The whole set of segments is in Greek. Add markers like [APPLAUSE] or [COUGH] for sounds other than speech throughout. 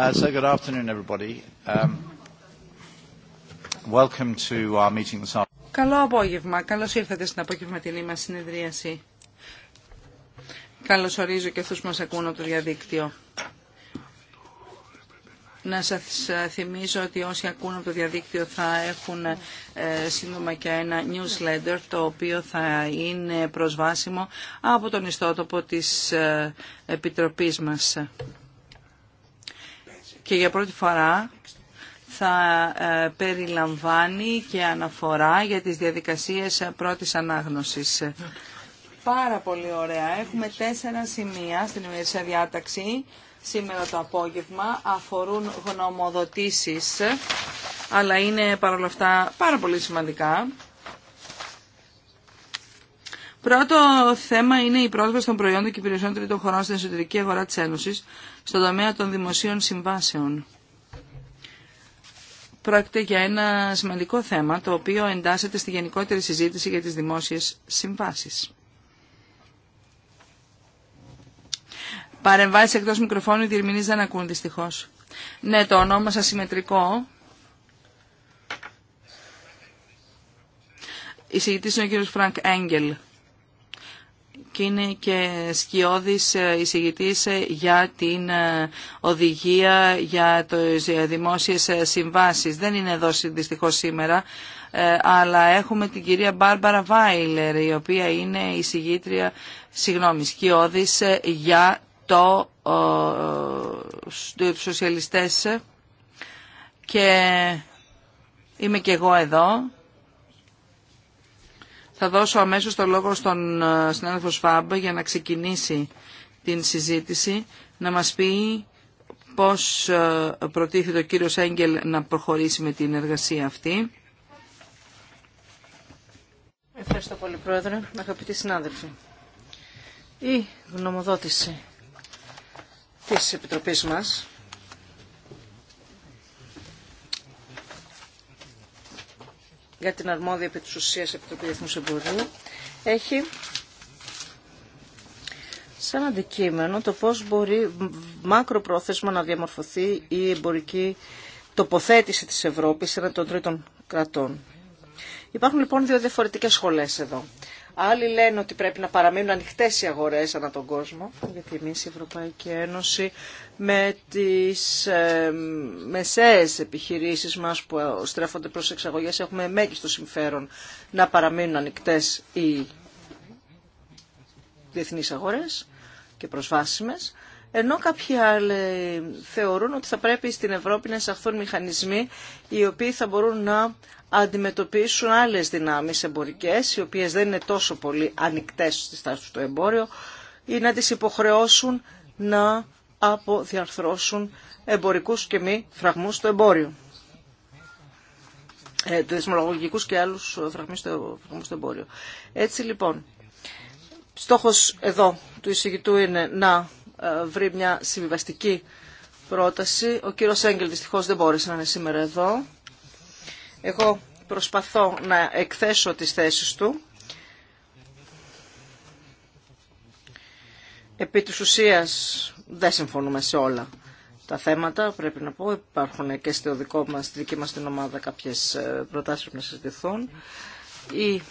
Uh, so good afternoon, everybody. Um, welcome to our meeting this afternoon. Καλό απόγευμα. Καλώς ήρθατε στην απογευματινή μας συνεδρίαση. Καλώς ορίζω και αυτούς που μας ακούν από το διαδίκτυο. Να σας ε, θυμίζω ότι όσοι ακούν από το διαδίκτυο θα έχουν ε, σύντομα και ένα newsletter το οποίο θα είναι προσβάσιμο από τον ιστότοπο της ε, Επιτροπής μας και για πρώτη φορά θα ε, περιλαμβάνει και αναφορά για τις διαδικασίες πρώτης ανάγνωσης. Πάρα πολύ ωραία. Έχουμε τέσσερα σημεία στην ημερήσια διάταξη σήμερα το απόγευμα. Αφορούν γνωμοδοτήσεις, αλλά είναι παρόλα αυτά πάρα πολύ σημαντικά. Πρώτο θέμα είναι η πρόσβαση των προϊόντων και υπηρεσιών τρίτων χωρών στην εσωτερική αγορά τη Ένωση στον τομέα των δημοσίων συμβάσεων. Πρόκειται για ένα σημαντικό θέμα, το οποίο εντάσσεται στη γενικότερη συζήτηση για τις δημόσιες συμβάσεις. Παρεμβάσει εκτό μικροφώνου, οι διερμηνεί δεν ακούν δυστυχώ. Ναι, το ονόμα σα συμμετρικό. Η είναι ο κύριος Φρανκ Έγγελ και είναι και σκιώδης ε, εισηγητής ε, για την ε, οδηγία για το δημόσιες συμβάσεις. Δεν είναι εδώ δυστυχώς σήμερα, αλλά έχουμε την κυρία Μπάρμπαρα Βάιλερ, η οποία είναι εισηγήτρια, συγγνώμη, σκιώδης για το τους σοσιαλιστές και είμαι και εγώ εδώ θα δώσω αμέσως το λόγο στον ε, συνάδελφο Σφάμπ για να ξεκινήσει την συζήτηση, να μας πει πώς ε, προτίθεται ο κύριος Έγγελ να προχωρήσει με την εργασία αυτή. Ευχαριστώ πολύ Πρόεδρε, αγαπητοί συνάδελφοι. Η γνωμοδότηση της Επιτροπής μας για την αρμόδια επί της ουσίας Επιτροπή Διεθνούς Εμπορίου έχει σαν αντικείμενο το πώς μπορεί μακροπρόθεσμα να διαμορφωθεί η εμπορική τοποθέτηση της Ευρώπης έναν των τρίτων κρατών. Υπάρχουν λοιπόν δύο διαφορετικές σχολές εδώ. Άλλοι λένε ότι πρέπει να παραμείνουν ανοιχτέ οι αγορέ ανά τον κόσμο, γιατί εμεί η Ευρωπαϊκή Ένωση με τι ε, μεσαίε επιχειρήσει μα που στρέφονται προ εξαγωγέ έχουμε μέγιστο συμφέρον να παραμείνουν ανοιχτέ οι διεθνεί αγορέ και προσβάσιμε. Ενώ κάποιοι άλλοι θεωρούν ότι θα πρέπει στην Ευρώπη να εισαχθούν μηχανισμοί οι οποίοι θα μπορούν να αντιμετωπίσουν άλλες δυνάμεις εμπορικές, οι οποίες δεν είναι τόσο πολύ ανοιχτές στις τάσεις του εμπόριο, ή να τις υποχρεώσουν να αποδιαρθρώσουν εμπορικούς και μη φραγμούς στο εμπόριο. Ε, δεσμολογικούς και άλλους φραγμούς στο, εμπόριο. Έτσι λοιπόν, στόχος εδώ του εισηγητού είναι να ε, βρει μια συμβιβαστική πρόταση. Ο κύριος Έγγελ δυστυχώς δεν μπόρεσε να είναι σήμερα εδώ. Εγώ προσπαθώ να εκθέσω τις θέσεις του. Επί της ουσίας δεν συμφωνούμε σε όλα τα θέματα, πρέπει να πω. Υπάρχουν και στο δικό μας, στη δική μας την ομάδα κάποιες ε, προτάσεις που να συζητηθούν. Η...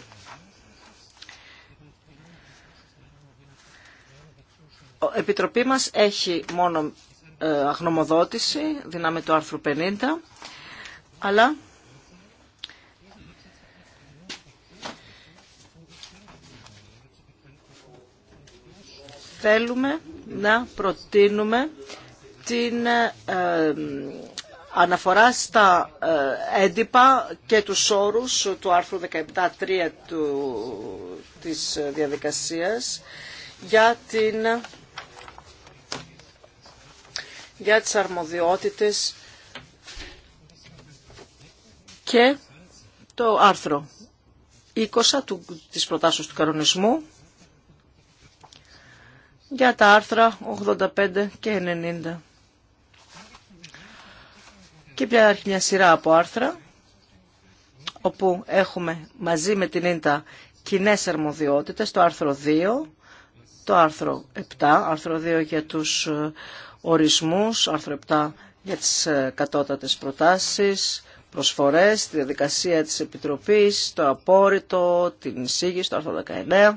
Επιτροπή μας έχει μόνο ε, αγνομοδότηση, δυνάμει του άρθρο 50, αλλά θέλουμε να προτείνουμε την ε, ε, αναφορά στα ε, έντυπα και τους όρους του άρθρου 17.3 του, της διαδικασίας για, την, για τις αρμοδιότητες και το άρθρο 20 του, της προτάσεως του κανονισμού για τα άρθρα 85 και 90. Και υπάρχει μια σειρά από άρθρα, όπου έχουμε μαζί με την ίντα κοινέ αρμοδιότητε, το άρθρο 2, το άρθρο 7, άρθρο 2 για τους ε, ορισμούς, άρθρο 7 για τις ε, κατώτατε προτάσει. προσφορές, τη διαδικασία της Επιτροπής, το απόρριτο, την εισήγηση, το άρθρο 19.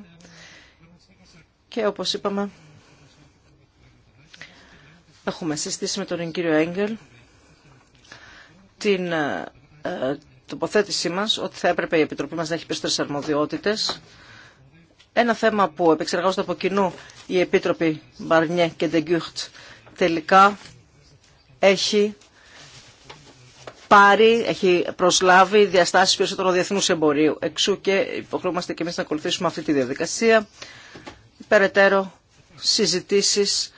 Και όπως είπαμε, Έχουμε συστήσει με τον κύριο Έγγελ την ε, τοποθέτησή μας ότι θα έπρεπε η Επιτροπή μας να έχει περισσότερες αρμοδιότητες. Ένα θέμα που επεξεργάζονται από κοινού η Επίτροπη Μπαρνιέ και Ντεγκιούχτ τελικά έχει πάρει, έχει προσλάβει διαστάσεις περισσότερο διεθνούς εμπορίου. Εξού και υποχρεούμαστε και εμείς να ακολουθήσουμε αυτή τη διαδικασία. Περαιτέρω συζητήσεις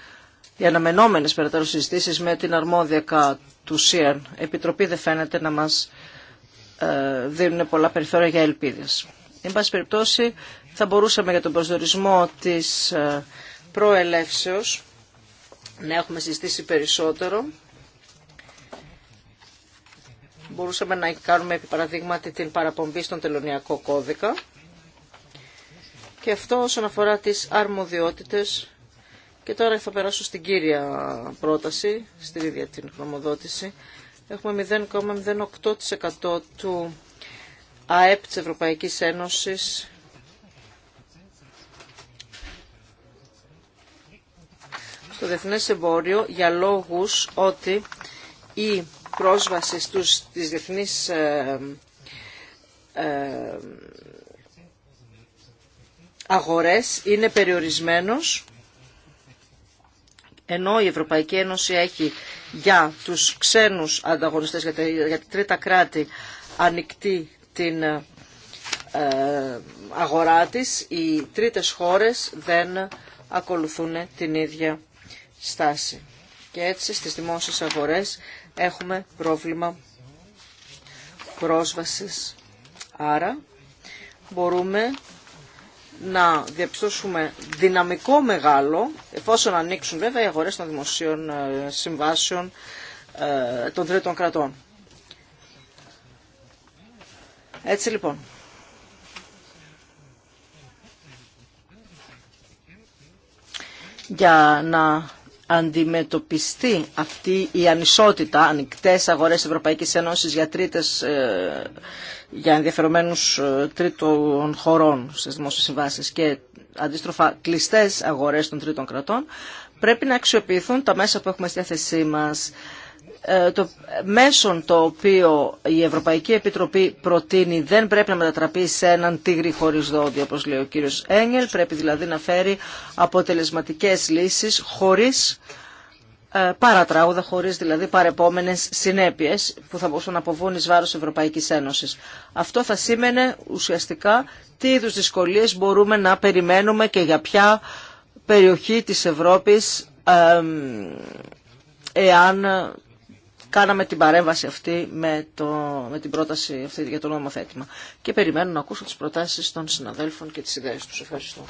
οι αναμενόμενε περαιτέρω συζητήσει με την αρμόδια του ΣΥΑΝ. Επιτροπή δεν φαίνεται να μας ε, δίνουν πολλά περιθώρια για ελπίδες. Εν πάση περιπτώσει θα μπορούσαμε για τον προσδορισμό της ε, προελεύσεω να έχουμε συζητήσει περισσότερο. Μπορούσαμε να κάνουμε επί παραδείγματι την παραπομπή στον τελωνιακό κώδικα. Και αυτό όσον αφορά τις αρμοδιότητες και τώρα θα περάσω στην κύρια πρόταση, στην ίδια την χρηματοδότηση. Έχουμε 0,08% του ΑΕΠ της Ευρωπαϊκής Ένωσης στο διεθνές εμπόριο για λόγους ότι η πρόσβαση στους, στις διεθνείς ε, ε, αγορές είναι περιορισμένος ενώ η Ευρωπαϊκή Ένωση έχει για τους ξένους ανταγωνιστές, για τα, τρίτα κράτη, ανοιχτή την ε, αγορά της, οι τρίτες χώρες δεν ακολουθούν την ίδια στάση. Και έτσι στις δημόσιες αγορές έχουμε πρόβλημα πρόσβασης. Άρα μπορούμε να διαπιστώσουμε δυναμικό μεγάλο, εφόσον ανοίξουν βέβαια οι αγορές των δημοσίων ε, συμβάσεων ε, των τρίτων κρατών. Έτσι λοιπόν. Για να αντιμετωπιστεί αυτή η ανισότητα, ανοιχτές αγορές Ευρωπαϊκής Ένωσης για, τρίτες, ε, για ενδιαφερομένους ε, τρίτων χωρών στις δημόσιε συμβάσει και αντίστροφα κλειστές αγορές των τρίτων κρατών, πρέπει να αξιοποιηθούν τα μέσα που έχουμε στη διάθεσή μας ε, το μέσον το οποίο η Ευρωπαϊκή Επιτροπή προτείνει δεν πρέπει να μετατραπεί σε έναν τίγρη χωρίς δόντια, όπως λέει ο κύριος Έγγελ. Πρέπει δηλαδή να φέρει αποτελεσματικές λύσεις χωρίς ε, παρατράγουδα, χωρίς δηλαδή παρεπόμενες συνέπειες που θα μπορούσαν να αποβούν εις βάρος Ευρωπαϊκής Ένωσης. Αυτό θα σήμαινε ουσιαστικά τι είδους δυσκολίες μπορούμε να περιμένουμε και για ποια περιοχή της Ευρώπης ε, εάν κάναμε την παρέμβαση αυτή με, το, με την πρόταση αυτή για το νομοθέτημα. Και περιμένω να ακούσω τις προτάσεις των συναδέλφων και τις ιδέες τους. Ευχαριστώ.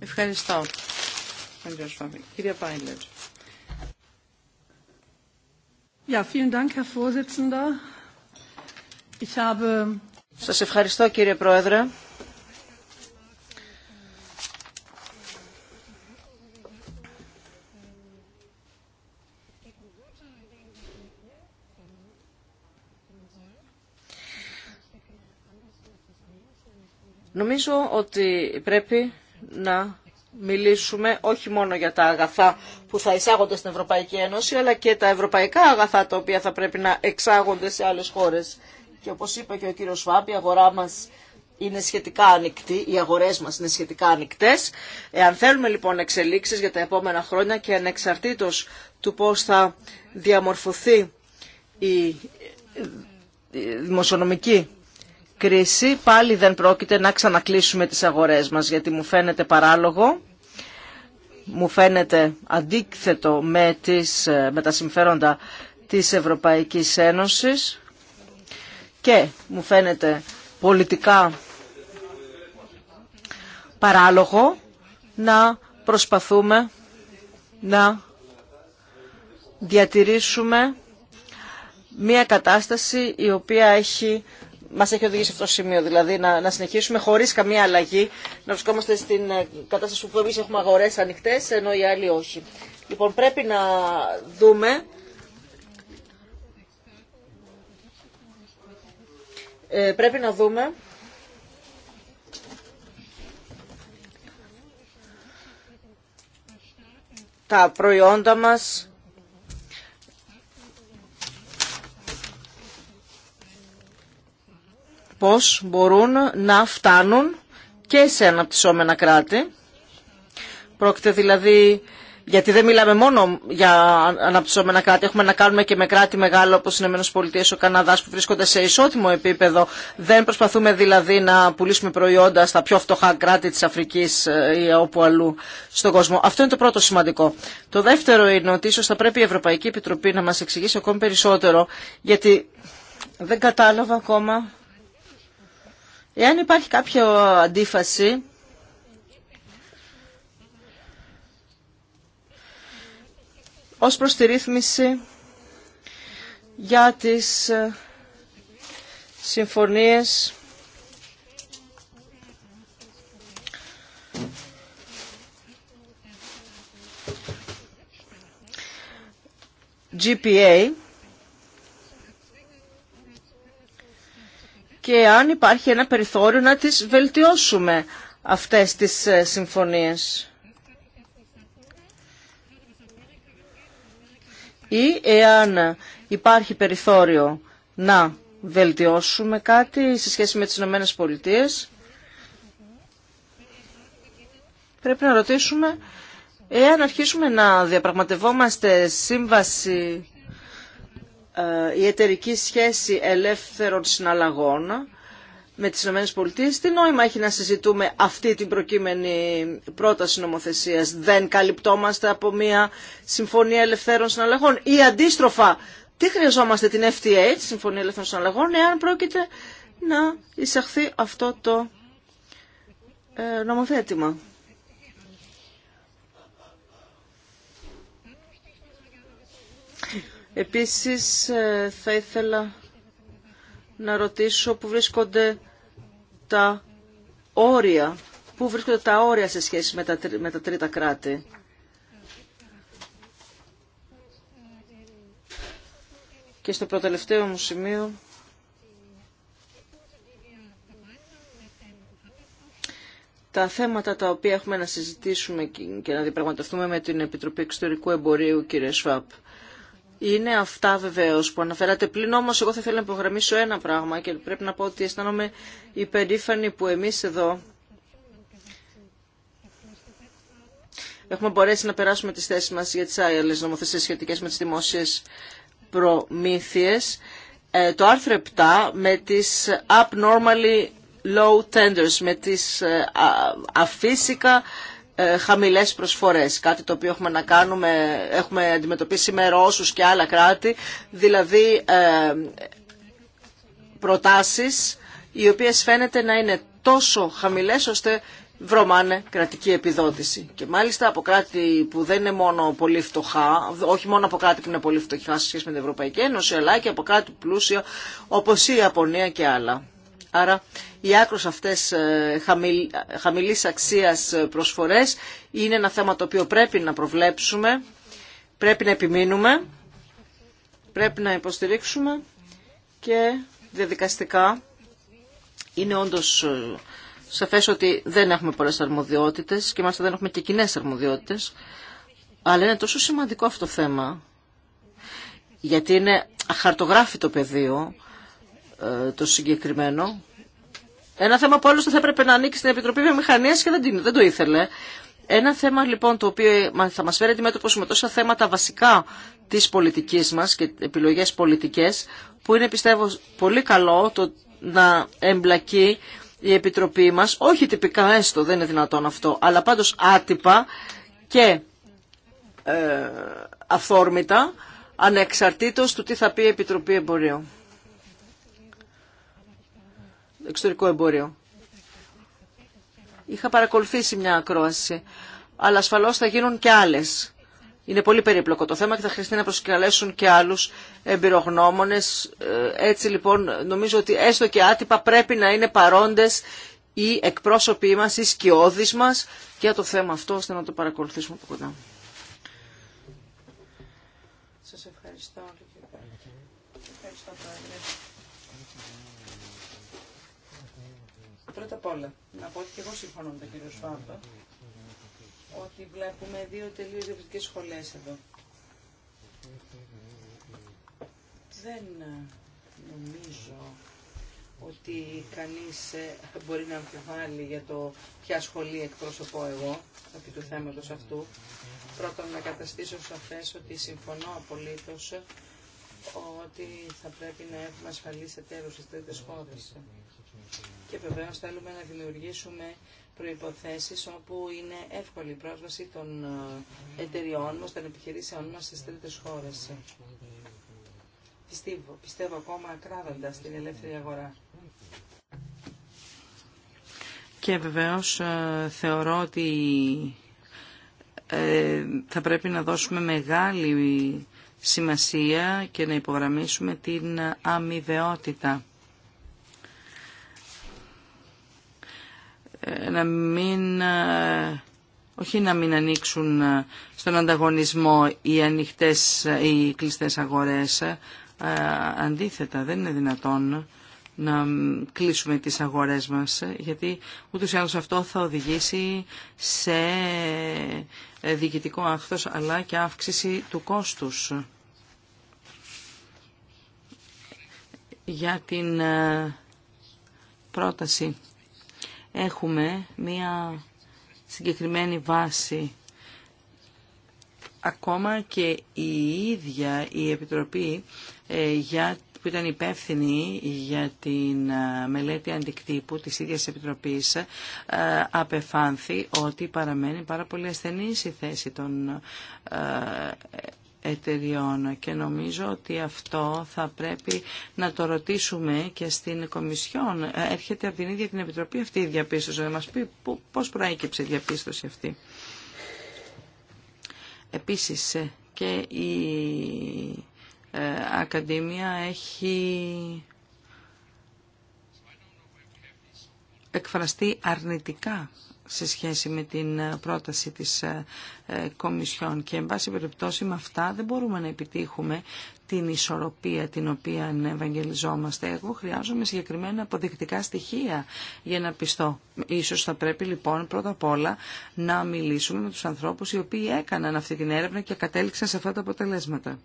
Ευχαριστώ. Κύριε Ja, vielen Dank, Herr Vorsitzender. Ich habe... Σας ευχαριστώ κύριε Πρόεδρε. Νομίζω ότι πρέπει να μιλήσουμε όχι μόνο για τα αγαθά που θα εισάγονται στην Ευρωπαϊκή Ένωση, αλλά και τα ευρωπαϊκά αγαθά τα οποία θα πρέπει να εξάγονται σε άλλες χώρες. Και όπως είπε και ο κύριος Σβάμπ, η αγορά μας είναι σχετικά ανοιχτή, οι αγορές μας είναι σχετικά ανοιχτέ. Εάν θέλουμε λοιπόν εξελίξεις για τα επόμενα χρόνια και ανεξαρτήτως του πώς θα διαμορφωθεί η δημοσιονομική κρίση πάλι δεν πρόκειται να ξανακλείσουμε τις αγορές μας γιατί μου φαίνεται παράλογο μου φαίνεται αντίκθετο με, τις, με τα συμφέροντα της Ευρωπαϊκής Ένωσης και μου φαίνεται πολιτικά παράλογο να προσπαθούμε να διατηρήσουμε μια κατάσταση η οποία έχει Μα έχει οδηγήσει αυτό το σημείο, δηλαδή να, να συνεχίσουμε χωρίς καμία αλλαγή, να βρισκόμαστε στην ε, κατάσταση που εμεί έχουμε αγορέ ανοιχτέ, ενώ οι άλλοι όχι. Λοιπόν, πρέπει να δούμε... Ε, πρέπει να δούμε τα προϊόντα μας πώς μπορούν να φτάνουν και σε αναπτυσσόμενα κράτη. Πρόκειται δηλαδή, γιατί δεν μιλάμε μόνο για αναπτυσσόμενα κράτη, έχουμε να κάνουμε και με κράτη μεγάλο όπως οι ΗΠΑ, ο Καναδάς που βρίσκονται σε ισότιμο επίπεδο. Δεν προσπαθούμε δηλαδή να πουλήσουμε προϊόντα στα πιο φτωχά κράτη της Αφρικής ε, ή όπου αλλού στον κόσμο. Αυτό είναι το πρώτο σημαντικό. Το δεύτερο είναι ότι ίσως θα πρέπει η Ευρωπαϊκή Επιτροπή να μας εξηγήσει ακόμη περισσότερο, γιατί δεν κατάλαβα ακόμα Εάν υπάρχει κάποια αντίφαση, ως προς τη ρύθμιση για τις ε, συμφωνίες GPA και αν υπάρχει ένα περιθώριο να τις βελτιώσουμε αυτές τις ε, συμφωνίες. Ή εάν υπάρχει περιθώριο να βελτιώσουμε κάτι σε σχέση με τις Ηνωμένες Πολιτείες, πρέπει να ρωτήσουμε εάν αρχίσουμε να διαπραγματευόμαστε σύμβαση ε, η εταιρική σχέση ελεύθερων συναλλαγών με τις ΗΠΑ, τι νόημα έχει να συζητούμε αυτή την προκείμενη πρόταση νομοθεσίας. Δεν καλυπτόμαστε από μια συμφωνία ελευθέρων συναλλαγών ή αντίστροφα τι χρειαζόμαστε την FTA, τη Συμφωνία Ελεύθερων Συναλλαγών, εάν πρόκειται να εισαχθεί αυτό το ε, νομοθέτημα. Επίσης ε, θα ήθελα να ρωτήσω πού βρίσκονται τα όρια, πού βρίσκονται τα όρια σε σχέση με τα, με τρίτα κράτη. Και στο προτελευταίο μου σημείο τα θέματα τα οποία έχουμε να συζητήσουμε και να διαπραγματευτούμε με την Επιτροπή Εξωτερικού Εμπορίου, κύριε Σφάπ. Είναι αυτά βεβαίω που αναφέρατε πλην όμω εγώ θα ήθελα να υπογραμμίσω ένα πράγμα και πρέπει να πω ότι αισθάνομαι υπερήφανη που εμεί εδώ έχουμε μπορέσει να περάσουμε τι θέσει μα για τι άλλε νομοθεσίε σχετικέ με τι δημόσιε προμήθειε. Ε, το άρθρο 7 με τι abnormally low tenders, με τις ε, αφύσικα ε, χαμηλές προσφορές, κάτι το οποίο έχουμε να κάνουμε, έχουμε αντιμετωπίσει με Ρώσους και άλλα κράτη, δηλαδή ε, προτάσεις οι οποίες φαίνεται να είναι τόσο χαμηλές ώστε βρωμάνε κρατική επιδότηση. Και μάλιστα από κράτη που δεν είναι μόνο πολύ φτωχά, όχι μόνο από κράτη που είναι πολύ φτωχά σε σχέση με την Ευρωπαϊκή Ένωση, αλλά και από κράτη πλούσια όπως η Ιαπωνία και άλλα. Άρα οι άκρως αυτές ε, χαμηλής αξίας προσφορές είναι ένα θέμα το οποίο πρέπει να προβλέψουμε, πρέπει να επιμείνουμε, πρέπει να υποστηρίξουμε και διαδικαστικά είναι όντως ε, σαφές ότι δεν έχουμε πολλές αρμοδιότητες και μάλιστα δεν έχουμε και κοινέ αρμοδιότητες, αλλά είναι τόσο σημαντικό αυτό το θέμα, γιατί είναι αχαρτογράφητο πεδίο, ε, το συγκεκριμένο. Ένα θέμα που άλλωστε θα έπρεπε να ανήκει στην Επιτροπή Βιομηχανία και δεν, το ήθελε. Ένα θέμα λοιπόν το οποίο θα μας φέρει αντιμέτωπος με τόσα θέματα βασικά της πολιτικής μας και επιλογές πολιτικές που είναι πιστεύω πολύ καλό το να εμπλακεί η Επιτροπή μας, όχι τυπικά έστω δεν είναι δυνατόν αυτό, αλλά πάντως άτυπα και ε, αφόρμητα ανεξαρτήτως του τι θα πει η Επιτροπή Εμπορίου εξωτερικό εμπόριο. Είχα παρακολουθήσει μια ακρόαση, αλλά ασφαλώ θα γίνουν και άλλες. Είναι πολύ περίπλοκο το θέμα και θα χρειαστεί να προσκαλέσουν και άλλους εμπειρογνώμονε. Ε, έτσι λοιπόν νομίζω ότι έστω και άτυπα πρέπει να είναι παρόντες οι εκπρόσωποι μα, οι σκιώδεις μα για το θέμα αυτό, ώστε να το παρακολουθήσουμε από κοντά. ευχαριστώ. Πρώτα απ' όλα, να πω ότι και εγώ συμφωνώ με τον κύριο Σφάμπ ότι βλέπουμε δύο τελείω διαφορετικέ σχολέ εδώ. Δεν ε, νομίζω ότι κανείς ε, μπορεί να αμφιβάλλει για το ποια σχολή εκπροσωπώ εγώ επί του θέματος αυτού. Πρώτον, να καταστήσω σαφές ότι συμφωνώ απολύτως ότι θα πρέπει να έχουμε σε εταίρους στι τρίτης χώρε και βεβαίω θέλουμε να δημιουργήσουμε προϋποθέσεις όπου είναι εύκολη η πρόσβαση των ε, εταιριών μας, των επιχειρήσεών μας στις τρίτες χώρες. Πιστεύω, πιστεύω ακόμα ακράδαντα στην ελεύθερη αγορά. Και βεβαίως ε, θεωρώ ότι ε, θα πρέπει να δώσουμε μεγάλη σημασία και να υπογραμμίσουμε την αμοιβαιότητα Ε, να μην, ε, όχι να μην ανοίξουν ε, στον ανταγωνισμό οι ανοιχτές, οι κλειστές αγορές. Αντίθετα, δεν είναι δυνατόν να κλείσουμε τις αγορές μας, γιατί ούτως ή άλλως αυτό θα οδηγήσει σε διοικητικό άκθος, αλλά και αύξηση του κόστους. Για την πρόταση έχουμε μία συγκεκριμένη βάση. Ακόμα και η ίδια η Επιτροπή ε, για που ήταν υπεύθυνη για την ε, μελέτη αντικτύπου της ίδιας Επιτροπής ε, απεφάνθη ότι παραμένει πάρα πολύ ασθενής η θέση των εταιριών και νομίζω ότι αυτό θα πρέπει να το ρωτήσουμε και στην Κομισιόν. Ε, έρχεται από την ίδια την Επιτροπή αυτή η διαπίστωση, να μας πει πώς προέκυψε η διαπίστωση αυτή. Επίσης ε, και η ε, Ακαδημία έχει εκφραστεί αρνητικά σε σχέση με την ε, πρόταση της ε, ε, Κομισιόν και εν πάση περιπτώσει με αυτά δεν μπορούμε να επιτύχουμε την ισορροπία την οποία ευαγγελιζόμαστε. Εγώ χρειάζομαι συγκεκριμένα αποδεικτικά στοιχεία για να πιστώ. Ίσως θα πρέπει λοιπόν πρώτα απ' όλα να μιλήσουμε με τους ανθρώπους οι οποίοι έκαναν αυτή την έρευνα και κατέληξαν σε αυτά τα αποτελέσματα.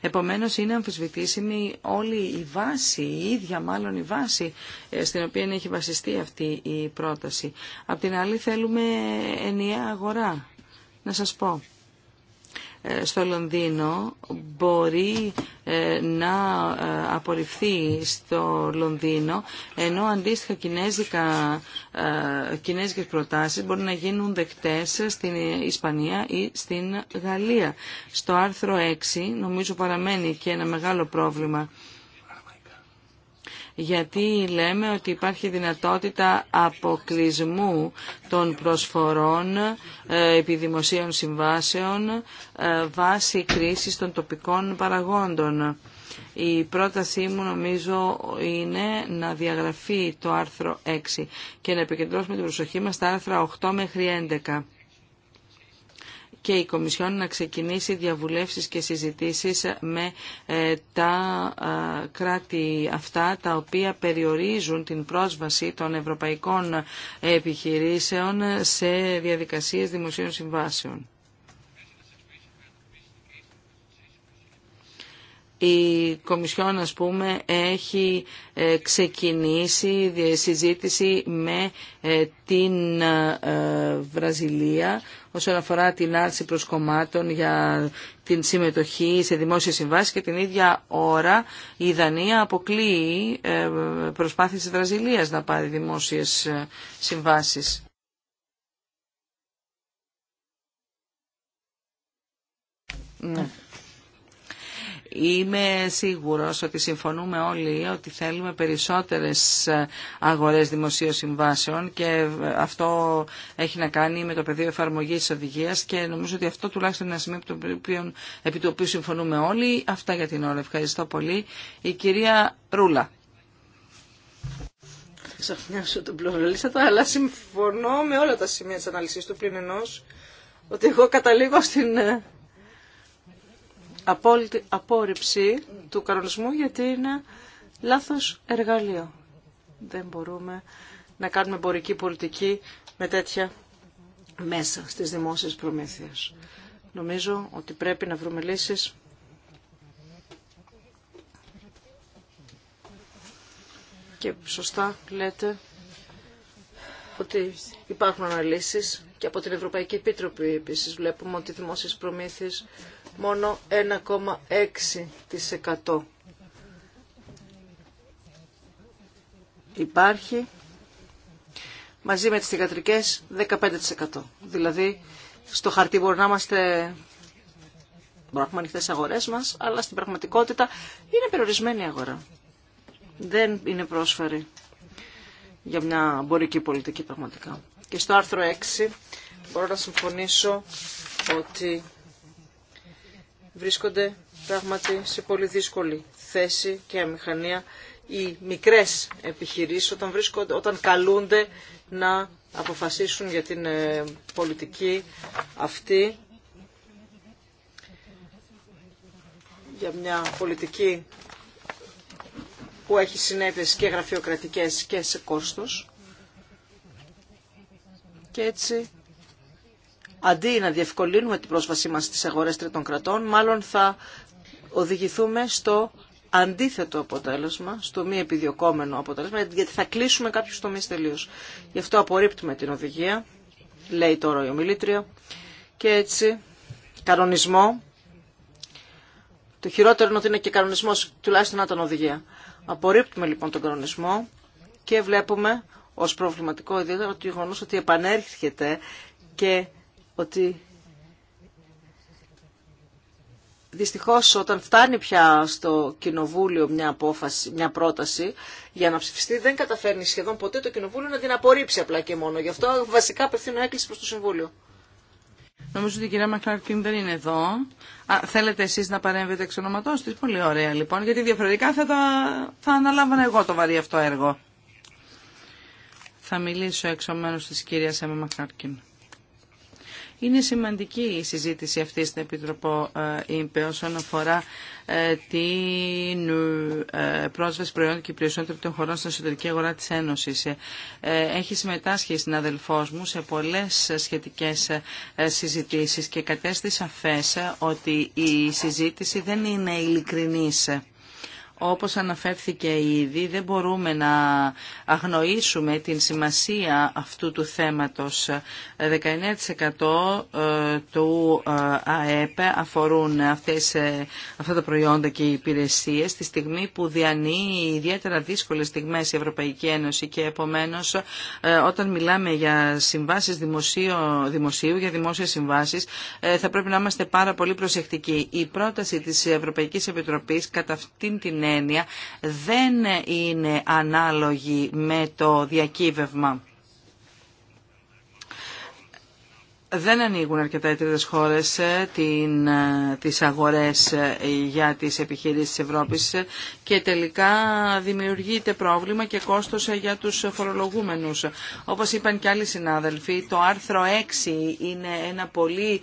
Επομένως είναι αμφισβητήσιμη όλη η βάση, η ίδια μάλλον η βάση ε, στην οποία έχει βασιστεί αυτή η πρόταση. Απ' την άλλη θέλουμε ενιαία αγορά. Να σας πω, ε, στο Λονδίνο μπορεί ε, να ε, απορριφθεί στο Λονδίνο, ενώ αντίστοιχα κινέζικα, κινέζικες προτάσεις μπορεί να γίνουν δεκτές στην Ισπανία ή στην Γαλλία. Στο άρθρο 6 νομίζω παραμένει και ένα μεγάλο πρόβλημα γιατί λέμε ότι υπάρχει δυνατότητα αποκλεισμού των προσφορών ε, επιδημοσίων συμβάσεων ε, βάσει κρίσης των τοπικών παραγόντων. Η πρότασή μου νομίζω είναι να διαγραφεί το άρθρο 6 και να επικεντρώσουμε την προσοχή μας στα άρθρα 8 μέχρι 11 και η Κομισιόν να ξεκινήσει διαβουλεύσεις και συζητήσεις με ε, τα ε, κράτη αυτά τα οποία περιορίζουν την πρόσβαση των ευρωπαϊκών επιχειρήσεων σε διαδικασίες δημοσίων συμβάσεων. η Κομισιόν ας πούμε έχει ε, ξεκινήσει συζήτηση με την Βραζιλία όσον αφορά την άρση προσκομμάτων για την συμμετοχή σε δημόσιες συμβάσεις και την ίδια ώρα η Δανία αποκλείει ε, προσπάθειες της Βραζιλίας να πάρει δημόσιες ε, συμβάσεις. Ναι. Είμαι σίγουρος ότι συμφωνούμε όλοι ότι θέλουμε περισσότερες αγορές δημοσίων συμβάσεων και αυτό έχει να κάνει με το πεδίο εφαρμογής της οδηγίας και νομίζω ότι αυτό τουλάχιστον είναι ένα σημείο επί του οποίου συμφωνούμε όλοι. Αυτά για την ώρα. Ευχαριστώ πολύ. Η κυρία Ρούλα. Θα ξαφνιάσω τον πλωρολίστατα, αλλά συμφωνώ με όλα τα σημεία της αναλυσής του πλην ενός ότι εγώ καταλήγω στην ε, απόλυτη απόρριψη του κανονισμού γιατί είναι λάθος εργαλείο. Δεν μπορούμε να κάνουμε εμπορική πολιτική με τέτοια μέσα στις δημόσιες προμήθειες. Νομίζω ότι πρέπει να βρούμε λύσεις και σωστά λέτε ότι υπάρχουν αναλύσεις και από την Ευρωπαϊκή Επίτροπη επίσης βλέπουμε ότι οι δημόσιες προμήθειες μόνο 1,6%. Υπάρχει μαζί με τις θηγατρικές 15%. Δηλαδή στο χαρτί μπορεί να είμαστε μπορεί να έχουμε αγορέ αλλά στην πραγματικότητα είναι περιορισμένη η αγορά. Δεν είναι πρόσφαρη για μια εμπορική πολιτική πραγματικά. Και στο άρθρο 6 μπορώ να συμφωνήσω ότι βρίσκονται πράγματι σε πολύ δύσκολη θέση και αμηχανία οι μικρές επιχειρήσεις όταν, βρίσκονται, όταν καλούνται να αποφασίσουν για την ε, πολιτική αυτή για μια πολιτική που έχει συνέπειες και γραφειοκρατικές και σε κόστος και έτσι αντί να διευκολύνουμε την πρόσβασή μας στις αγορές τρίτων κρατών, μάλλον θα οδηγηθούμε στο αντίθετο αποτέλεσμα, στο μη επιδιωκόμενο αποτέλεσμα, γιατί θα κλείσουμε κάποιους τομείς τελείως. Γι' αυτό απορρίπτουμε την οδηγία, λέει τώρα η ομιλήτρια, και έτσι κανονισμό, το χειρότερο είναι ότι είναι και κανονισμός, τουλάχιστον να ήταν οδηγία. Απορρίπτουμε λοιπόν τον κανονισμό και βλέπουμε ως προβληματικό ιδιαίτερα το γεγονό ότι επανέρχεται και ότι δυστυχώς όταν φτάνει πια στο κοινοβούλιο μια, απόφαση, μια πρόταση για να ψηφιστεί δεν καταφέρνει σχεδόν ποτέ το κοινοβούλιο να την απορρίψει απλά και μόνο. Γι' αυτό βασικά απευθύνω έκκληση προς το Συμβούλιο. Νομίζω ότι η κυρία Μακλάρκιν δεν είναι εδώ. θέλετε εσείς να παρέμβετε εξ ονοματός της. Πολύ ωραία λοιπόν, γιατί διαφορετικά θα, τα, θα αναλάβανα εγώ το βαρύ αυτό έργο. Θα μιλήσω εξ ομένως της κυρίας Έμα Μακλάρκιν. Είναι σημαντική η συζήτηση αυτή στην Επιτροπό ε, ΙΜΠΕ όσον αφορά ε, την ε, πρόσβαση προϊόντων και υπηρεσιών των χωρών στην εσωτερική αγορά της Ένωσης. Έχει συμμετάσχει στην αδελφό μου σε πολλές σχετικές συζητήσεις και κατέστησα φέσα ότι η συζήτηση δεν είναι ειλικρινής όπως αναφέρθηκε ήδη, δεν μπορούμε να αγνοήσουμε την σημασία αυτού του θέματος. 19% ε, του ε, ΑΕΠ αφορούν αυτές, ε, αυτά τα προϊόντα και οι υπηρεσίες τη στιγμή που διανύει ιδιαίτερα δύσκολες στιγμές η Ευρωπαϊκή Ένωση και επομένως όταν μιλάμε για συμβάσεις δημοσίου, δημοσίου για δημόσιες συμβάσεις θα πρέπει να είμαστε πάρα πολύ προσεκτικοί. Η πρόταση της Ευρωπαϊκής Επιτροπής κατά αυτήν την δεν είναι ανάλογη με το διακύβευμα δεν ανοίγουν αρκετά οι τρίτες χώρες ε, την, ε, τις αγορές ε, για τις επιχειρήσεις της Ευρώπης και τελικά δημιουργείται πρόβλημα και κόστος για τους φορολογούμενους. Όπως είπαν και άλλοι συνάδελφοι, το άρθρο 6 είναι ένα πολύ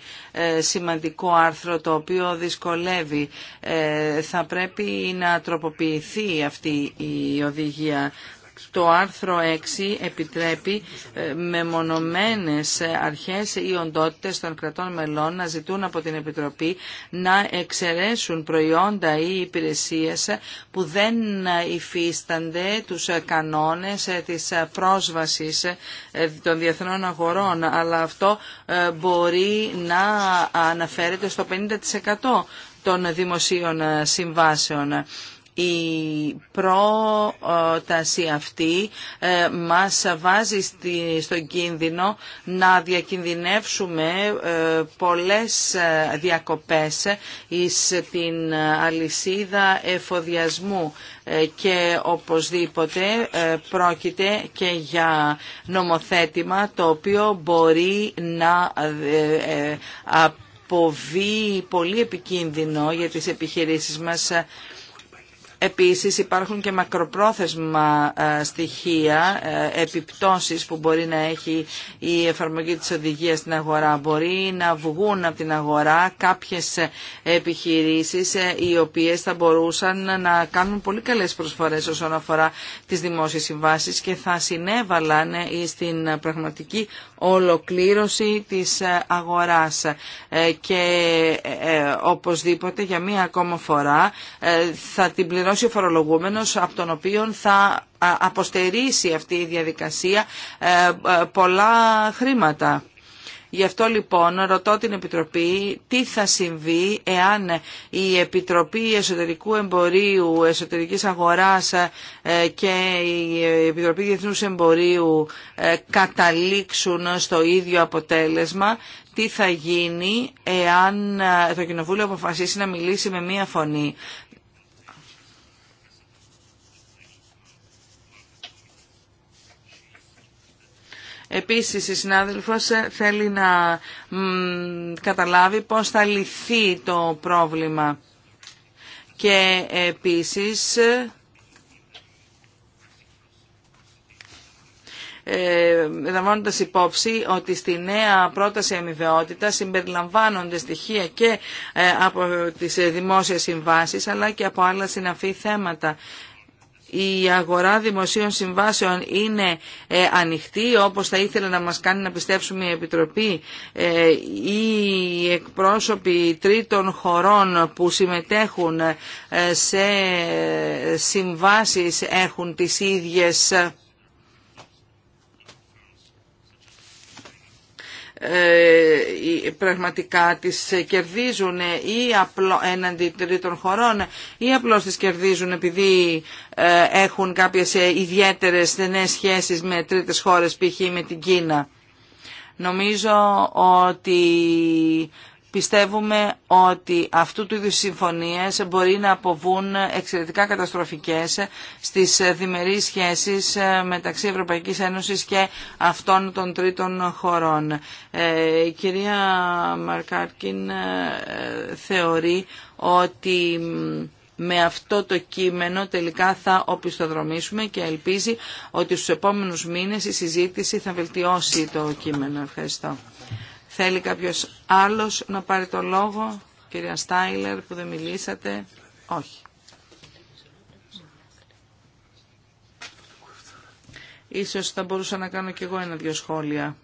σημαντικό άρθρο το οποίο δυσκολεύει. θα πρέπει να τροποποιηθεί αυτή η οδηγία το άρθρο 6 επιτρέπει με μονομένες ε, αρχές ή οντότητες των κρατών μελών να ζητούν από την Επιτροπή να εξαιρέσουν προϊόντα ή υπηρεσίες που δεν ε, υφίστανται τους ε, κανόνες της πρόσβασης των διεθνών αγορών, αλλά αυτό μπορεί να αναφέρεται στο 50% των δημοσίων συμβάσεων η πρόταση αυτή ε, μας βάζει στον κίνδυνο να διακινδυνεύσουμε ε, πολλές ε, διακοπές εις την αλυσίδα εφοδιασμού και οπωσδήποτε πρόκειται και για νομοθέτημα το οποίο μπορεί να αποβεί πολύ επικίνδυνο για τις επιχειρήσεις μας Επίσης υπάρχουν και μακροπρόθεσμα ε, στοιχεία, ε, επιπτώσεις που μπορεί να έχει η εφαρμογή της οδηγίας στην αγορά. Μπορεί να βγουν από την αγορά κάποιες ε, επιχειρήσεις οι οποίες θα μπορούσαν να κάνουν πολύ καλές προσφορές όσον αφορά τις δημόσιες συμβάσεις και θα συνέβαλαν στην πραγματική ολοκλήρωση της ε, αγοράς ε, και ε, οπωσδήποτε για μία ακόμα φορά θα την πληρώσει ο φορολογούμενος από τον οποίο θα αποστερήσει αυτή η διαδικασία πολλά χρήματα. Γι' αυτό λοιπόν ρωτώ την Επιτροπή τι θα συμβεί εάν η Επιτροπή Εσωτερικού Εμπορίου, Εσωτερικής Αγοράς ε, και η Επιτροπή Διεθνούς Εμπορίου ε, καταλήξουν στο ίδιο αποτέλεσμα τι θα γίνει εάν ε, το Κοινοβούλιο αποφασίσει να μιλήσει με μία φωνή. Επίσης η συνάδελφος ε, θέλει να καταλάβει πώς θα λυθεί το πρόβλημα. Και επίσης ε, λαμβάνοντας υπόψη ότι στη νέα πρόταση αμοιβαιότητα συμπεριλαμβάνονται στοιχεία και ε, από τις δημόσιες συμβάσεις αλλά και από άλλα συναφή θέματα η αγορά δημοσίων συμβάσεων είναι ε, ανοιχτή όπως θα ήθελε να μας κάνει να πιστέψουμε η Επιτροπή ή ε, οι εκπρόσωποι τρίτων χωρών που συμμετέχουν ε, σε συμβάσεις έχουν τις ίδιες Ε, πραγματικά τις κερδίζουν ή απλό, έναντι τρίτων χωρών ή απλώς τις κερδίζουν επειδή ε, έχουν κάποιες ε, ιδιαίτερες στενές σχέσεις με τρίτες χώρες π.χ. με την Κίνα. Νομίζω ότι πιστεύουμε ότι αυτού του είδους συμφωνίες μπορεί να αποβούν εξαιρετικά καταστροφικές στις διμερείς σχέσεις ε, μεταξύ Ευρωπαϊκής Ένωσης και αυτών των τρίτων χωρών. Ε, η κυρία Μαρκάρκιν ε, θεωρεί ότι με αυτό το κείμενο τελικά θα οπισθοδρομήσουμε και ελπίζει ότι στους επόμενους μήνες η συζήτηση θα βελτιώσει το κείμενο. Ευχαριστώ. Θέλει κάποιος άλλος να πάρει το λόγο, κυρία Στάιλερ, που δεν μιλήσατε. Όχι. Ίσως θα μπορούσα να κάνω κι εγώ ένα-δυο σχόλια.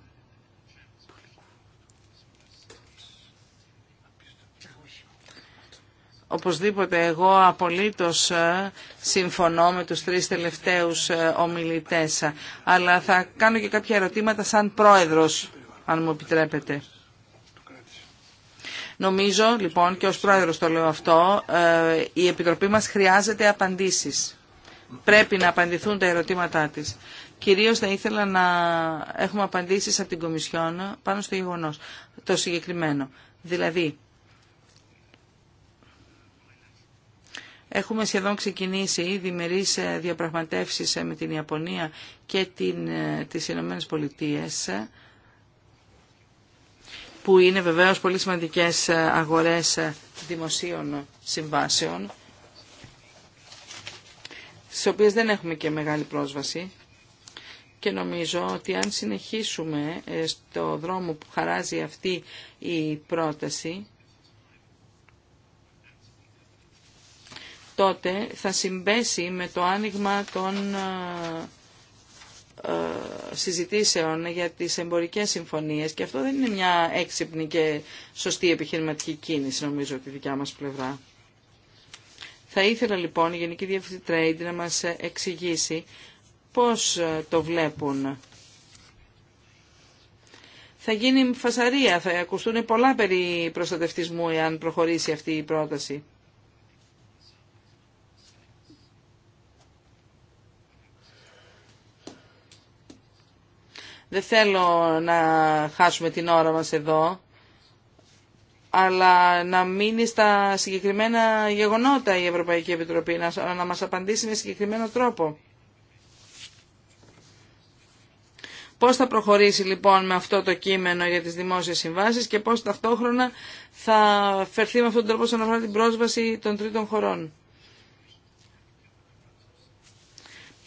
Οπωσδήποτε εγώ απολύτως ε, συμφωνώ με τους τρεις τελευταίους ε, ομιλητές, αλλά θα κάνω και κάποια ερωτήματα σαν πρόεδρος αν μου επιτρέπετε. Νομίζω, λοιπόν, και ως πρόεδρος το λέω αυτό, ε, η Επιτροπή μας χρειάζεται απαντήσεις. Πρέπει να απαντηθούν τα ερωτήματά της. Κυρίως θα ήθελα να έχουμε απαντήσεις από την Κομισιόν πάνω στο γεγονός, το συγκεκριμένο. Δηλαδή, Έχουμε σχεδόν ξεκινήσει ήδη διμερείς ε, διαπραγματεύσεις ε, με την Ιαπωνία και την, τις Ηνωμένε Πολιτείες που είναι βεβαίως πολύ σημαντικές ε, αγορές ε, δημοσίων ε, συμβάσεων, στις οποίες δεν έχουμε και μεγάλη πρόσβαση. Και νομίζω ότι αν συνεχίσουμε στο δρόμο που χαράζει αυτή η πρόταση, τότε θα συμπέσει με το άνοιγμα των ε, συζητήσεων για τις εμπορικές συμφωνίες και αυτό δεν είναι μια έξυπνη και σωστή επιχειρηματική κίνηση νομίζω από τη δικιά μας πλευρά. Θα ήθελα λοιπόν η Γενική Διευθυντή Trade να μας εξηγήσει πώς ε, το βλέπουν. Θα γίνει φασαρία, θα ακουστούν πολλά περί προστατευτισμού εάν προχωρήσει αυτή η πρόταση. Δεν θέλω να χάσουμε την ώρα μας εδώ, αλλά να μείνει στα συγκεκριμένα γεγονότα η Ευρωπαϊκή Επιτροπή, να, να μας απαντήσει με συγκεκριμένο τρόπο. Πώς θα προχωρήσει λοιπόν με αυτό το κείμενο για τις δημόσιες συμβάσεις και πώς ταυτόχρονα θα φερθεί με αυτόν τον τρόπο σαν αφορά την πρόσβαση των τρίτων χωρών.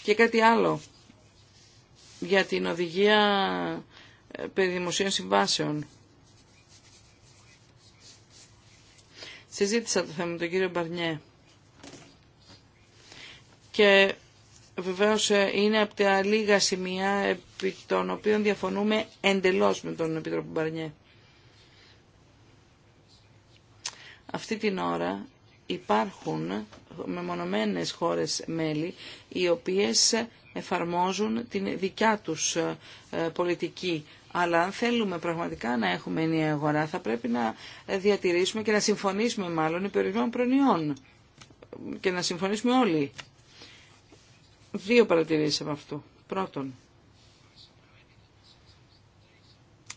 Και κάτι άλλο για την οδηγία ε, περί δημοσίων συμβάσεων. Συζήτησα το θέμα με τον κύριο Μπαρνιέ. Και βεβαίως ε, είναι από τα λίγα σημεία επί των οποίων διαφωνούμε εντελώς με τον Επίτροπο Μπαρνιέ. Αυτή την ώρα υπάρχουν μεμονωμένες χώρες μέλη οι οποίες εφαρμόζουν την δικιά τους ε, ε, πολιτική. Αλλά αν θέλουμε πραγματικά να έχουμε ενιαία αγορά θα πρέπει να διατηρήσουμε και να συμφωνήσουμε μάλλον οι υπερηγών προνοιών και να συμφωνήσουμε όλοι. Δύο παρατηρήσεις από αυτού. Πρώτον,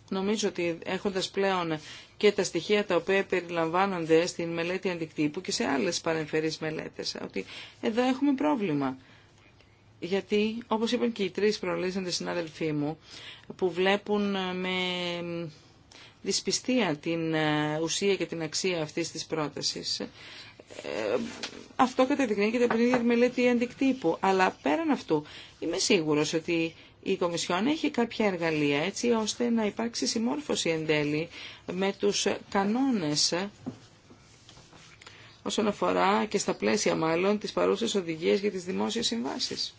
νομίζω ότι έχοντας πλέον και τα στοιχεία τα οποία περιλαμβάνονται στην μελέτη αντικτύπου και σε άλλες παρεμφερείς μελέτες, ότι εδώ έχουμε πρόβλημα γιατί όπως είπαν και οι τρεις προλύσαντες συνάδελφοί μου που βλέπουν με δυσπιστία την ε, ουσία και την αξία αυτής της πρότασης ε, αυτό καταδεικνύει και την ίδια μελέτη αντικτύπου. Αλλά πέραν αυτού είμαι σίγουρος ότι η Κομισιόν έχει κάποια εργαλεία έτσι ώστε να υπάρξει συμμόρφωση εν τέλει με τους κανόνες όσον αφορά και στα πλαίσια μάλλον τις παρούσες οδηγίες για τις δημόσιες συμβάσεις.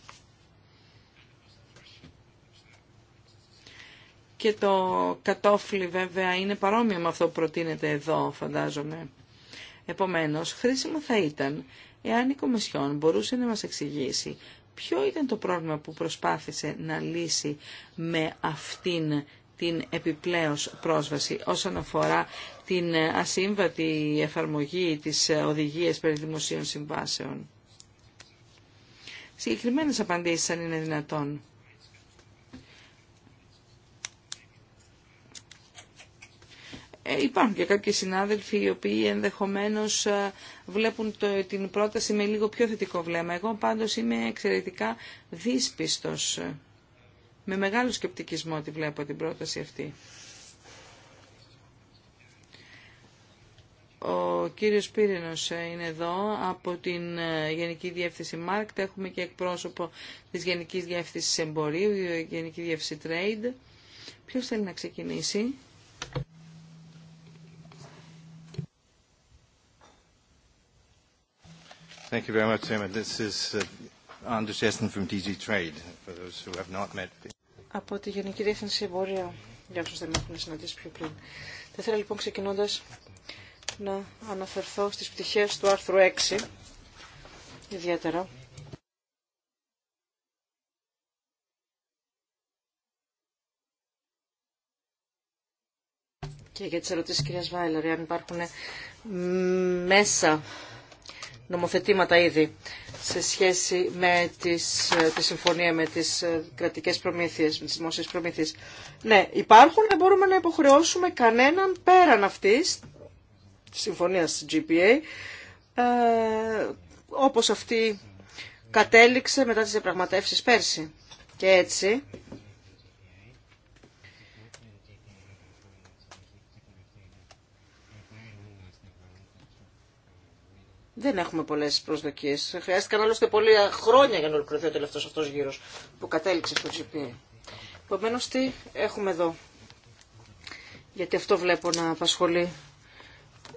και το κατόφλι βέβαια είναι παρόμοιο με αυτό που προτείνεται εδώ φαντάζομαι. Επομένως, χρήσιμο θα ήταν εάν η Κομισιόν μπορούσε να μας εξηγήσει ποιο ήταν το πρόβλημα που προσπάθησε να λύσει με αυτήν την επιπλέον πρόσβαση όσον αφορά την ασύμβατη εφαρμογή της οδηγίας περί δημοσίων συμβάσεων. Συγκεκριμένες απαντήσεις αν είναι δυνατόν. Ε, υπάρχουν και κάποιοι συνάδελφοι οι οποίοι ενδεχομένως ε, βλέπουν το, την πρόταση με λίγο πιο θετικό βλέμμα. Εγώ πάντως είμαι εξαιρετικά δύσπιστος. Ε, με μεγάλο σκεπτικισμό τη βλέπω την πρόταση αυτή. Ο κύριος Πύρινος είναι εδώ από την Γενική Διεύθυνση Μάρκτ. Έχουμε και εκπρόσωπο της Γενικής Διεύθυνσης Εμπορίου, η Γενική Διεύθυνση Trade. Ποιος θέλει να ξεκινήσει. Thank you very much, Chairman. This is uh, Anders Jessen from DG Trade, for those who have not met. Από τη Γενική Διεύθυνση Εμπορία, για όσους δεν έχουν συναντήσει πιο πριν. Θα ήθελα λοιπόν ξεκινώντας να αναφερθώ στις πτυχές του άρθρου 6, ιδιαίτερα. Και για τις ερωτήσεις κυρίας Βάιλερ, αν υπάρχουν μέσα νομοθετήματα ήδη σε σχέση με τις, ε, τη συμφωνία με τις ε, κρατικές προμήθειες, με τις δημόσιες προμήθειες. Ναι, υπάρχουν, δεν μπορούμε να υποχρεώσουμε κανέναν πέραν αυτής, της συμφωνίας GPA, ε, όπως αυτή κατέληξε μετά τις διαπραγματεύσεις πέρσι. Και έτσι, δεν έχουμε πολλέ προσδοκίε. Χρειάστηκαν άλλωστε πολλά χρόνια για να ολοκληρωθεί ο τελευταίο αυτό γύρο που κατέληξε στο GPA. Επομένω, τι έχουμε εδώ. Γιατί αυτό βλέπω να απασχολεί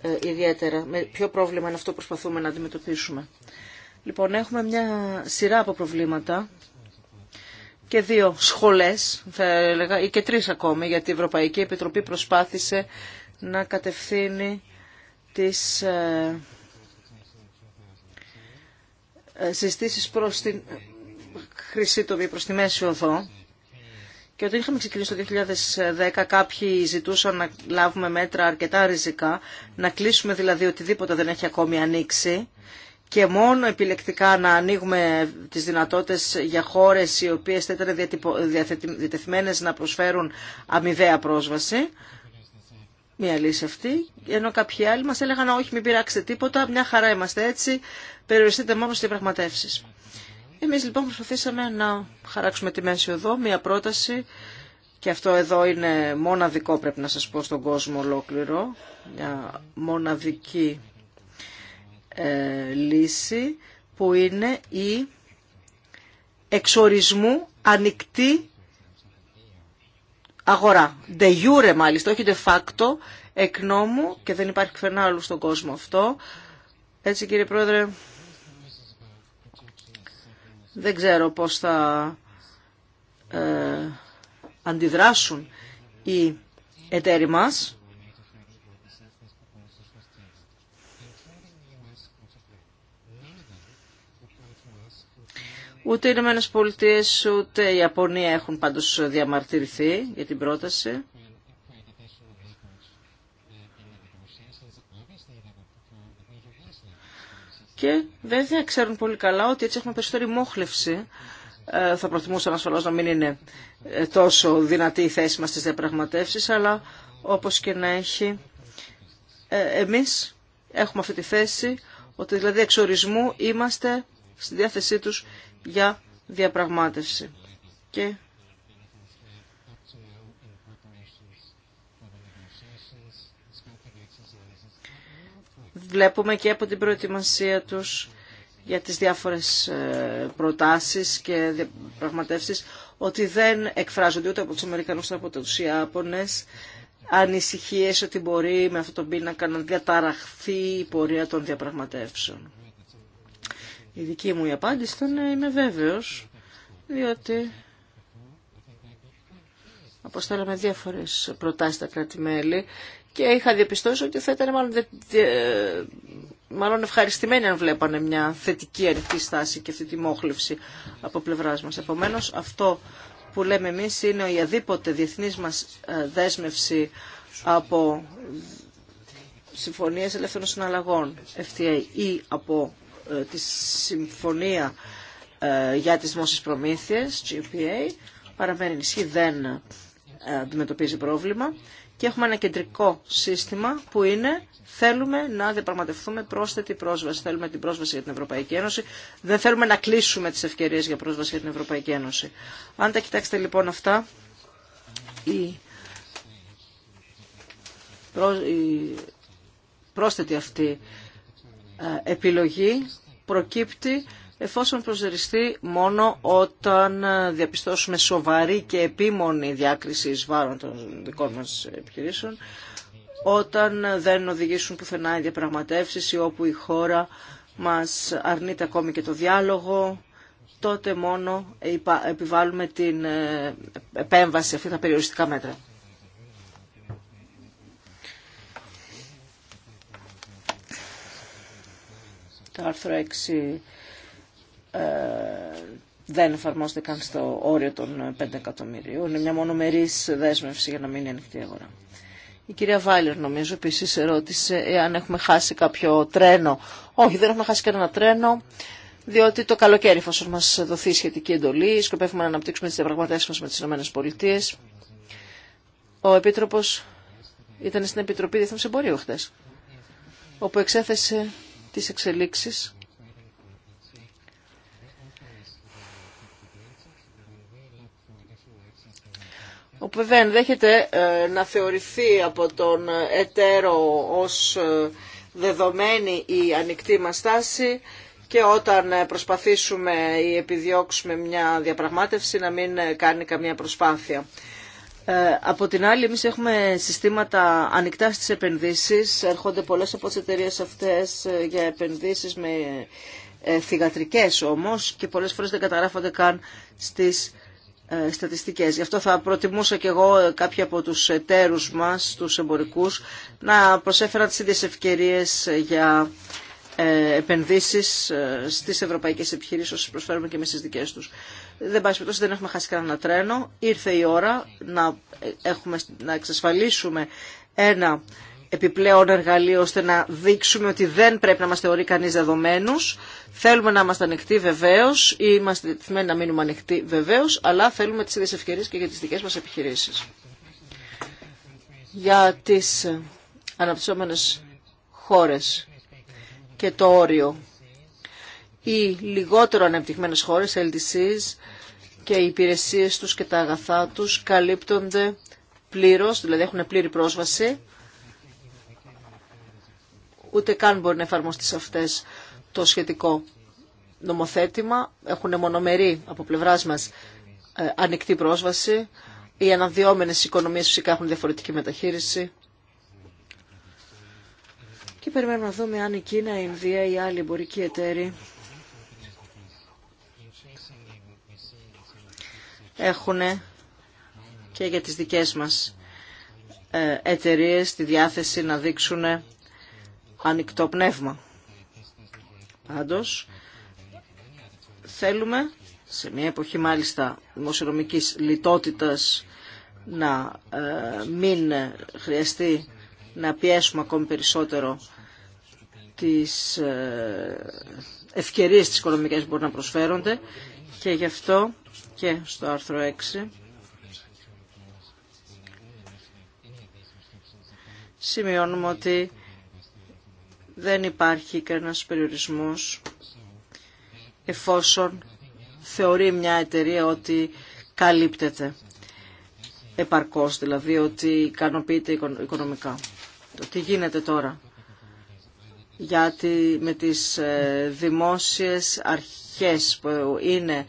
ε, ιδιαίτερα. Με ποιο πρόβλημα είναι αυτό που προσπαθούμε να αντιμετωπίσουμε. Λοιπόν, έχουμε μια σειρά από προβλήματα και δύο σχολές, θα έλεγα, ή και τρεις ακόμη, γιατί η Ευρωπαϊκή Επιτροπή προσπάθησε να κατευθύνει τις... Ε, ε, συστήσεις προ την χρυσή τομή, προς τη μέση οδό. Και όταν είχαμε ξεκινήσει το 2010 κάποιοι ζητούσαν να λάβουμε μέτρα αρκετά ριζικά, να κλείσουμε δηλαδή οτιδήποτε δεν έχει ακόμη ανοίξει και μόνο επιλεκτικά να ανοίγουμε τις δυνατότητες για χώρες οι οποίες θα ήταν διατεθειμένες να προσφέρουν αμοιβαία πρόσβαση μία λύση αυτή, ενώ κάποιοι άλλοι μας έλεγαν όχι μην πειράξετε τίποτα, μια χαρά είμαστε έτσι, περιοριστείτε μόνο στις διαπραγματεύσεις. Εμείς λοιπόν προσπαθήσαμε να χαράξουμε τη μέση εδώ, μία πρόταση και αυτό εδώ είναι μοναδικό πρέπει να σας πω στον κόσμο ολόκληρο, μια μοναδική ε, λύση που είναι η εξορισμού ανοιχτή αγορά. De jure μάλιστα, όχι de facto, εκ νόμου και δεν υπάρχει πουθενά άλλου στον κόσμο αυτό. Έτσι κύριε Πρόεδρε, δεν ξέρω πώς θα ε, αντιδράσουν οι εταίροι μας. Ούτε οι Ηνωμένε Πολιτείε ούτε η Ιαπωνία έχουν πάντω διαμαρτυρηθεί για την πρόταση. Και βέβαια ξέρουν πολύ καλά ότι έτσι έχουμε περισσότερη μόχλευση. Ε, θα προτιμούσαν ασφαλώ να μην είναι ε, τόσο δυνατή η θέση μας στις διαπραγματεύσεις, αλλά όπως και να έχει, ε, εμείς έχουμε αυτή τη θέση, ότι δηλαδή εξορισμού είμαστε στη διάθεσή τους για διαπραγμάτευση. Και βλέπουμε και από την προετοιμασία τους για τις διάφορες ε, προτάσεις και διαπραγματεύσεις ότι δεν εκφράζονται ούτε από τους Αμερικανούς ούτε από τους Ιάπωνες ανησυχίες ότι μπορεί με αυτόν τον πίνακα να διαταραχθεί η πορεία των διαπραγματεύσεων. Η δική μου η απάντηση ήταν «Ναι, είμαι βέβαιος, διότι αποστέλαμε διάφορες προτάσεις στα κράτη-μέλη και είχα διαπιστώσει ότι θα ήταν μάλλον, μάλλον ευχαριστημένοι αν βλέπανε μια θετική ανοιχτή στάση και αυτή τη μόχλευση από πλευράς μας. Επομένως αυτό που λέμε εμείς είναι η αδίποτε διεθνής μας ε, δέσμευση από συμφωνίες ελεύθερων συναλλαγών FTA ή από ε, τη συμφωνία ε, για τις δημόσιες προμήθειες, GPA, παραμένει ισχύ δεν ε, αντιμετωπίζει πρόβλημα και έχουμε ένα κεντρικό σύστημα που είναι θέλουμε να διαπραγματευτούμε πρόσθετη πρόσβαση. Θέλουμε την πρόσβαση για την Ευρωπαϊκή Ένωση. Δεν θέλουμε να κλείσουμε τις ευκαιρίες για πρόσβαση για την Ευρωπαϊκή Ένωση. Αν τα κοιτάξετε λοιπόν αυτά, η, πρόσθετη αυτή ε, επιλογή προκύπτει εφόσον προσδεριστεί μόνο όταν ε, διαπιστώσουμε σοβαρή και επίμονη διάκριση εις βάρον των δικών μας επιχειρήσεων, όταν ε, δεν οδηγήσουν πουθενά οι διαπραγματεύσεις ή όπου η χώρα μας αρνείται ακόμη και το διάλογο, τότε μόνο επιβάλλουμε την επέμβαση, αυτά τα περιοριστικά μέτρα. Το άρθρο 6 ε, δεν εφαρμόζεται καν στο όριο των 5 εκατομμυρίων. Είναι μια μονομερής δέσμευση για να είναι ανοιχτή η αγορά. Η κυρία Βάιλερ νομίζω επίσης ερώτησε αν έχουμε χάσει κάποιο τρένο. Όχι, δεν έχουμε χάσει κανένα τρένο. Διότι το καλοκαίρι, εφόσον μα δοθεί σχετική εντολή, σκοπεύουμε να αναπτύξουμε τι διαπραγματεύσει μα με τι ΗΠΑ. Ο Επίτροπο ήταν στην Επιτροπή Διεθνού Εμπορίου χτε, όπου εξέθεσε τις εξελίξεις. Όπου βέβαια ενδέχεται ε, να θεωρηθεί από τον εταίρο ως ε, δεδομένη η ανοιχτή μα στάση και όταν ε, προσπαθήσουμε ή επιδιώξουμε μια διαπραγμάτευση να μην κάνει καμία προσπάθεια. Ε, από την άλλη, εμείς έχουμε συστήματα ανοιχτά στις επενδύσεις. Έρχονται πολλές από τις εταιρείε αυτές ε, για επενδύσεις με ε, θυγατρικές όμως και πολλές φορές δεν καταγράφονται καν στις στατιστικές. Γι' αυτό θα προτιμούσα και εγώ κάποιοι από τους εταίρους μας, τους εμπορικούς, να προσέφεραν τις ίδιες ευκαιρίες για ε, επενδύσεις ε, στις ευρωπαϊκές επιχειρήσεις όσες προσφέρουμε και εμείς στις δικές τους. Δεν πάει τόσο, δεν έχουμε χάσει κανένα τρένο. Ήρθε η ώρα να, ε, έχουμε, να εξασφαλίσουμε ένα επιπλέον εργαλείο ώστε να δείξουμε ότι δεν πρέπει να μας θεωρεί κανείς δεδομένους. Θέλουμε να είμαστε ανοιχτοί βεβαίως, ή είμαστε δεθμένοι να μείνουμε ανοιχτοί βεβαίως, αλλά θέλουμε τις ίδιες ευκαιρίες και για τις δικές μας επιχειρήσεις. Για τις αναπτυσσόμενες χώρες και το όριο. Οι λιγότερο ανεπτυγμένες χώρες, LDCs, και οι υπηρεσίες τους και τα αγαθά τους καλύπτονται πλήρως, δηλαδή έχουν πλήρη πρόσβαση. Ούτε καν μπορεί να εφαρμοστεί σε αυτές το σχετικό νομοθέτημα. Έχουν μονομερή από πλευράς μας ε, ανοιχτή πρόσβαση. Οι αναδυόμενες οικονομίες φυσικά έχουν διαφορετική μεταχείριση και περιμένουμε να δούμε αν η Κίνα, η Ινδία ή άλλοι εμπορικοί εταίροι έχουν και για τις δικές μας ε, εταιρείε τη διάθεση να δείξουν ανοιχτό πνεύμα. Πάντως, θέλουμε σε μια εποχή μάλιστα δημοσιονομικής λιτότητας να ε, μην χρειαστεί να πιέσουμε ακόμη περισσότερο τις ε, ευκαιρίες τις οικονομικές που μπορούν να προσφέρονται και γι' αυτό και στο άρθρο 6 σημειώνουμε ότι δεν υπάρχει κανένας περιορισμός εφόσον θεωρεί μια εταιρεία ότι καλύπτεται επαρκώς, δηλαδή ότι ικανοποιείται οικονομικά. Το τι γίνεται τώρα γιατί με τις ε, δημόσιες αρχές που είναι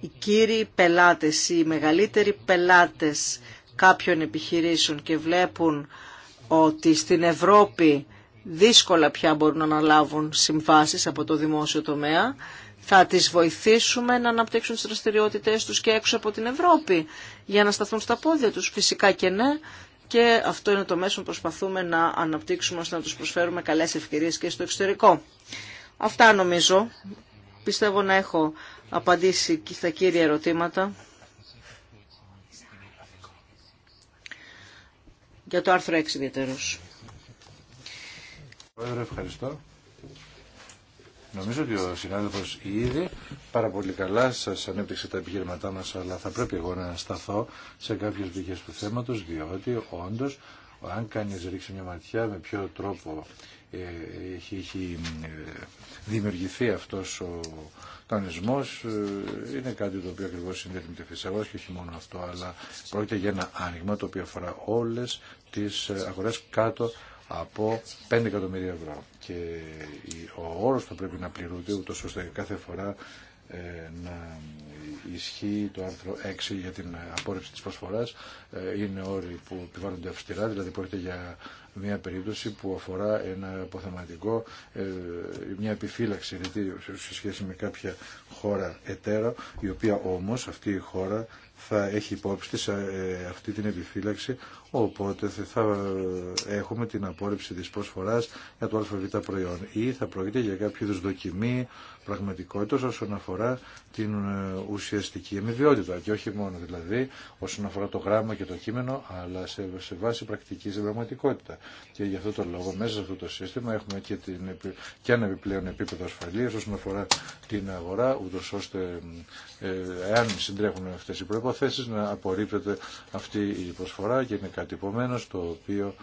οι κύριοι πελάτες, οι μεγαλύτεροι πελάτες κάποιων επιχειρήσεων και βλέπουν ότι στην Ευρώπη δύσκολα πια μπορούν να αναλάβουν συμβάσεις από το δημόσιο τομέα, θα τις βοηθήσουμε να αναπτύξουν τις δραστηριότητες τους και έξω από την Ευρώπη για να σταθούν στα πόδια τους. Φυσικά και ναι, και αυτό είναι το μέσο που προσπαθούμε να αναπτύξουμε ώστε να τους προσφέρουμε καλές ευκαιρίες και στο εξωτερικό. Αυτά νομίζω. Πιστεύω να έχω απαντήσει και στα κύρια ερωτήματα. Για το άρθρο 6 ιδιαίτερος. ευχαριστώ. Νομίζω ότι ο συνάδελφος ήδη πάρα πολύ καλά, σα ανέπτυξε τα επιχειρηματά μα, αλλά θα πρέπει εγώ να σταθώ σε κάποιε πηγέ του θέματο διότι όντω, αν κάνει ρίξει μια ματιά με ποιο τρόπο ε, έχει, έχει ε, δημιουργηθεί αυτό ο κανονισμός, ε, είναι κάτι το οποίο ακριβώ συνδέεται με τη φυσική και όχι μόνο αυτό, αλλά πρόκειται για ένα άνοιγμα το οποίο αφορά όλε τι αγορέ κάτω από 5 εκατομμύρια ευρώ. Και ο όρος θα πρέπει να πληρούνται ούτως ώστε κάθε φορά ε, να ισχύει το άρθρο 6 για την απόρριψη της προσφοράς. Ε, είναι όροι που επιβάλλονται αυστηρά, δηλαδή πρόκειται για μια περίπτωση που αφορά ένα αποθεματικό, ε, μια επιφύλαξη δηλαδή, σε σχέση με κάποια χώρα εταίρα, η οποία όμως αυτή η χώρα θα έχει υπόψη της ε, αυτή την επιφύλαξη, οπότε θα έχουμε την απόρριψη της προσφοράς για το ΑΒ προϊόν ή θα πρόκειται για κάποιο είδους δοκιμή πραγματικότητας όσον αφορά την ε, ουσιαστική αμοιβιότητα και όχι μόνο δηλαδή όσον αφορά το γράμμα και το κείμενο αλλά σε, βάση πρακτικής δραματικότητα. Και γι' αυτό το λόγο μέσα σε αυτό το σύστημα έχουμε και, την, και ένα επιπλέον επίπεδο ασφαλείας όσον αφορά την αγορά, ούτως ώστε ε, εάν συντρέχουν αυτές οι προϋποθέσεις να απορρίπτεται αυτή η προσφορά και είναι κάτι επομένω το οποίο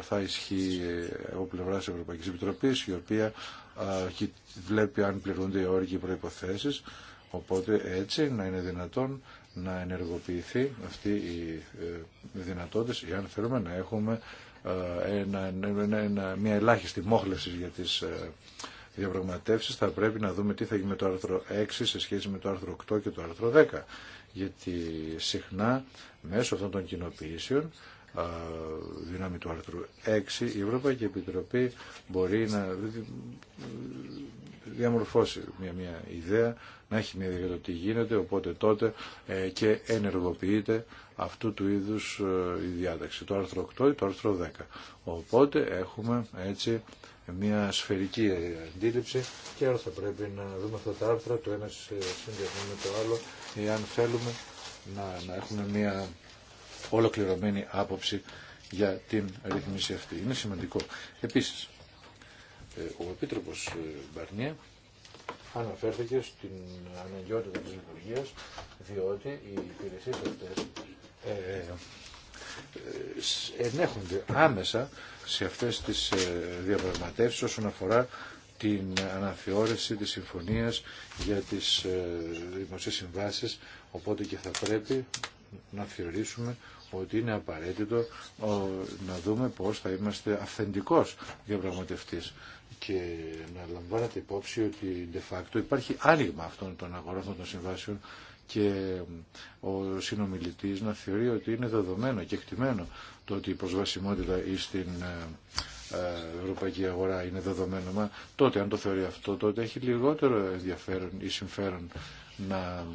θα ισχύει ε, από πλευρά τη Ευρωπαϊκή Επιτροπή, η οποία βλέπει αν πληρούνται οι όροι και προποθέσει. Οπότε έτσι να είναι δυνατόν να ενεργοποιηθεί αυτή η ε, δυνατότητα, αν θέλουμε να έχουμε ε, μια ελάχιστη μόχλευση για τις ε, διαπραγματεύσεις θα πρέπει να δούμε τι θα γίνει με το άρθρο 6 σε σχέση με το άρθρο 8 και το άρθρο 10 γιατί συχνά μέσω αυτών των κοινοποιήσεων δυνάμει του άρθρου 6 η Ευρωπαϊκή Επιτροπή μπορεί να διαμορφώσει μια, μια ιδέα να έχει μια ιδέα για το τι γίνεται οπότε τότε ε, και ενεργοποιείται αυτού του είδους ε, η διάταξη, το άρθρο 8 ή το άρθρο 10. Οπότε έχουμε έτσι μια σφαιρική αντίληψη και άρα θα πρέπει να δούμε αυτά τα άρθρα, το ένα συνδυασμό με το άλλο, αν θέλουμε να, να έχουμε μια ολοκληρωμένη άποψη για την ρυθμίση αυτή. Είναι σημαντικό. Επίσης, ε, ο Επίτροπος ε, Μπαρνιέ αναφέρθηκε στην αναγκαιότητα της λειτουργίας διότι οι υπηρεσίες αυτές ε, ε, ενέχονται άμεσα σε αυτές τις ε, διαπραγματεύσεις όσον αφορά την αναθεώρηση της συμφωνίας για τις δημοσίες συμβάσεις, οπότε και θα πρέπει να θεωρήσουμε ότι είναι απαραίτητο να δούμε πώς θα είμαστε αυθεντικός διαπραγματευτής και να λαμβάνετε υπόψη ότι de facto υπάρχει άνοιγμα αυτών των αγορών των συμβάσεων και ο συνομιλητής να θεωρεί ότι είναι δεδομένο και εκτιμένο το ότι η προσβασιμότητα στην ε, ε, ευρωπαϊκή αγορά είναι δεδομένο. Μα τότε αν το θεωρεί αυτό τότε έχει λιγότερο ενδιαφέρον ή συμφέρον να,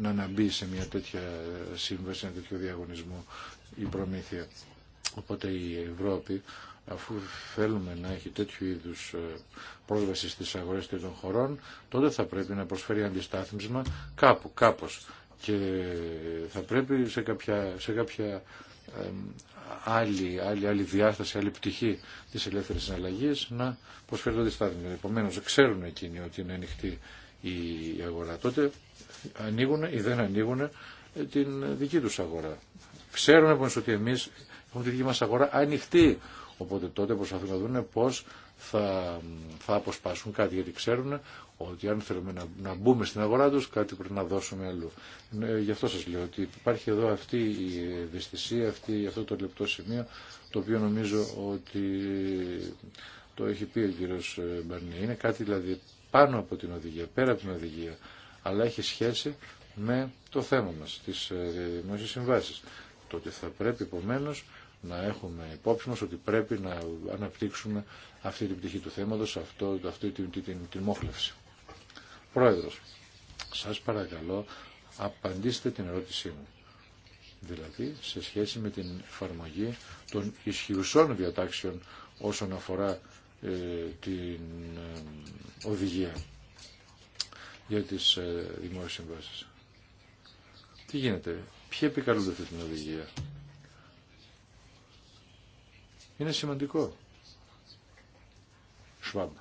να, να μπει σε μια τέτοια σύμβαση, ένα τέτοιο διαγωνισμό η προμήθεια. Οπότε η Ευρώπη αφού θέλουμε να έχει τέτοιου είδους ε, πρόσβαση στις αγορές των χωρών, τότε θα πρέπει να προσφέρει αντιστάθμισμα κάπου, κάπως. Και θα πρέπει σε κάποια, σε κάποια άλλη, άλλη, άλλη διάσταση, άλλη πτυχή της ελεύθερης συναλλαγής να προσφέρει το αντιστάθμισμα. Επομένως, ξέρουν εκείνοι ότι είναι ανοιχτή η αγορά. Τότε ανοίγουν ή δεν ανοίγουν ε, την δική τους αγορά. Ξέρουν, επομένως, ότι εμείς έχουμε τη δική μας αγορά ανοιχτή Οπότε τότε προσπαθούν να δουν πώς θα, θα αποσπάσουν κάτι, γιατί ξέρουν ότι αν θέλουμε να, να μπούμε στην αγορά τους, κάτι πρέπει να δώσουμε αλλού. Ναι, γι' αυτό σας λέω ότι υπάρχει εδώ αυτή η ευαισθησία, αυτή, αυτό το λεπτό σημείο, το οποίο νομίζω ότι το έχει πει ο κύριος ε, Μπαρνιέ. Είναι κάτι δηλαδή πάνω από την οδηγία, πέρα από την οδηγία, αλλά έχει σχέση με το θέμα μας, τις ε, δημόσιες συμβάσεις. Τότε θα πρέπει επομένω να έχουμε υπόψη μας ότι πρέπει να αναπτύξουμε αυτή την πτυχή του θέματος, αυτό, αυτή την, την, την, την μόχλευση. Πρόεδρος, σας παρακαλώ απαντήστε την ερώτησή μου. Δηλαδή σε σχέση με την εφαρμογή των ισχυρουσών διατάξεων όσον αφορά ε, την ε, οδηγία για τις ε, δημόσιες συμβάσεις. Τι γίνεται, ποιοι επικαλούνται αυτή την οδηγία είναι σημαντικό. σωστά;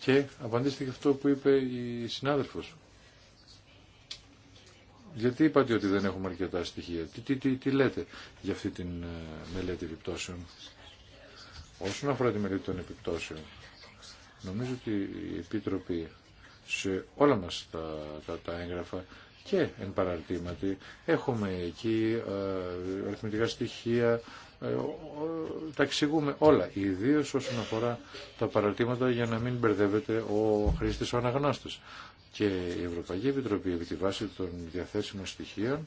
Και απαντήστε και αυτό που είπε η συνάδελφος. Γιατί είπατε ότι δεν έχουμε αρκετά στοιχεία. Τι, τι, τι, λέτε για αυτή τη ε, μελέτη επιπτώσεων. Όσον αφορά τη μελέτη των επιπτώσεων, νομίζω ότι η Επίτροπη σε όλα μας τα, τα, τα έγγραφα και εν παραρτήματι έχουμε εκεί ε, αριθμητικά στοιχεία, ε, τα εξηγούμε όλα, ιδίω όσον αφορά τα παρατήματα για να μην μπερδεύεται ο χρήστη ο αναγνώστης. Και η Ευρωπαϊκή Επιτροπή επί τη βάση των διαθέσιμων στοιχείων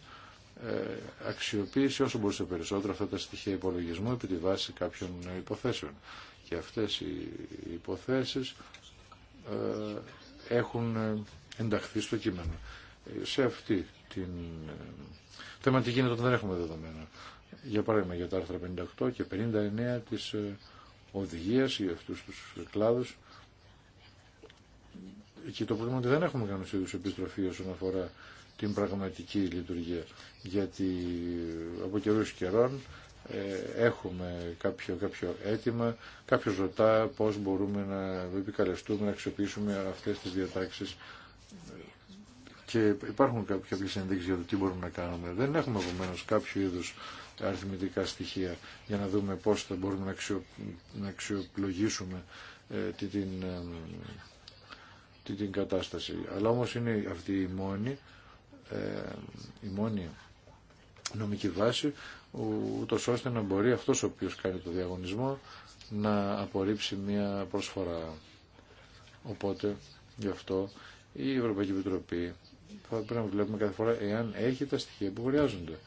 ε, αξιοποίησε όσο μπορούσε περισσότερο αυτά τα στοιχεία υπολογισμού επί τη βάση κάποιων υποθέσεων. Και αυτές οι υποθέσεις ε, έχουν ενταχθεί στο κείμενο. Σε αυτή την θεματική είναι όταν δεν έχουμε δεδομένα για παράδειγμα για τα άρθρα 58 και 59 της ε, οδηγίας για αυτούς τους κλάδους και το πρόβλημα ότι δεν έχουμε κανένα είδους επιστροφή όσον αφορά την πραγματική λειτουργία γιατί ε, από καιρού καιρών ε, έχουμε κάποιο, κάποιο αίτημα, κάποιος ρωτά πώς μπορούμε να επικαλεστούμε, να αξιοποιήσουμε αυτές τις διατάξεις και υπάρχουν κάποιες ενδείξεις για το τι μπορούμε να κάνουμε. Δεν έχουμε επομένω κάποιο είδους αριθμητικά στοιχεία για να δούμε πώς θα μπορούμε να, αξιο, να αξιοπλογήσουμε ε, την, ε, την κατάσταση. Αλλά όμως είναι αυτή η μόνη, ε, η μόνη νομική βάση ούτω ώστε να μπορεί αυτός ο οποίος κάνει το διαγωνισμό να απορρίψει μια προσφορά. Οπότε γι' αυτό η Ευρωπαϊκή Επιτροπή θα πρέπει να βλέπουμε κάθε φορά εάν έχει τα στοιχεία που χρειάζονται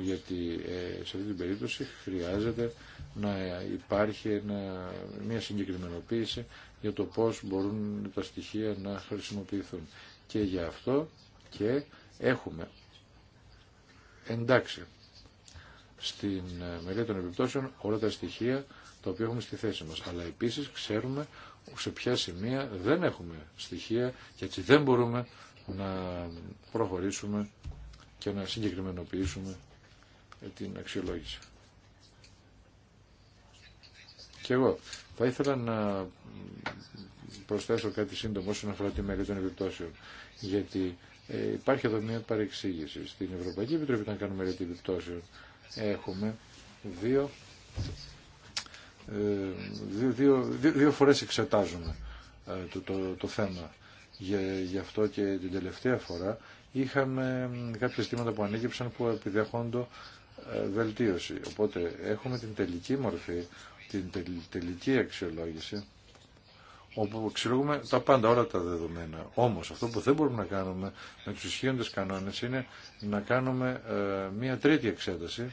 γιατί ε, σε αυτή την περίπτωση χρειάζεται να υπάρχει μια συγκεκριμενοποίηση για το πώς μπορούν τα στοιχεία να χρησιμοποιηθούν. Και για αυτό και έχουμε εντάξει στην μελέτη των επιπτώσεων όλα τα στοιχεία τα οποία έχουμε στη θέση μας. Αλλά επίσης ξέρουμε σε ποια σημεία δεν έχουμε στοιχεία και έτσι δεν μπορούμε να προχωρήσουμε και να συγκεκριμενοποιήσουμε την αξιολόγηση. Και εγώ θα ήθελα να προσθέσω κάτι σύντομο όσον αφορά τη μέρη των επιπτώσεων. Γιατί ε, υπάρχει εδώ μια παρεξήγηση. Στην Ευρωπαϊκή Επιτροπή, όταν κάνουμε των επιπτώσεων, έχουμε δύο, ε, δύο, δύο, δύο, φορές εξετάζουμε ε, το, το, το, θέμα. Γι' αυτό και την τελευταία φορά είχαμε ε, κάποια ζητήματα που ανέκυψαν που επιδεχόντο ε, βελτίωση. Οπότε έχουμε την τελική μορφή, την τελική αξιολόγηση, όπου αξιολογούμε τα πάντα, όλα τα δεδομένα. Όμως αυτό που δεν μπορούμε να κάνουμε με τους ισχύοντες κανόνες είναι να κάνουμε ε, μία τρίτη εξέταση,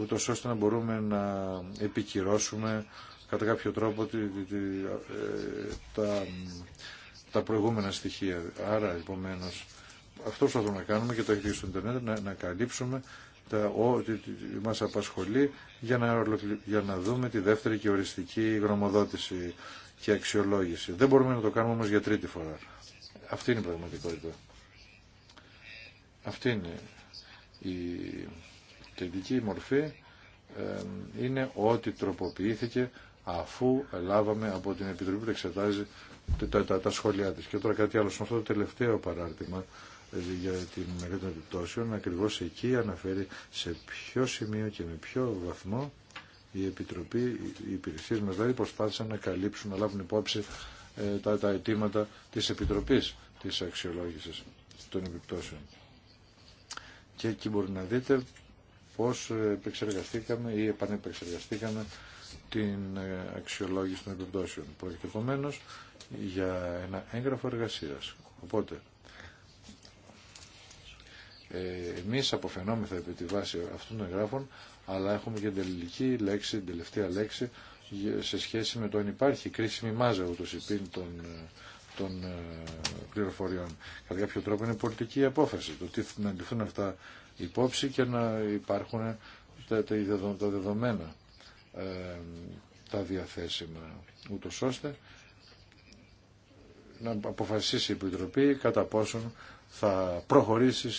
ούτω ώστε να μπορούμε να επικυρώσουμε κατά κάποιο τρόπο ε, τα, τα προηγούμενα στοιχεία. Άρα, επομένως, αυτό που θα να κάνουμε και το έχει στο Ιντερνετ, να, να καλύψουμε τα, ό,τι μας απασχολεί για να, για να δούμε τη δεύτερη και οριστική γνωμοδότηση και αξιολόγηση. Δεν μπορούμε να το κάνουμε όμως για τρίτη φορά. Αυτή είναι η πραγματικότητα. Αυτή είναι η τελική μορφή. είναι ό,τι τροποποιήθηκε αφού λάβαμε από την Επιτροπή που εξετάζει τα, τα, τα σχόλιά της. Και τώρα κάτι άλλο, σε αυτό το τελευταίο παράρτημα, για την μελέτη των επιπτώσεων, ακριβώς εκεί αναφέρει σε ποιο σημείο και με ποιο βαθμό η Επιτροπή, οι υπηρεσίε μας δηλαδή προσπάθησαν να καλύψουν, να λάβουν υπόψη ε, τα, τα αιτήματα της Επιτροπής της αξιολόγησης των επιπτώσεων. Και εκεί μπορεί να δείτε πώς επεξεργαστήκαμε ή επανεπεξεργαστήκαμε την ε, αξιολόγηση των επιπτώσεων. Προεκτικομένως για ένα έγγραφο εργασίας. Οπότε ε, εμείς αποφαινόμεθα επί τη βάση αυτών των εγγράφων, αλλά έχουμε και την τελική λέξη, την τελευταία λέξη, σε σχέση με το αν υπάρχει κρίσιμη μάζα ούτως υπήν των, ε, των ε, πληροφοριών. Κατά κάποιο τρόπο είναι πολιτική απόφαση, το τι να αντιθούν αυτά υπόψη και να υπάρχουν τα, τα δεδομένα, ε, τα διαθέσιμα, ούτως ώστε να αποφασίσει η Επιτροπή κατά πόσον θα προχωρήσει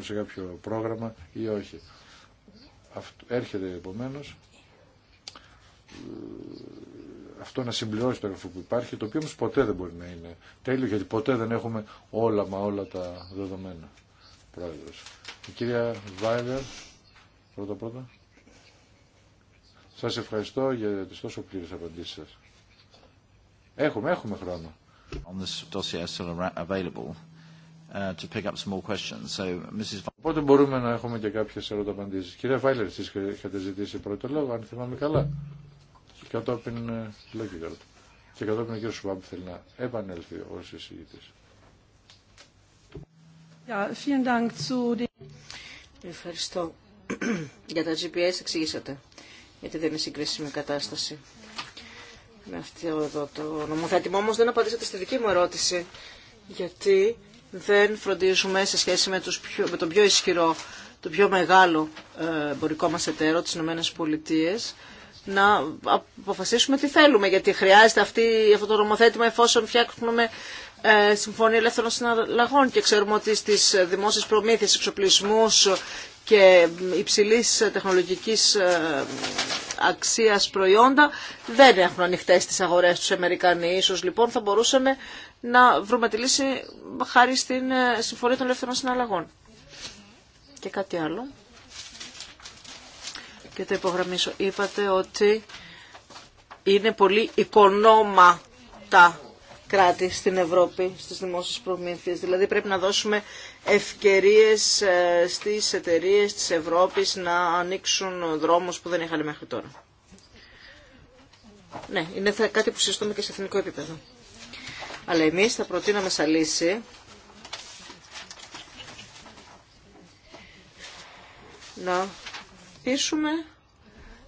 σε κάποιο πρόγραμμα ή όχι. Έρχεται επομένως ε, αυτό να συμπληρώσει το έγγραφο που υπάρχει, το οποίο όμω ποτέ δεν μπορεί να είναι τέλειο, γιατί ποτέ δεν έχουμε όλα μα όλα τα δεδομένα. Πρόεδρο. Η οχι ερχεται επομένω. αυτο να συμπληρωσει το εγγραφο που Βάιλερ, πρώτα πρώτα. Σας ευχαριστώ για τις τόσο πλήρες απαντήσει σα. Έχουμε, έχουμε χρόνο. Οπότε μπορούμε να έχουμε και κάποιες ερώτα-απαντήσεις Κυρία Βάιλερ, εσείς είχατε ζητήσει πρώτο λόγο, αν θυμάμαι καλά. Και κατόπιν, ε, λέω και κατόπιν ο κύριος Σουβάμπ θέλει να επανέλθει ως εισηγητής. Ευχαριστώ. [CLEARS THROAT] Για τα GPS εξήγησατε, γιατί δεν είναι συγκρίσιμη κατάσταση με αυτό εδώ το νομοθέτημα. Όμω δεν απαντήσατε στη δική μου ερώτηση. Γιατί δεν φροντίζουμε σε σχέση με, τους πιο, με τον πιο ισχυρό, τον πιο μεγάλο ε, εμπορικό μας εταίρο, τι ΗΠΑ, να αποφασίσουμε τι θέλουμε. Γιατί χρειάζεται αυτή, αυτό το νομοθέτημα εφόσον φτιάχνουμε ε, Συμφωνία Ελεύθερων Συναλλαγών και ξέρουμε ότι στις δημόσιες προμήθειες, εξοπλισμούς και υψηλής τεχνολογικής ε, αξίας προϊόντα δεν έχουν ανοιχτέ τις αγορές τους Αμερικανοί. Ίσως λοιπόν θα μπορούσαμε να βρούμε τη λύση χάρη στην ε, Συμφωνία των Ελεύθερων Συναλλαγών. Και κάτι άλλο. Και το υπογραμμίσω. Είπατε ότι είναι πολύ οικονόμα τα κράτη στην Ευρώπη στις δημόσιες προμήθειες. Δηλαδή πρέπει να δώσουμε ευκαιρίες ε, στις εταιρείες της Ευρώπης να ανοίξουν δρόμους που δεν είχαν μέχρι τώρα. Ναι, είναι κάτι που συζητούμε και σε εθνικό επίπεδο. Αλλά εμείς θα προτείναμε σαν λύση να πείσουμε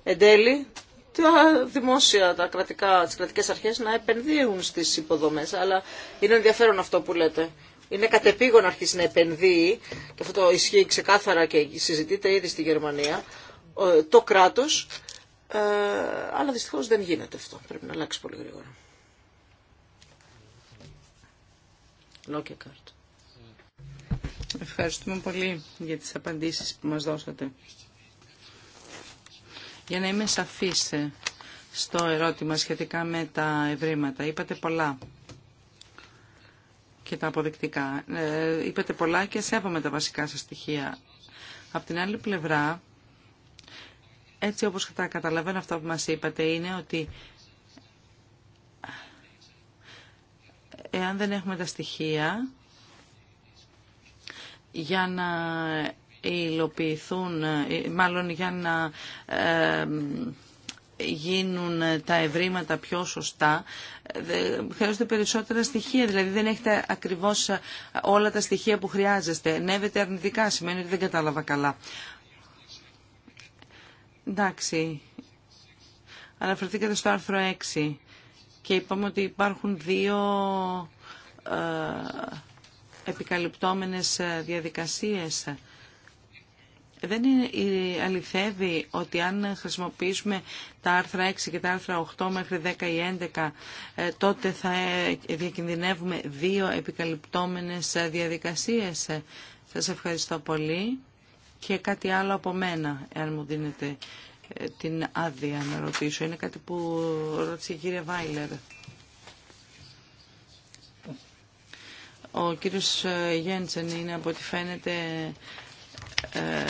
εν τέλει τα δημόσια, τα κρατικά, τις κρατικές αρχές να επενδύουν στις υποδομές. Αλλά είναι ενδιαφέρον αυτό που λέτε είναι κατεπήγον να αρχίσει να επενδύει, και αυτό το ισχύει ξεκάθαρα και συζητείται ήδη στη Γερμανία, το κράτος, ε, αλλά δυστυχώς δεν γίνεται αυτό. Πρέπει να αλλάξει πολύ γρήγορα. Ευχαριστούμε πολύ για τις απαντήσεις που μας δώσατε. Για να είμαι σαφής ε, στο ερώτημα σχετικά με τα ευρήματα, είπατε πολλά και τα αποδεικτικά. Ε, είπατε πολλά και σέβομαι τα βασικά σας στοιχεία. Απ' την άλλη πλευρά, έτσι όπως τα καταλαβαίνω αυτό που μας είπατε, είναι ότι εάν δεν έχουμε τα στοιχεία για να υλοποιηθούν, ε, μάλλον για να... Ε, γίνουν ε, τα ευρήματα πιο σωστά, ε, χρειάζονται περισσότερα στοιχεία. Δηλαδή δεν έχετε ακριβώς ε, όλα τα στοιχεία που χρειάζεστε. Νεύετε αρνητικά, σημαίνει ότι δεν κατάλαβα καλά. Εντάξει. Αναφερθήκατε στο άρθρο 6 και είπαμε ότι υπάρχουν δύο επικαλυπτόμενες διαδικασίες δεν είναι, ε, αληθεύει ότι αν χρησιμοποιήσουμε τα άρθρα 6 και τα άρθρα 8 μέχρι 10 ή 11 ε, τότε θα ε, διακινδυνεύουμε δύο επικαλυπτόμενες διαδικασίες. Σας ευχαριστώ πολύ και κάτι άλλο από μένα, εάν μου δίνετε την άδεια να ρωτήσω. Είναι κάτι που ρώτησε η κυρία εαν μου δινετε την αδεια να ρωτησω ειναι κατι που ρωτησε η κυριε βαιλερ Ο κύριος Γέντσεν είναι από ό,τι φαίνεται ε,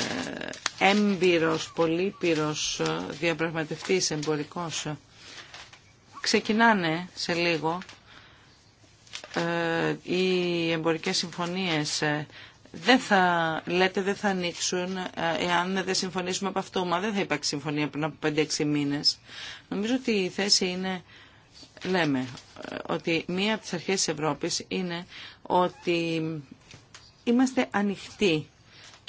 έμπειρος, πολύπειρος ε, διαπραγματευτής εμπορικός ξεκινάνε σε λίγο ε, οι εμπορικές συμφωνίες δεν θα, λέτε, δεν θα ανοίξουν εάν δεν συμφωνήσουμε από αυτό. Μα δεν θα υπάρξει συμφωνία πριν από 5-6 μήνες. Νομίζω ότι η θέση είναι, λέμε, ότι μία από τις αρχές της Ευρώπης είναι ότι είμαστε ανοιχτοί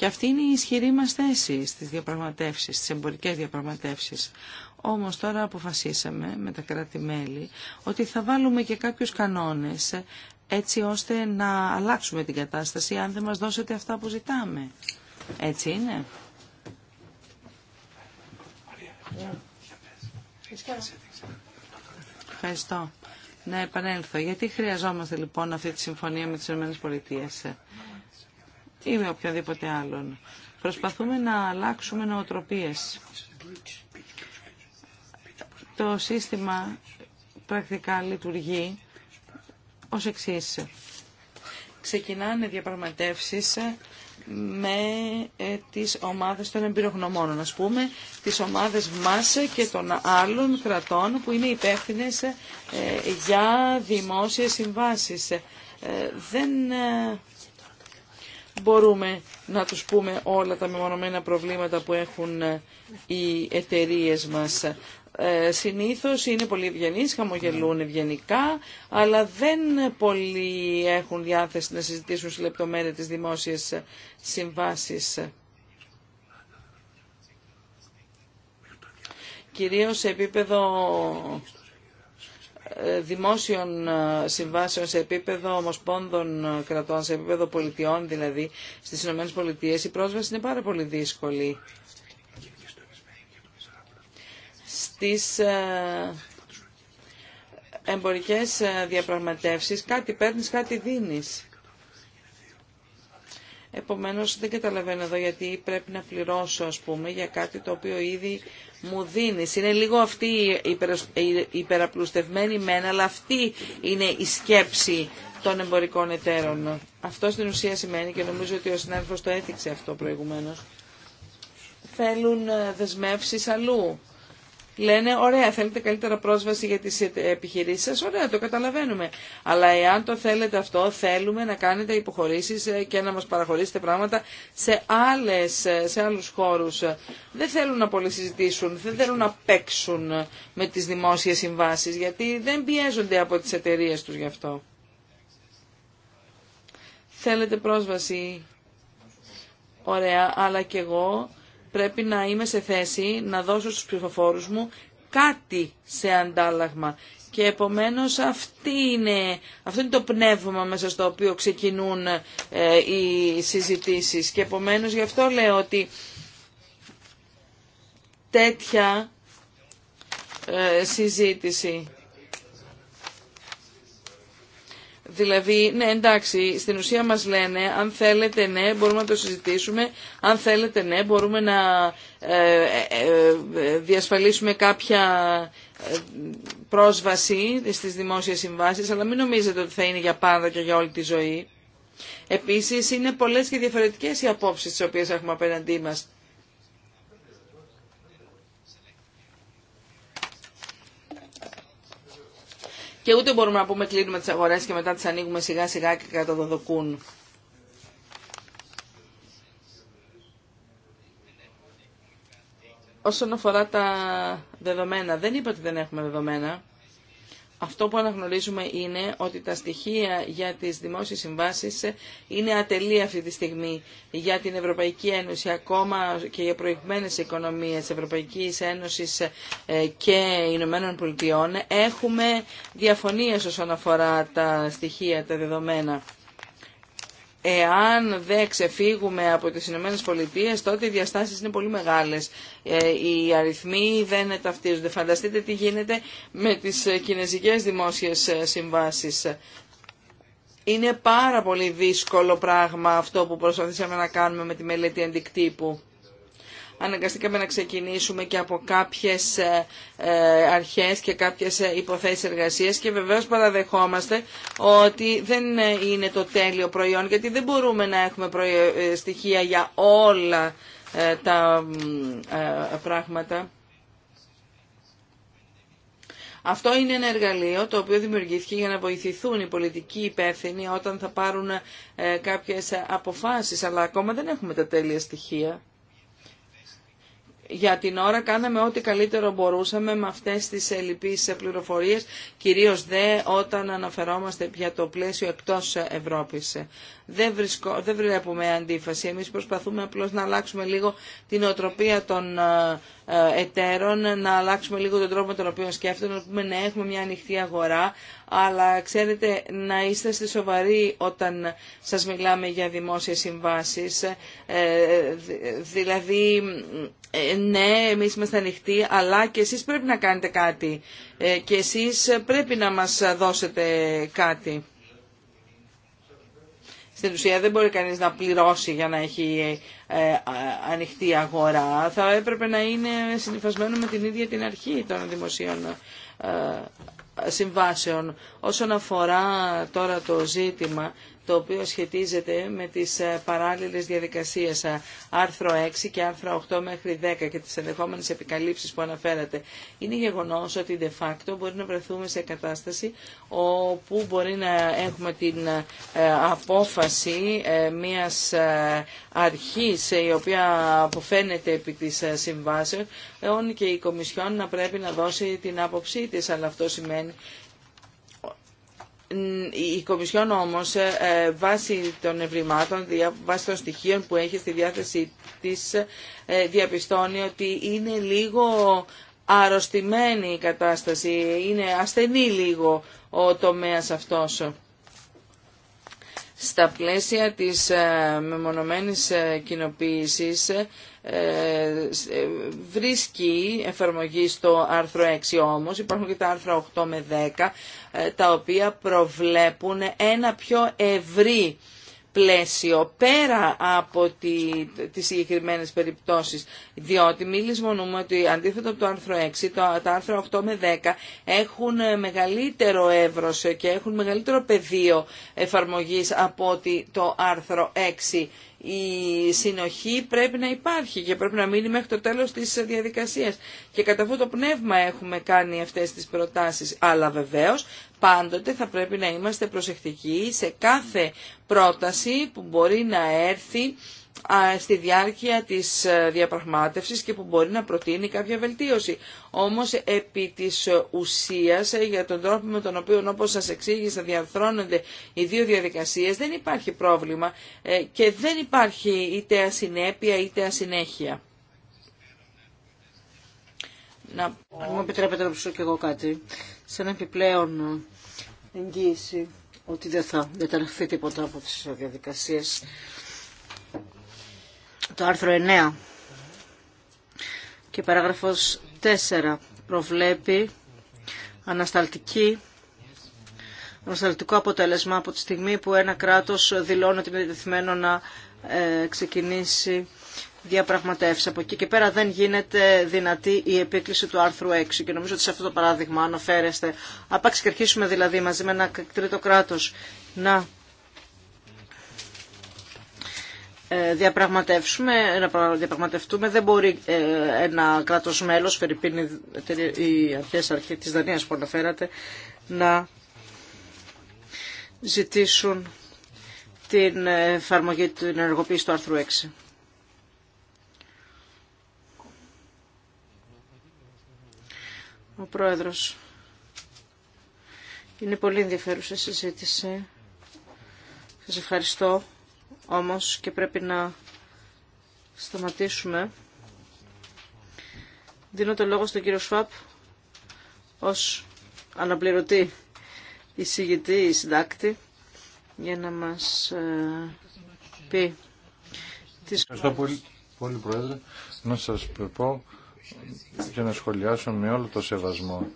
και αυτή είναι η ισχυρή μα θέση στι διαπραγματεύσεις, στις εμπορικέ διαπραγματεύσεις. Όμως τώρα αποφασίσαμε με τα κράτη-μέλη ότι θα βάλουμε και κάποιους κανόνες ε, έτσι ώστε να αλλάξουμε την κατάσταση αν δεν μας δώσετε αυτά που ζητάμε. Έτσι είναι. Ευχαριστώ. Να επανέλθω. Γιατί χρειαζόμαστε λοιπόν αυτή τη συμφωνία με τις ΗΠΑ. Ε? ή με άλλον. Προσπαθούμε να αλλάξουμε νοοτροπίες. Το σύστημα πρακτικά λειτουργεί ως εξής. Ξεκινάνε διαπραγματεύσεις με ε, τις ομάδες των εμπειρογνωμόνων, ας πούμε, τις ομάδες μας και των άλλων κρατών που είναι υπεύθυνε ε, για δημόσιες συμβάσεις. Ε, δεν μπορούμε να τους πούμε όλα τα μεμονωμένα προβλήματα που έχουν ε, οι εταιρείε μας. Ε, συνήθως είναι πολύ ευγενεί, χαμογελούν ναι. ευγενικά, αλλά δεν πολύ έχουν διάθεση να συζητήσουν σε λεπτομέρεια τις δημόσιες συμβάσεις. Κυρίως σε επίπεδο δημόσιων ε, συμβάσεων σε επίπεδο ομοσπόνδων ε, κρατών, σε επίπεδο πολιτιών δηλαδή, στις ΗΠΑ η πρόσβαση είναι πάρα πολύ δύσκολη. Στις ε, εμπορικές διαπραγματεύσεις κάτι παίρνεις, κάτι δίνεις. Επομένως δεν καταλαβαίνω εδώ γιατί πρέπει να πληρώσω ας πούμε για κάτι το οποίο ήδη μου δίνει. Είναι λίγο αυτή η υπεραπλουστευμένη μένα, αλλά αυτή είναι η σκέψη των εμπορικών εταίρων. Αυτό στην ουσία σημαίνει και νομίζω ότι ο συνάδελφος το έθιξε αυτό προηγουμένως. Θέλουν ε, δεσμεύσεις αλλού λένε ωραία θέλετε καλύτερα πρόσβαση για τις επιχειρήσεις σας, ωραία το καταλαβαίνουμε. Αλλά εάν το θέλετε αυτό θέλουμε να κάνετε υποχωρήσεις ε, και να μας παραχωρήσετε πράγματα σε, άλλες, ε, σε άλλους χώρους. Δεν θέλουν να πολυσυζητήσουν, δεν θέλουν να παίξουν με τις δημόσιες συμβάσεις γιατί δεν πιέζονται από τις εταιρείε τους γι' αυτό. Θέλετε πρόσβαση, ωραία, αλλά και εγώ πρέπει να είμαι σε θέση να δώσω στους ψηφοφόρους μου κάτι σε αντάλλαγμα. Και επομένως αυτή είναι, αυτό είναι το πνεύμα μέσα στο οποίο ξεκινούν ε, οι συζητήσεις. Και επομένως γι' αυτό λέω ότι τέτοια ε, συζήτηση Δηλαδή, ναι, εντάξει, στην ουσία μας λένε, αν θέλετε ναι, μπορούμε να το συζητήσουμε, αν θέλετε ναι, μπορούμε να ε, ε, ε, διασφαλίσουμε κάποια πρόσβαση στις δημόσιες συμβάσεις, αλλά μην νομίζετε ότι θα είναι για πάντα και για όλη τη ζωή. Επίσης, είναι πολλές και διαφορετικές οι απόψεις τις οποίες έχουμε απέναντί μας. και ούτε μπορούμε να πούμε κλείνουμε τις αγορές και μετά τις ανοίγουμε σιγά σιγά και καταδοδοκούν. Όσον αφορά τα δεδομένα, δεν είπα ότι δεν έχουμε δεδομένα αυτό που αναγνωρίζουμε είναι ότι τα στοιχεία για τις δημόσιες συμβάσεις είναι ατελή αυτή τη στιγμή για την Ευρωπαϊκή Ένωση, ακόμα και για προηγμένες οικονομίες Ευρωπαϊκής Ένωσης ε, και Ηνωμένων Πολιτειών. Έχουμε διαφωνίες όσον αφορά τα στοιχεία, τα δεδομένα. Εάν δεν ξεφύγουμε από τις Ηνωμένε Πολιτείες, τότε οι διαστάσεις είναι πολύ μεγάλες. Ε, οι αριθμοί δεν ταυτίζονται. Φανταστείτε τι γίνεται με τις κινέζικες δημόσιες ε, συμβάσεις. Είναι πάρα πολύ δύσκολο πράγμα αυτό που προσπαθήσαμε να κάνουμε με τη μελέτη αντικτύπου αναγκαστήκαμε να ξεκινήσουμε και από κάποιες ε, ε, αρχές και κάποιες ε, υποθέσεις εργασίας και βεβαίως παραδεχόμαστε ότι δεν είναι το τέλειο προϊόν γιατί δεν μπορούμε να έχουμε στοιχεία για όλα τα πράγματα. Αυτό είναι ένα εργαλείο το οποίο δημιουργήθηκε για να βοηθηθούν οι πολιτικοί υπεύθυνοι όταν θα πάρουν κάποιες αποφάσεις, αλλά ακόμα δεν έχουμε τα τέλεια στοιχεία για την ώρα κάναμε ό,τι καλύτερο μπορούσαμε με αυτές τις ελλειπείς πληροφορίες, κυρίως δε όταν αναφερόμαστε για το πλαίσιο εκτός Ευρώπης. Δεν, βρισκό, δεν βλέπουμε αντίφαση. Εμείς προσπαθούμε απλώς να αλλάξουμε λίγο την οτροπία των ε, ε, εταίρων, να αλλάξουμε λίγο τον τρόπο με τον οποίο σκέφτονται, να πούμε να έχουμε μια ανοιχτή αγορά, αλλά ξέρετε να είστε σοβαροί όταν σας μιλάμε για δημόσιες συμβάσεις, ε, δηλαδή ε, ναι, εμείς είμαστε ανοιχτοί, αλλά και εσείς πρέπει να κάνετε κάτι. Ε, και εσείς πρέπει να μας δώσετε κάτι. Στην ουσία δεν μπορεί κανείς να πληρώσει για να έχει ε, ανοιχτή αγορά. Θα έπρεπε να είναι συνειφασμένο με την ίδια την αρχή των δημοσίων συμβάσεων. Όσον αφορά τώρα το ζήτημα το οποίο σχετίζεται με τις ε, παράλληλες διαδικασίες ε, άρθρο 6 και άρθρο 8 μέχρι 10 και τις ενδεχόμενες επικαλύψεις που αναφέρατε. Είναι γεγονός ότι de facto μπορεί να βρεθούμε σε κατάσταση όπου μπορεί να έχουμε την ε, απόφαση μιας αρχής η οποία αποφαίνεται επί της συμβάσεων και η Κομισιόν να πρέπει να δώσει την άποψή της, αλλά αυτό σημαίνει η Κομισιόν όμως ε, ε, βάσει των ευρημάτων, βάσει των στοιχείων που έχει στη διάθεσή της ε, διαπιστώνει ότι είναι λίγο αρρωστημένη η κατάσταση, είναι ασθενή λίγο ο τομέας αυτός. Στα πλαίσια της ε, μεμονωμένης ε, κοινοποίησης ε, βρίσκει εφαρμογή στο άρθρο 6 όμως, υπάρχουν και τα άρθρα 8 με 10, τα οποία προβλέπουν ένα πιο ευρύ πλαίσιο πέρα από τη, τις συγκεκριμένε περιπτώσεις διότι μίλης ότι αντίθετα από το άρθρο 6 το, τα άρθρα 8 με 10 έχουν μεγαλύτερο εύρος και έχουν μεγαλύτερο πεδίο εφαρμογής από ότι το άρθρο 6 η συνοχή πρέπει να υπάρχει και πρέπει να μείνει μέχρι το τέλος της διαδικασίας. Και κατά αυτό το πνεύμα έχουμε κάνει αυτές τις προτάσεις. Αλλά βεβαίως πάντοτε θα πρέπει να είμαστε προσεκτικοί σε κάθε πρόταση που μπορεί να έρθει στη διάρκεια της ε, διαπραγμάτευσης και που μπορεί να προτείνει κάποια βελτίωση. Όμως επί της ουσίας ε, για τον τρόπο με τον οποίο όπως σας εξήγησα διαρθρώνονται οι δύο διαδικασίες δεν υπάρχει πρόβλημα ε, και δεν υπάρχει είτε ασυνέπεια είτε ασυνέχεια. Να... Αν μου επιτρέπετε να και εγώ κάτι. Σε ένα επιπλέον εγγύηση ότι δεν θα διαταραχθεί τίποτα από τις διαδικασίες. Το άρθρο 9 και παράγραφος 4 προβλέπει ανασταλτική ανασταλτικό αποτέλεσμα από τη στιγμή που ένα κράτος δηλώνει ότι είναι να να ε, ξεκινήσει διαπραγματεύσει. Από εκεί και πέρα δεν γίνεται δυνατή η επίκληση του άρθρου 6 και νομίζω ότι σε αυτό το παράδειγμα αναφέρεστε. Απάξ και αρχίσουμε δηλαδή μαζί με ένα τρίτο κράτο να ε, διαπραγματεύσουμε, να διαπραγματευτούμε. Δεν μπορεί ε, ένα κράτος μέλος, Φερρυπίνη, οι αρχές αρχή της Δανίας που αναφέρατε, να ζητήσουν την εφαρμογή, την ενεργοποίηση του άρθρου 6. ο Πρόεδρος. Είναι πολύ ενδιαφέρουσα συζήτηση. Σας ευχαριστώ όμως και πρέπει να σταματήσουμε. Δίνω το λόγο στον κύριο Σφάπ ως αναπληρωτή εισηγητή ή συντάκτη για να μας ε, πει. Ευχαριστώ πολύ, πολύ Πρόεδρε. Να σας πω και να σχολιάσω με όλο το σεβασμό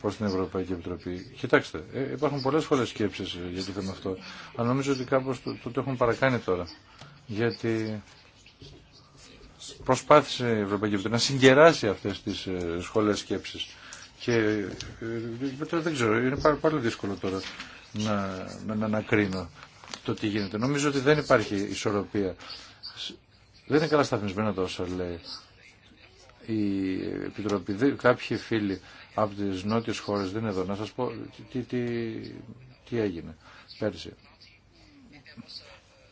προ την Ευρωπαϊκή Επιτροπή. Κοιτάξτε, ε, υπάρχουν πολλέ φορέ σκέψει για το θέμα αυτό. Αλλά νομίζω ότι κάπω το, το, το έχουν παρακάνει τώρα. Γιατί προσπάθησε η Ευρωπαϊκή Επιτροπή να συγκεράσει αυτέ τι ε, σχολέ σκέψει. Και ε, δεν ξέρω, είναι πάρα πολύ δύσκολο τώρα να, να, να, να το τι γίνεται. Νομίζω ότι δεν υπάρχει ισορροπία. Δεν είναι καλά σταθμισμένα τα όσα λέει η Επιτροπή, κάποιοι φίλοι από τις νότιες χώρες δεν είναι εδώ. Να σας πω τι, έγινε πέρσι.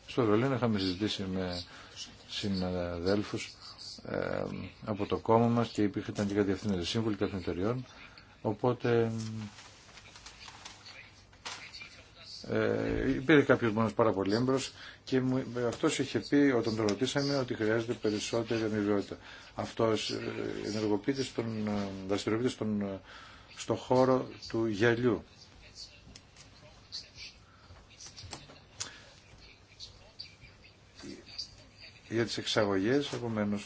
Στο Βερολίνο είχαμε συζητήσει με συναδέλφους ε, από το κόμμα μας και ήταν και κάτι σύμβουλοι κάποιων εταιριών. Οπότε ε, υπήρχε κάποιο μόνο πάρα πολύ έμπρο και αυτό είχε πει όταν τον ρωτήσαμε ότι χρειάζεται περισσότερη αμοιβαιότητα. Αυτό ε, ενεργοποιείται στον, ε, δραστηριοποιείται στον, ε, στο χώρο του γυαλιού. Για τις εξαγωγές, επομένω,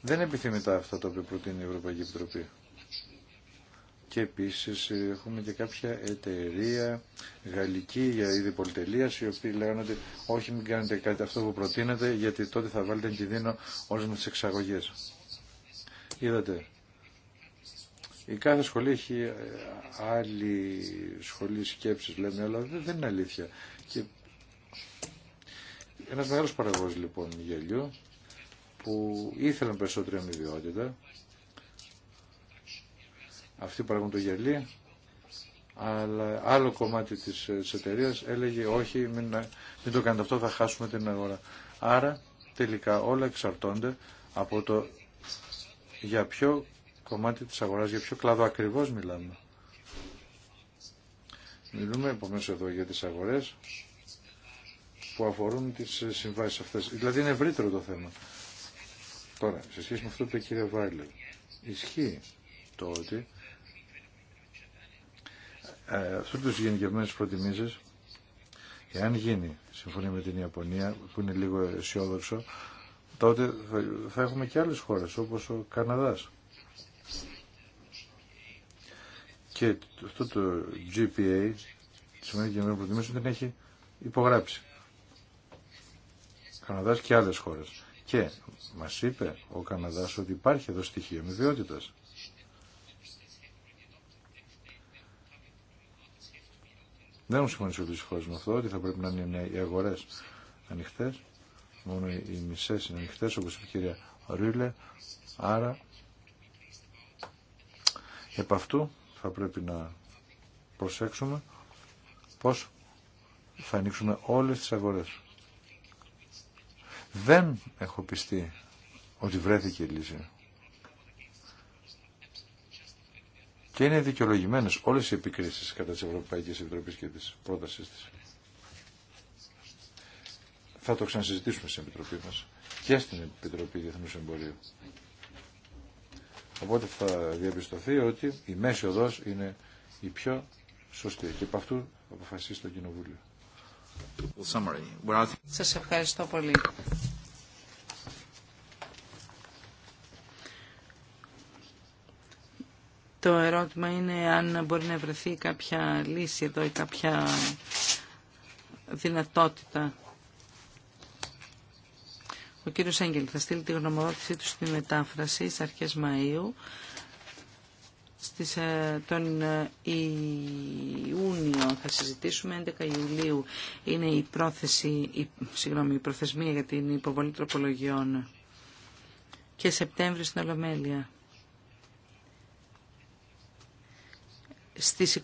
δεν επιθυμητά αυτό το οποίο προτείνει η Ευρωπαϊκή Επιτροπή και επίσης ε, έχουμε και κάποια εταιρεία γαλλική για είδη πολυτελείας οι οποίοι λέγανε ότι όχι μην κάνετε κάτι αυτό που προτείνετε γιατί τότε θα βάλετε εν κινδύνο όλες με τις εξαγωγές. Είδατε. Η κάθε σχολή έχει ε, άλλη σχολή σκέψης λέμε αλλά δεν είναι αλήθεια. Και ένας μεγάλος παραγωγός λοιπόν γελιού που ήθελαν περισσότερη αμοιβιότητα αυτοί παράγουν το αλλά άλλο κομμάτι της, ε, της εταιρεία έλεγε όχι, ε, μην, το κάνετε αυτό, θα χάσουμε την αγορά. Άρα τελικά όλα εξαρτώνται από το για ποιο κομμάτι της αγοράς, για ποιο κλάδο ακριβώς μιλάμε. Μιλούμε επομένως εδώ για τις αγορές που αφορούν τις ε, συμβάσεις αυτές. Δηλαδή είναι ευρύτερο το θέμα. Τώρα, σε σχέση με αυτό που είπε η κυρία Βάιλερ, ισχύει το ότι αυτού ε, του γενικευμένε προτιμήσει, εάν γίνει συμφωνία με την Ιαπωνία, που είναι λίγο αισιόδοξο, τότε θα έχουμε και άλλες χώρες, όπως ο Καναδάς. Και αυτό το GPA, τη Συμφωνία Γενικευμένων Προτιμήσεων, δεν έχει υπογράψει. Καναδάς και άλλες χώρες. Και μας είπε ο Καναδάς ότι υπάρχει εδώ στοιχείο βιότητας. Δεν έχουν συμφωνήσει όλε τι χώρε με αυτό, ότι θα πρέπει να είναι οι αγορέ ανοιχτέ. Μόνο οι μισέ είναι ανοιχτέ, όπω είπε η κυρία Ρίλε. Άρα, επ' αυτού θα πρέπει να προσέξουμε πώ θα ανοίξουμε όλε τι αγορέ. Δεν έχω πιστεί ότι βρέθηκε η λύση. και είναι δικαιολογημένε όλε οι επικρίσει κατά τη Ευρωπαϊκή Επιτροπή και τη πρότασή τη. Θα το ξανασυζητήσουμε στην Επιτροπή μα και στην Επιτροπή Διεθνού Εμπορίου. Οπότε θα διαπιστωθεί ότι η μέση οδός είναι η πιο σωστή και από αυτού αποφασίσει το Κοινοβούλιο. Σα ευχαριστώ πολύ. Το ερώτημα είναι αν μπορεί να βρεθεί κάποια λύση εδώ ή κάποια δυνατότητα. Ο κύριος Έγγελ θα στείλει τη γνωμοδότησή του στη μετάφραση στις αρχές Μαΐου. Στις, ε, τον ε, Ιούνιο θα συζητήσουμε, 11 Ιουλίου είναι η, πρόθεση, η, συγγνώμη, η προθεσμία για την υποβολή τροπολογιών και Σεπτέμβριο στην Ολομέλεια. Στις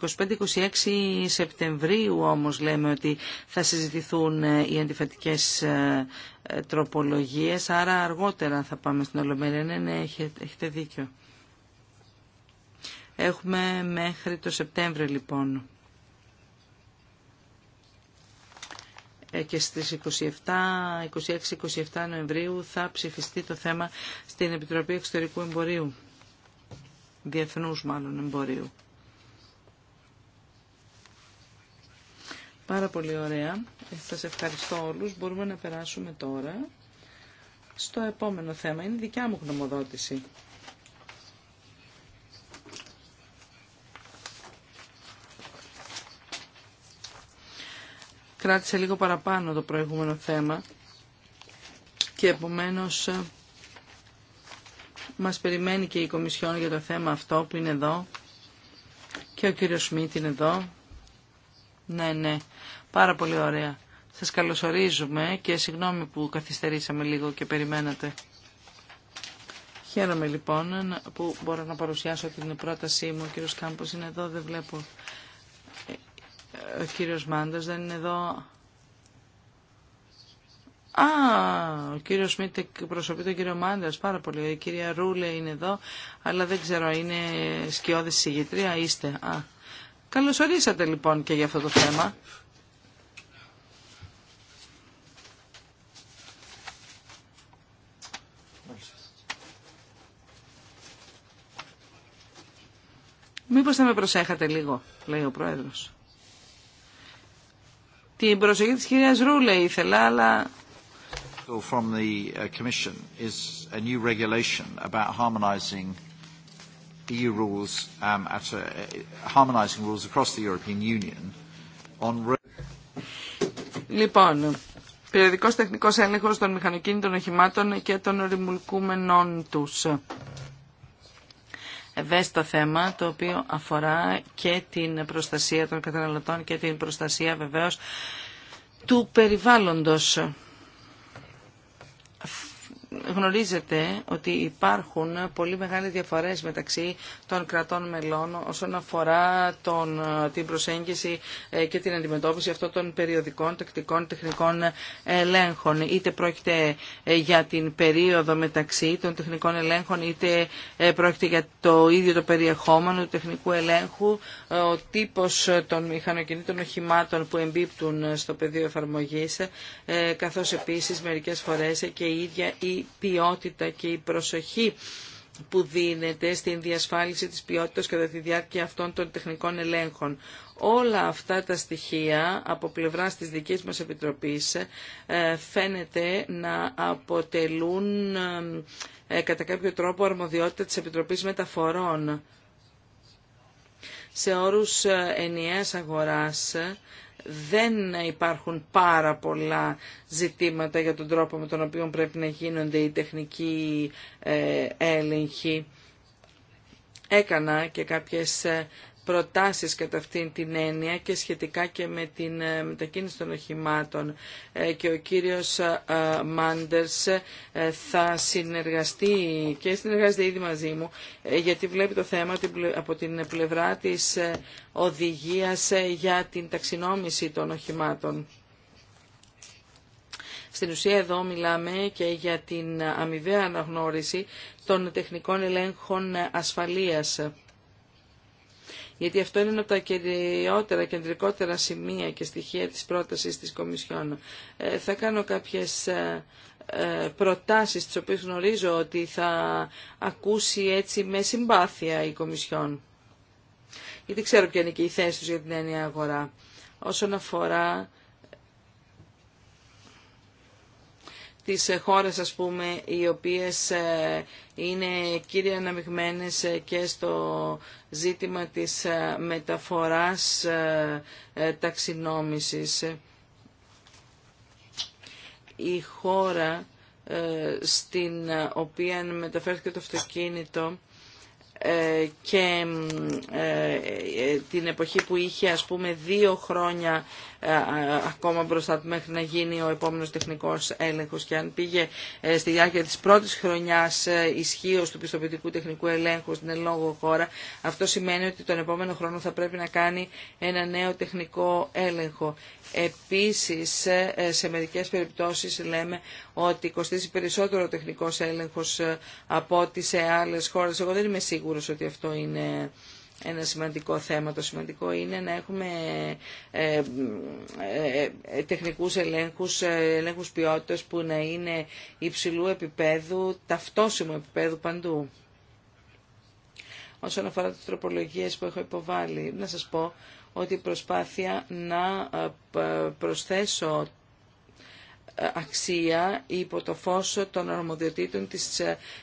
25-26 Σεπτεμβρίου όμως λέμε ότι θα συζητηθούν ε, οι αντιφατικές ε, ε, τροπολογίες, άρα αργότερα θα πάμε στην Ολομέλεια. Ναι, ναι, έχετε δίκιο. Έχουμε μέχρι το Σεπτέμβριο λοιπόν. και στις 27, 26, 27 Νοεμβρίου θα ψηφιστεί το θέμα στην Επιτροπή Εξωτερικού Εμπορίου. Διεθνούς μάλλον εμπορίου. Πάρα πολύ ωραία. Ε, Σα ευχαριστώ όλους. Μπορούμε να περάσουμε τώρα στο επόμενο θέμα. Είναι δικιά μου γνωμοδότηση. Κράτησε λίγο παραπάνω το προηγούμενο θέμα και επομένως ε, μας περιμένει και η Κομισιόν για το θέμα αυτό που είναι εδώ και ο κύριος Σμίτ είναι εδώ ναι, ναι. Πάρα πολύ ωραία. Σας καλωσορίζουμε και συγγνώμη που καθυστερήσαμε λίγο και περιμένατε. Χαίρομαι λοιπόν που μπορώ να παρουσιάσω την πρότασή μου. Ο κύριος Κάμπος είναι εδώ, δεν βλέπω. Ε, ο κύριος Μάντος δεν είναι εδώ. Α, ο κύριος Σμίτ προσωπεί τον κύριο Μάντας, πάρα πολύ. Η κυρία Ρούλε είναι εδώ, αλλά δεν ξέρω, είναι σκιώδης συγγετρία, είστε. Α. Καλωσορίσατε, λοιπόν και για αυτό το θέμα. Μήπως θα με προσέχατε λίγο, λέει ο Πρόεδρος. Την προσοχή της κυρίας Ρούλε ήθελα, αλλά... From the uh, Commission is a new regulation EU rules um, rules across the European Union on Λοιπόν, περιοδικός τεχνικός έλεγχος των μηχανοκίνητων οχημάτων και των ρημουλκούμενών τους. Ευαίσθητο θέμα το οποίο αφορά και την προστασία των καταναλωτών και την προστασία βεβαίως του περιβάλλοντος γνωρίζετε ότι υπάρχουν πολύ μεγάλες διαφορές μεταξύ των κρατών μελών όσον αφορά τον, την προσέγγιση ε, και την αντιμετώπιση αυτών των περιοδικών, τακτικών, τεχνικών ελέγχων. Είτε πρόκειται ε, για την περίοδο μεταξύ των τεχνικών ελέγχων, είτε ε, πρόκειται για το ίδιο το περιεχόμενο του τεχνικού ελέγχου, ο τύπος των μηχανοκινήτων οχημάτων που εμπίπτουν στο πεδίο εφαρμογής, καθώς επίσης μερικές φορές και ίδια η η ποιότητα και η προσοχή που δίνεται στην διασφάλιση της ποιότητας κατά τη διάρκεια αυτών των τεχνικών ελέγχων. Όλα αυτά τα στοιχεία από πλευρά της δικής μας Επιτροπής ε, φαίνεται να αποτελούν ε, ε, κατά κάποιο τρόπο αρμοδιότητα της Επιτροπής Μεταφορών. Σε όρους ενιαίας αγοράς δεν υπάρχουν πάρα πολλά ζητήματα για τον τρόπο με τον οποίο πρέπει να γίνονται οι τεχνικοί ε, έλεγχοι. Έκανα και κάποιες ε, προτάσεις κατά αυτήν την έννοια και σχετικά και με την ε, μετακίνηση των οχημάτων ε, και ο κύριος ε, Μάντερς θα συνεργαστεί και συνεργάζεται ήδη μαζί μου γιατί βλέπει το θέμα από την πλευρά της οδηγίας για την ταξινόμηση των οχημάτων. Στην ουσία εδώ μιλάμε και για την αμοιβαία αναγνώριση των τεχνικών ελέγχων ασφαλείας γιατί αυτό είναι ένα από τα κυριότερα, κεντρικότερα σημεία και στοιχεία της πρότασης της Κομισιόν. Ε, θα κάνω κάποιες ε, ε, προτάσεις, τις οποίες γνωρίζω ότι θα ακούσει έτσι με συμπάθεια η Κομισιόν. Γιατί ξέρω ποια είναι και η θέση τους για την έννοια αγορά. Όσον αφορά τις ε, χώρες ας πούμε οι οποίες ε, είναι κύρια αναμειγμένες ε, και στο ζήτημα της μεταφοράς ταξινόμησης. Η χώρα στην οποία μεταφέρθηκε το αυτοκίνητο ε, και ε, ε, την εποχή που είχε ας πούμε δύο χρόνια ακόμα μπροστά του μέχρι να γίνει ο επόμενος τεχνικός έλεγχος και αν πήγε στη διάρκεια της πρώτης χρονιάς ισχύω του πιστοποιητικού τεχνικού ελέγχου στην ελόγω χώρα αυτό σημαίνει ότι τον επόμενο χρόνο θα πρέπει να κάνει ένα νέο τεχνικό έλεγχο. Επίσης σε μερικές περιπτώσεις λέμε ότι κοστίζει περισσότερο ο τεχνικός έλεγχος από ό,τι σε άλλες χώρες. Εγώ δεν είμαι σίγουρη σίγουρος ότι αυτό είναι ένα σημαντικό θέμα. Το σημαντικό είναι να έχουμε ε, ε, ε, τεχνικούς ελέγχους, ε, ελέγχους ποιότητας που να είναι υψηλού επίπεδου, ταυτόσιμου επίπεδου παντού. Όσον αφορά τις τροπολογίες που έχω υποβάλει, να σας πω ότι προσπάθεια να ε, προσθέσω ε, αξία υπό το φως των αρμοδιοτήτων της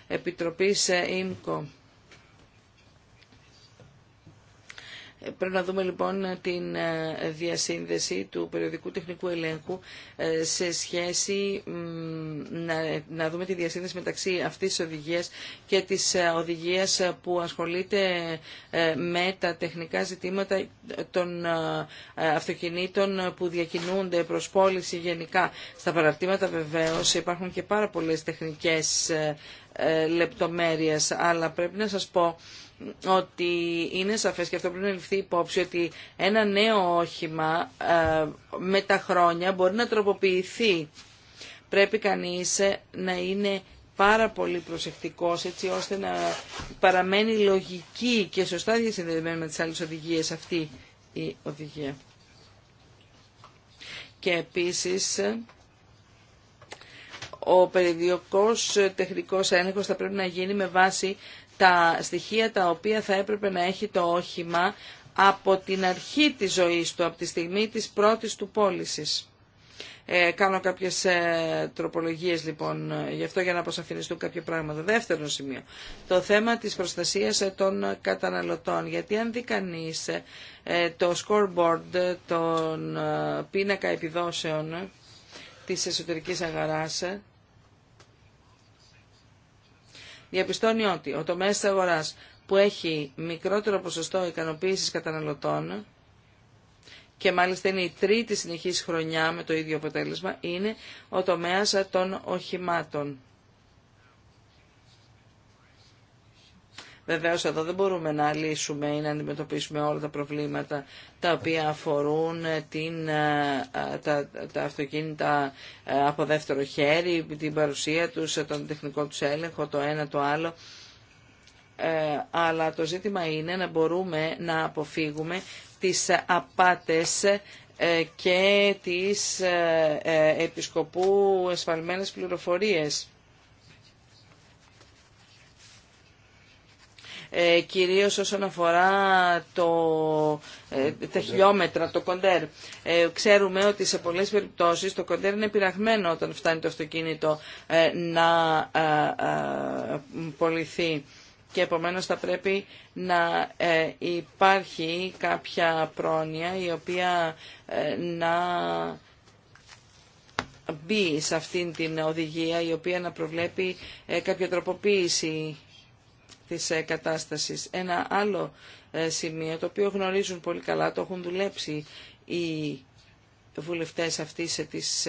Επιτροπής ΙΜΚΟ Πρέπει να δούμε λοιπόν την ε, διασύνδεση του περιοδικού τεχνικού ελέγχου ε, σε σχέση να, δούμε τη διασύνδεση μεταξύ αυτής της οδηγίας και της ε, οδηγίας που ασχολείται με τα τεχνικά ζητήματα των αυτοκινήτων που διακινούνται προς πώληση γενικά. Στα παραρτήματα βεβαίως υπάρχουν και πάρα πολλές τεχνικές λεπτομέρειες, αλλά πρέπει να σας πω ότι είναι σαφές και αυτό πρέπει να ληφθεί υπόψη ότι ένα νέο όχημα ε, με τα χρόνια μπορεί να τροποποιηθεί. Πρέπει κανείς ε, να είναι πάρα πολύ προσεκτικός έτσι ώστε να παραμένει λογική και σωστά διασυνδεδεμένη με τις άλλες οδηγίες αυτή η οδηγία. Και επίσης ε, ο περιδιωκός τεχνικός έλεγχος θα πρέπει να γίνει με βάση τα στοιχεία τα οποία θα έπρεπε να έχει το όχημα από την αρχή της ζωής του, από τη στιγμή της πρώτης του πώλησης. Ε, κάνω κάποιες ε, τροπολογίες λοιπόν γι' αυτό για να αποσαφινιστούν κάποια πράγματα. Δεύτερο σημείο, το θέμα της προστασίας ε, των καταναλωτών. Γιατί αν δει κανεί ε, το scoreboard, τον πίνακα επιδόσεων της εσωτερικής αγαράς, διαπιστώνει ότι ο τομέα τη αγορά που έχει μικρότερο ποσοστό ικανοποίηση καταναλωτών και μάλιστα είναι η τρίτη συνεχής χρονιά με το ίδιο αποτέλεσμα, είναι ο τομέας των οχημάτων. Βεβαίως εδώ δεν μπορούμε να λύσουμε ή να αντιμετωπίσουμε όλα τα προβλήματα τα οποία αφορούν ε, την, ε, ε, τα, αυτοκίνητα από δεύτερο χέρι, την παρουσία τους, τον τεχνικό τους έλεγχο, το ένα το άλλο. αλλά το ζήτημα είναι να μπορούμε να αποφύγουμε τις απάτες και τις επισκοπού εσφαλμένες πληροφορίες. Ε, κυρίως όσον αφορά το, ε, τα χιλιόμετρα, το κοντέρ. Ε, ξέρουμε ότι σε πολλές περιπτώσεις το κοντέρ είναι πειραγμένο όταν φτάνει το αυτοκίνητο να πολιθεί και επομένως θα πρέπει να υπάρχει κάποια πρόνοια η οποία να μπει σε αυτήν την οδηγία η οποία να προβλέπει κάποια τροποποίηση της ε, κατάστασης. Ένα άλλο ε, σημείο το οποίο γνωρίζουν πολύ καλά, το έχουν δουλέψει οι βουλευτές αυτής ε, της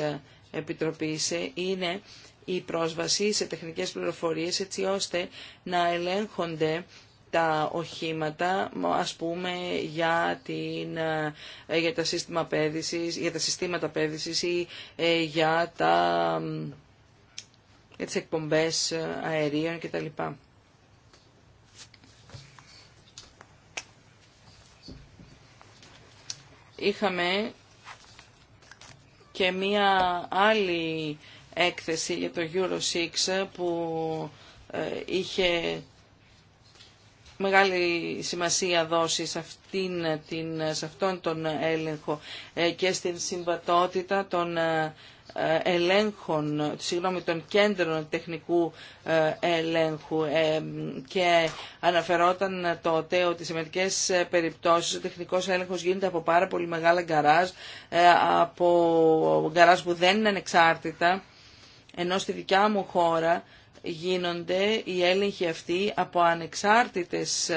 Επιτροπής, είναι η πρόσβαση σε τεχνικές πληροφορίες έτσι ώστε να ελέγχονται τα οχήματα, ας πούμε, για, την, για τα, σύστημα πέδησης, για τα συστήματα πέδησης ή για, τα, για τις εκπομπές αερίων κτλ. είχαμε και μία άλλη έκθεση για το Euro 6 που ε, είχε μεγάλη σημασία δώσει σε, αυτήν, την, σε αυτόν τον έλεγχο ε, και στην συμβατότητα των ε, ε, ελέγχων, συγγνώμη, των κέντρων τεχνικού ε, ελέγχου ε, και αναφερόταν τότε ότι σε μερικέ περιπτώσεις ο τεχνικός έλεγχος γίνεται από πάρα πολύ μεγάλα γκαράζ, από γκαράζ που δεν είναι ανεξάρτητα, ενώ στη δικιά μου χώρα γίνονται οι έλεγχοι αυτοί από, ανεξάρτητες,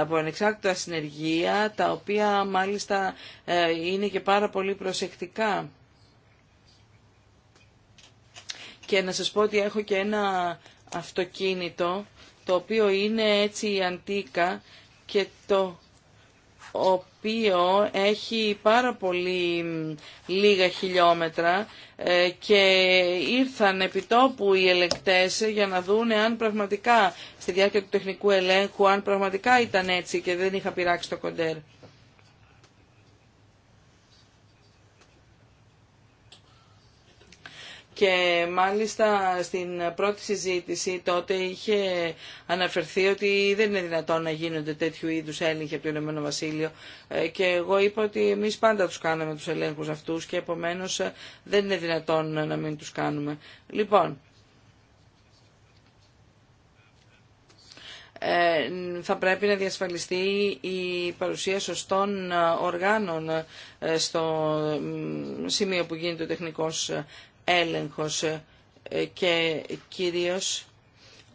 από ανεξάρτητα συνεργεία, τα οποία μάλιστα είναι και πάρα πολύ προσεκτικά. και να σας πω ότι έχω και ένα αυτοκίνητο το οποίο είναι έτσι η αντίκα και το οποίο έχει πάρα πολύ λίγα χιλιόμετρα ε, και ήρθαν τόπου οι ελεκτές για να δουν αν πραγματικά στη διάρκεια του τεχνικού ελέγχου αν πραγματικά ήταν έτσι και δεν είχα πειράξει το κοντέρ. και μάλιστα στην πρώτη συζήτηση τότε είχε αναφερθεί ότι δεν είναι δυνατόν να γίνονται τέτοιου είδους έλεγχοι από το Ηνωμένο Βασίλειο ε, και εγώ είπα ότι εμείς πάντα τους κάναμε τους ελέγχους αυτούς και επομένως ε, δεν είναι δυνατόν να μην τους κάνουμε. Λοιπόν, ε, θα πρέπει να διασφαλιστεί η παρουσία σωστών οργάνων στο σημείο που γίνεται ο τεχνικός έλεγχος ε, και κυρίως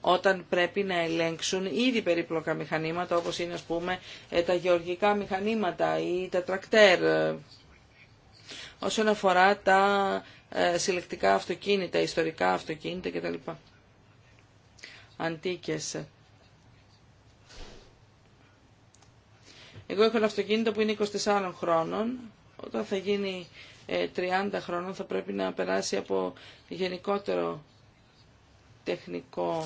όταν πρέπει να ελέγξουν ήδη περίπλοκα μηχανήματα όπως είναι ας πούμε ε, τα γεωργικά μηχανήματα ή τα τρακτέρ. Ε, όσον αφορά τα συλλεκτικά αυτοκίνητα, ιστορικά αυτοκίνητα κτλ. Αντίκες. Εγώ έχω ένα αυτοκίνητο που είναι 24 χρόνων. Όταν θα γίνει 30 ε, χρόνων θα πρέπει να περάσει από γενικότερο τεχνικό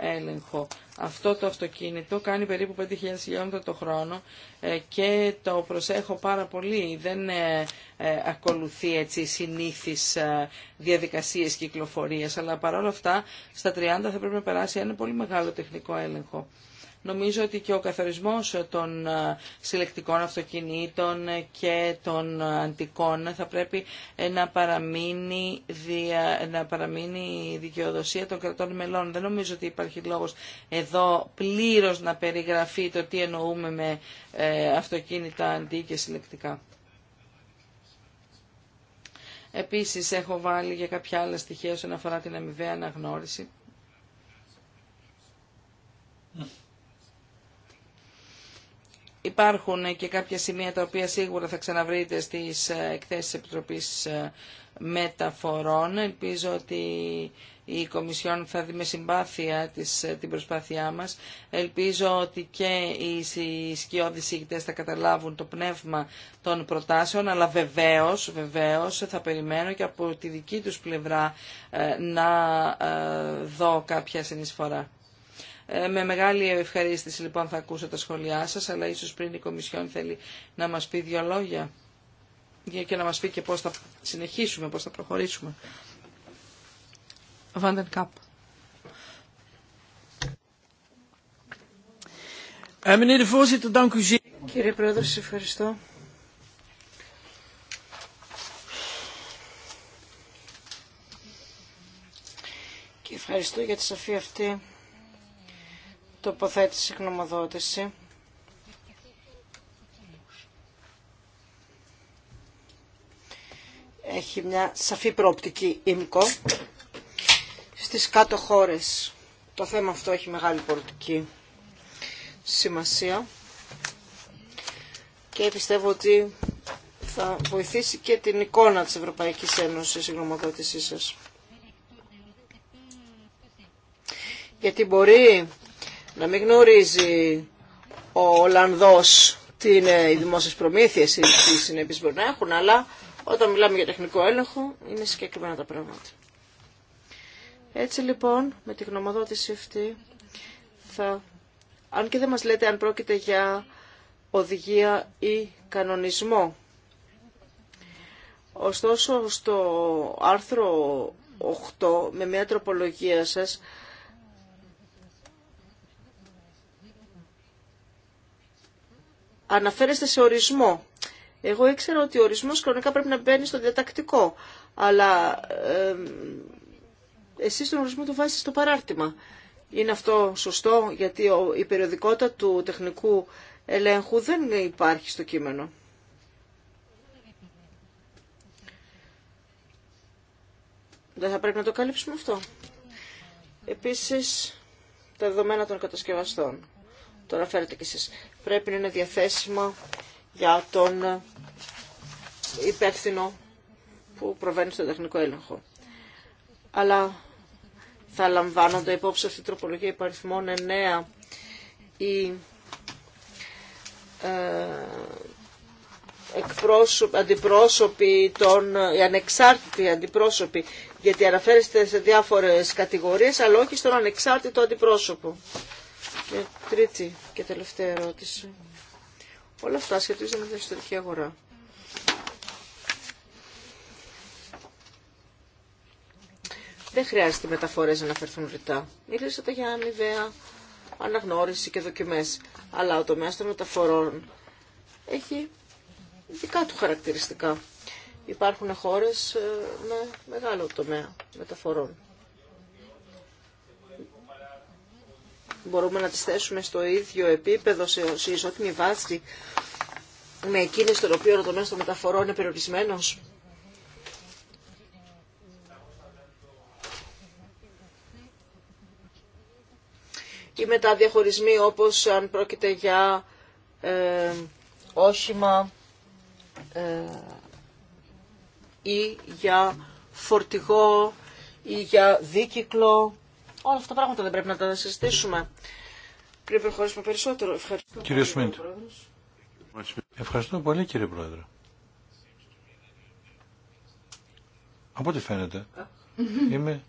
έλεγχο. Αυτό το αυτοκίνητο κάνει περίπου 5.000 χιλιόμετρα το χρόνο ε, και το προσέχω πάρα πολύ. Δεν ε, ακολουθεί έτσι συνήθεις διαδικασίες κυκλοφορίας, αλλά παρόλα αυτά στα 30 θα πρέπει να περάσει ένα πολύ μεγάλο τεχνικό έλεγχο. Νομίζω ότι και ο καθορισμός των ε, συλλεκτικών αυτοκινήτων και των ε, αντικών θα πρέπει ε, να παραμείνει, να παραμείνει η δικαιοδοσία των κρατών μελών. Δεν νομίζω ότι υπάρχει λόγος εδώ πλήρως να περιγραφεί το τι εννοούμε με αυτοκίνητα αντί και συλλεκτικά. Επίσης έχω βάλει για κάποια άλλα στοιχεία όσον αφορά την αμοιβαία αναγνώριση. Υπάρχουν και κάποια σημεία τα οποία σίγουρα θα ξαναβρείτε στις ε, εκθέσεις της Επιτροπής ε, Μεταφορών. Ελπίζω ότι η Κομισιόν θα δει με συμπάθεια της, ε, την προσπάθειά μας. Ελπίζω ότι και οι σκιώδεις ηγητές θα καταλάβουν το πνεύμα των προτάσεων, αλλά βεβαίως, βεβαίως θα περιμένω και από τη δική τους πλευρά να δω κάποια συνεισφορά. Ε, με μεγάλη ευχαρίστηση λοιπόν θα ακούσω τα σχόλιά σας, αλλά ίσως πριν η Κομισιόν θέλει να μας πει δύο λόγια και να μας πει και πώς θα συνεχίσουμε, πώς θα προχωρήσουμε. Βάντεν Κάπ. Ε, Κύριε Πρόεδρε, σας ευχαριστώ. Και ευχαριστώ για τη σαφή αυτή τοποθέτηση γνωμοδότηση. Έχει μια σαφή προοπτική ΙΜΚΟ. Στις κάτω χώρες το θέμα αυτό έχει μεγάλη πολιτική σημασία και πιστεύω ότι θα βοηθήσει και την εικόνα της Ευρωπαϊκής Ένωσης η γνωμοδότησή σας. Γιατί μπορεί να μην γνωρίζει ο Ολλανδός τι είναι οι δημόσιες προμήθειες ή τι συνέπειες μπορεί να έχουν, αλλά όταν μιλάμε για τεχνικό έλεγχο είναι συγκεκριμένα τα πράγματα. Έτσι λοιπόν, με τη γνωμοδότηση αυτή, θα, αν και δεν μας λέτε αν πρόκειται για οδηγία ή κανονισμό. Ωστόσο, στο άρθρο 8, με μια τροπολογία σας, αναφέρεστε σε ορισμό. Εγώ ήξερα ότι ο ορισμός χρονικά πρέπει να μπαίνει στο διατακτικό, αλλά ε, εσείς τον ορισμό του βάζετε στο παράρτημα. Είναι αυτό σωστό, γιατί η περιοδικότητα του τεχνικού ελέγχου δεν υπάρχει στο κείμενο. Δεν θα πρέπει να το καλύψουμε αυτό. Επίσης, τα δεδομένα των κατασκευαστών το αναφέρετε κι εσείς, πρέπει να είναι διαθέσιμα για τον υπεύθυνο που προβαίνει στον τεχνικό έλεγχο. Αλλά θα λαμβάνονται υπόψη αυτή η τροπολογία υπαριθμών 9 οι ε, αντιπρόσωποι, των, οι ανεξάρτητοι αντιπρόσωποι, γιατί αναφέρεστε σε διάφορες κατηγορίες, αλλά όχι στον ανεξάρτητο αντιπρόσωπο. Και τρίτη και τελευταία ερώτηση. Όλα αυτά σχετίζονται με την εσωτερική αγορά. Δεν χρειάζεται μεταφορές να αναφερθούν ρητά. Μιλήσατε για αμοιβαία αναγνώριση και δοκιμές. Αλλά ο τομέας των μεταφορών έχει δικά του χαρακτηριστικά. Υπάρχουν χώρες ε, με μεγάλο τομέα μεταφορών. μπορούμε να τις θέσουμε στο ίδιο επίπεδο, σε ισότιμη βάση, με εκείνες των οποίο ο τομέας των μεταφορών είναι περιορισμένος. Ή μετά διαχωρισμοί όπως αν πρόκειται για ε, όχημα ε, ή για φορτηγό ή για δίκυκλο Όλα αυτά τα πράγματα δεν πρέπει να τα συζητήσουμε πριν προχωρήσουμε περισσότερο. Ευχαριστώ κύριε Σμίντ. Ευχαριστώ πολύ κύριε Πρόεδρε. Από ό,τι φαίνεται είμαι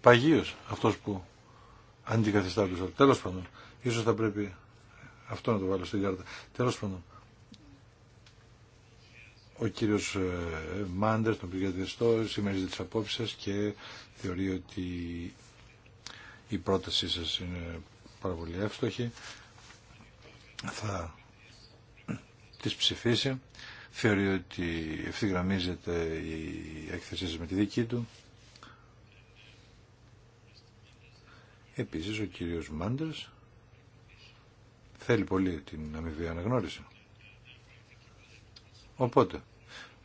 παγίος αυτός που αντικαθιστά τους Τέλος πάντων, ίσως θα πρέπει αυτό να το βάλω στην κάρτα. Τέλος πάντων, ο κύριος ε, Μάντερ, τον οποίο στο σήμερα τις απόψεις και θεωρεί ότι η πρότασή σας είναι πάρα πολύ εύστοχη. Θα τις ψηφίσει. Θεωρεί ότι ευθυγραμμίζεται η έκθεσή σας με τη δική του. Επίσης ο κύριος Μάντες θέλει πολύ την αμοιβή αναγνώριση. Οπότε,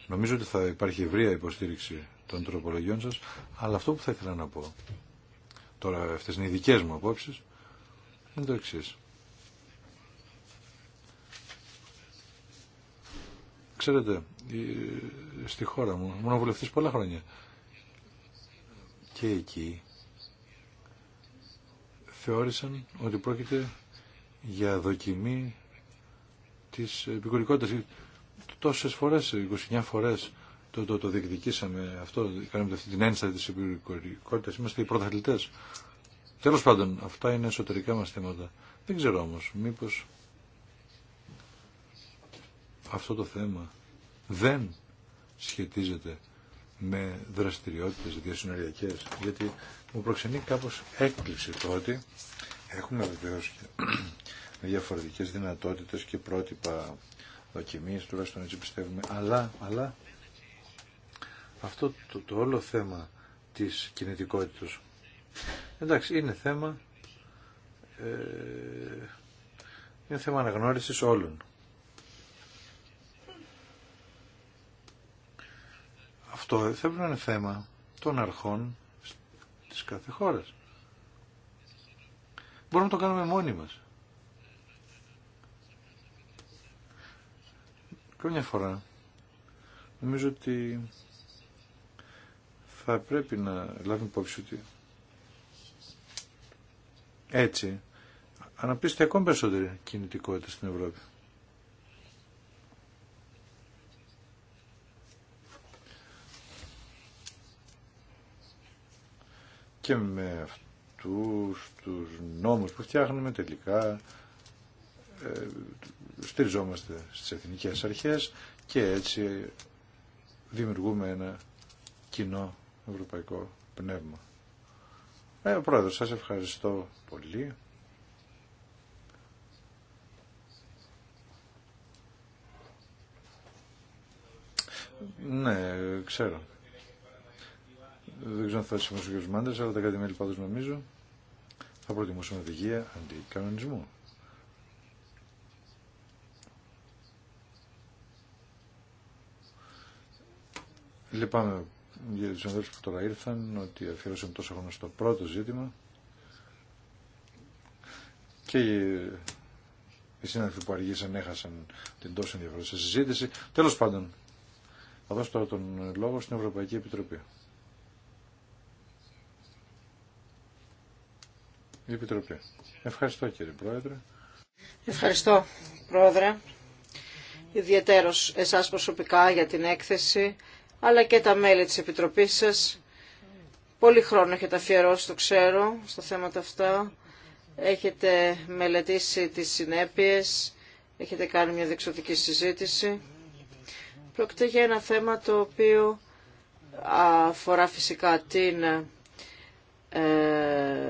νομίζω ότι θα υπάρχει ευρεία υποστήριξη των τροπολογιών σας, αλλά αυτό που θα ήθελα να πω τώρα αυτές είναι οι δικές μου απόψεις, είναι το εξή. Ξέρετε, στη χώρα μου, μόνο βουλευτής πολλά χρόνια, και εκεί θεώρησαν ότι πρόκειται για δοκιμή της επικουρικότητας. Τόσες φορές, 29 φορές το, το, το διεκδικήσαμε αυτό, κάναμε αυτή την ένσταση της υπηρετικότητας, είμαστε οι πρωταθλητές. Τέλος πάντων, αυτά είναι εσωτερικά μας θέματα. Δεν ξέρω όμως, μήπως αυτό το θέμα δεν σχετίζεται με δραστηριότητες διασυνοριακές, γιατί μου προξενεί κάπως έκπληξη το ότι έχουμε βεβαίως και [CLEARS THROAT] διαφορετικές δυνατότητες και πρότυπα δοκιμής, τουλάχιστον έτσι πιστεύουμε, αλλά, αλλά αυτό το, όλο θέμα της κινητικότητας. Εντάξει, είναι θέμα ε, είναι θέμα αναγνώρισης όλων. Αυτό θα να είναι θέμα των αρχών της κάθε χώρας. Μπορούμε να το κάνουμε μόνοι μας. Καμιά φορά νομίζω ότι θα πρέπει να λάβουμε υπόψη ότι έτσι αναπτύσσεται ακόμη περισσότερη κινητικότητα στην Ευρώπη. Και με αυτούς τους νόμους που φτιάχνουμε τελικά ε, στηριζόμαστε στις εθνικές αρχές και έτσι δημιουργούμε ένα κοινό ευρωπαϊκό πνεύμα. Ε, ο σας ευχαριστώ πολύ. Ναι, ξέρω. Δεν ξέρω αν θα συμφωνήσω ο κ. αλλά τα κάτι μέλη πάντω νομίζω θα προτιμούσαν οδηγία αντί κανονισμού. Λυπάμαι για τους ανθρώπους που τώρα ήρθαν, ότι αφιέρωσαν τόσο χρόνο στο πρώτο ζήτημα και οι συνάδελφοι που αργήσαν έχασαν την τόσο ενδιαφέρουσα συζήτηση. Τέλος πάντων, θα δώσω τώρα τον λόγο στην Ευρωπαϊκή Επιτροπή. Η Επιτροπή. Ευχαριστώ κύριε Πρόεδρε. Ευχαριστώ Πρόεδρε. Ιδιαίτερος εσάς προσωπικά για την έκθεση αλλά και τα μέλη της Επιτροπής σας. Πολύ χρόνο έχετε αφιερώσει, το ξέρω, στα θέματα αυτά. Έχετε μελετήσει τις συνέπειες, έχετε κάνει μια δεξιωτική συζήτηση. Πρόκειται για ένα θέμα το οποίο αφορά φυσικά την ε,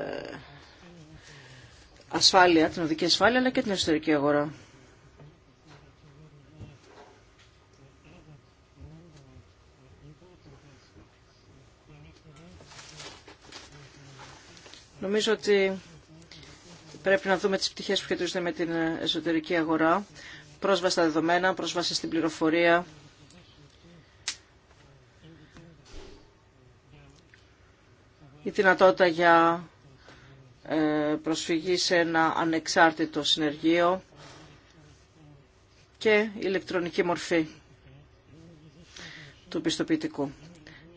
ασφάλεια, την οδική ασφάλεια, αλλά και την εσωτερική αγορά. Νομίζω ότι πρέπει να δούμε τις πτυχές που σχετίζονται με την εσωτερική αγορά, πρόσβαση στα δεδομένα, πρόσβαση στην πληροφορία, η δυνατότητα για ε, προσφυγή σε ένα ανεξάρτητο συνεργείο και ηλεκτρονική μορφή του πιστοποιητικού.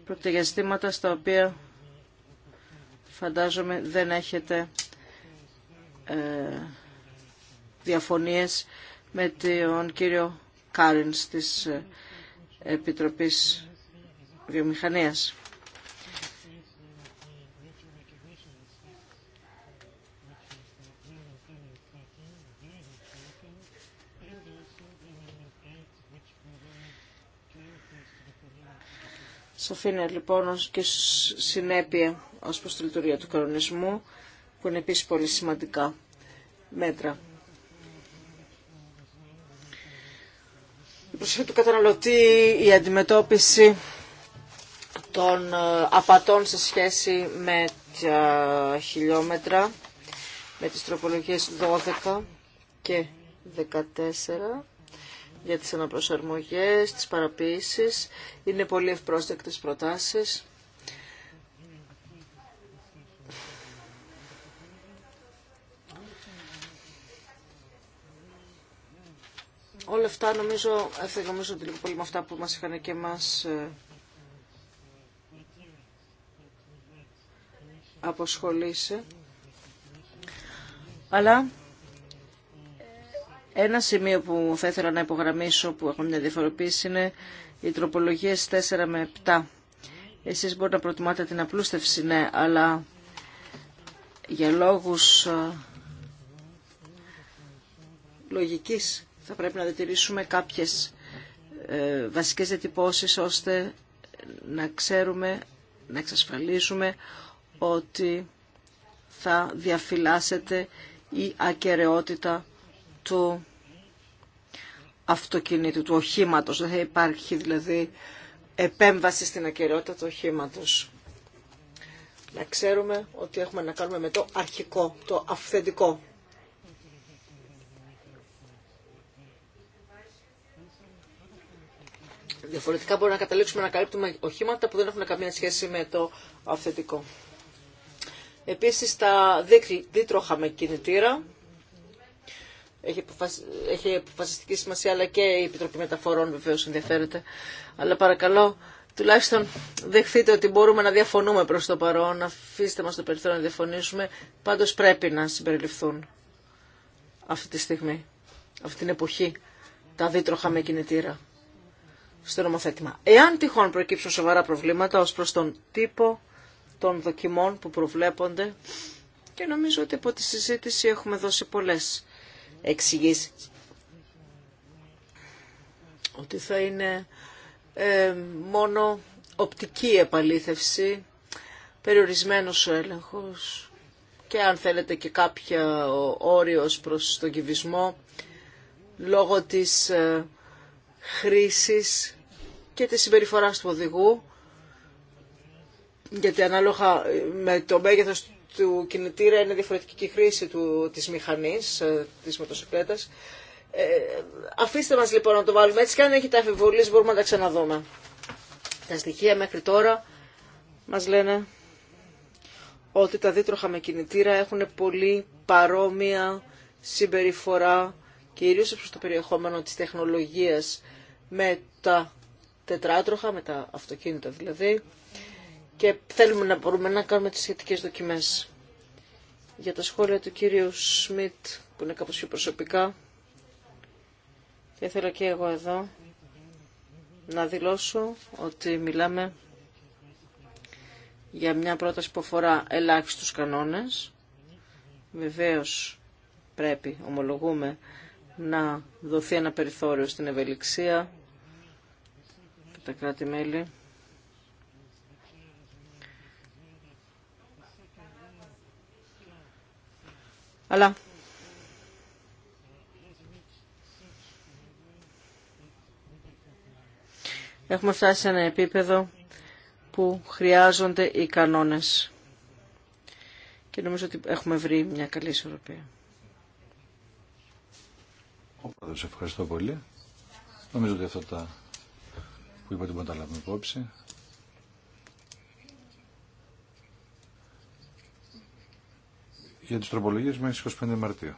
Πρόκειται για ζητήματα στα οποία Φαντάζομαι δεν έχετε ε, διαφωνίες με τον κύριο Κάρινς της ε, Επιτροπής Βιομηχανίας. Σαφήνεια λοιπόν και συνέπεια ως προς τη λειτουργία του κανονισμού, που είναι επίσης πολύ σημαντικά μέτρα. Η προσοχή του καταναλωτή, η αντιμετώπιση των ε, απατών σε σχέση με τα χιλιόμετρα, με τις τροπολογίες 12 και 14 για τις αναπροσαρμογές, τις παραποίησεις. Είναι πολύ ευπρόσδεκτες προτάσεις. Όλα αυτά ε, νομίζω ότι λίγο πολύ με αυτά που μας είχαν και εμάς ε, αποσχολήσει. Αλλά ένα σημείο που θα ήθελα να υπογραμμίσω που έχουν μια διαφοροποίηση είναι οι τροπολογίες 4 με 7. Εσείς μπορείτε να προτιμάτε την απλούστευση, ναι, αλλά για λόγους ε, λογικής θα πρέπει να διατηρήσουμε κάποιες ε, βασικές διατυπώσεις ώστε να ξέρουμε, να εξασφαλίσουμε ότι θα διαφυλάσσεται η ακαιρεότητα του αυτοκινήτου, του οχήματος. Δεν θα υπάρχει δηλαδή επέμβαση στην ακαιρεότητα του οχήματος. Να ξέρουμε ότι έχουμε να κάνουμε με το αρχικό, το αυθεντικό Διαφορετικά μπορούμε να καταλήξουμε να καλύπτουμε οχήματα που δεν έχουν καμία σχέση με το αυθεντικό. Επίσης τα δίτροχα με κινητήρα. Έχει αποφασιστική σημασία αλλά και η Επιτροπή Μεταφορών βεβαίω ενδιαφέρεται. Αλλά παρακαλώ τουλάχιστον δεχθείτε ότι μπορούμε να διαφωνούμε προς το παρόν. Αφήστε μας το περιθώριο να διαφωνήσουμε. Πάντως πρέπει να συμπεριληφθούν αυτή τη στιγμή, αυτή την εποχή τα δίτροχα με κινητήρα στο νομοθέτημα. Εάν τυχόν προκύψουν σοβαρά προβλήματα ως προς τον τύπο των δοκιμών που προβλέπονται και νομίζω ότι από τη συζήτηση έχουμε δώσει πολλές εξηγήσει ότι θα είναι ε, μόνο οπτική επαλήθευση, περιορισμένος ο έλεγχος και αν θέλετε και κάποια όριος προς τον κυβισμό λόγω της ε, χρήσης και τη συμπεριφορά του οδηγού, γιατί ανάλογα με το μέγεθος του κινητήρα είναι διαφορετική και η χρήση του, της μηχανής, ε, της μοτοσυκλέτας. Ε, αφήστε μας λοιπόν να το βάλουμε έτσι και αν έχετε αφιβολίες μπορούμε να τα ξαναδούμε. Τα στοιχεία μέχρι τώρα μας λένε ότι τα δίτροχα με κινητήρα έχουν πολύ παρόμοια συμπεριφορά κυρίως προς το περιεχόμενο της τεχνολογίας με τα τετράτροχα, με τα αυτοκίνητα δηλαδή, και θέλουμε να μπορούμε να κάνουμε τις σχετικές δοκιμές. Για τα σχόλια του κύριου Σμιτ, που είναι κάπως πιο προσωπικά, και θέλω και εγώ εδώ να δηλώσω ότι μιλάμε για μια πρόταση που αφορά ελάχιστους κανόνες. Βεβαίως πρέπει, ομολογούμε, να δοθεί ένα περιθώριο στην ευελιξία τα κράτη-μέλη. Αλλά έχουμε φτάσει σε ένα επίπεδο που χρειάζονται οι κανόνες. Και νομίζω ότι έχουμε βρει μια καλή ισορροπία. ευχαριστώ πολύ. Νομίζω ότι αυτά τα που είπατε μπορούμε να τα λάβουμε υπόψη. Για τις τροπολογίες μέχρι 25 Μαρτίου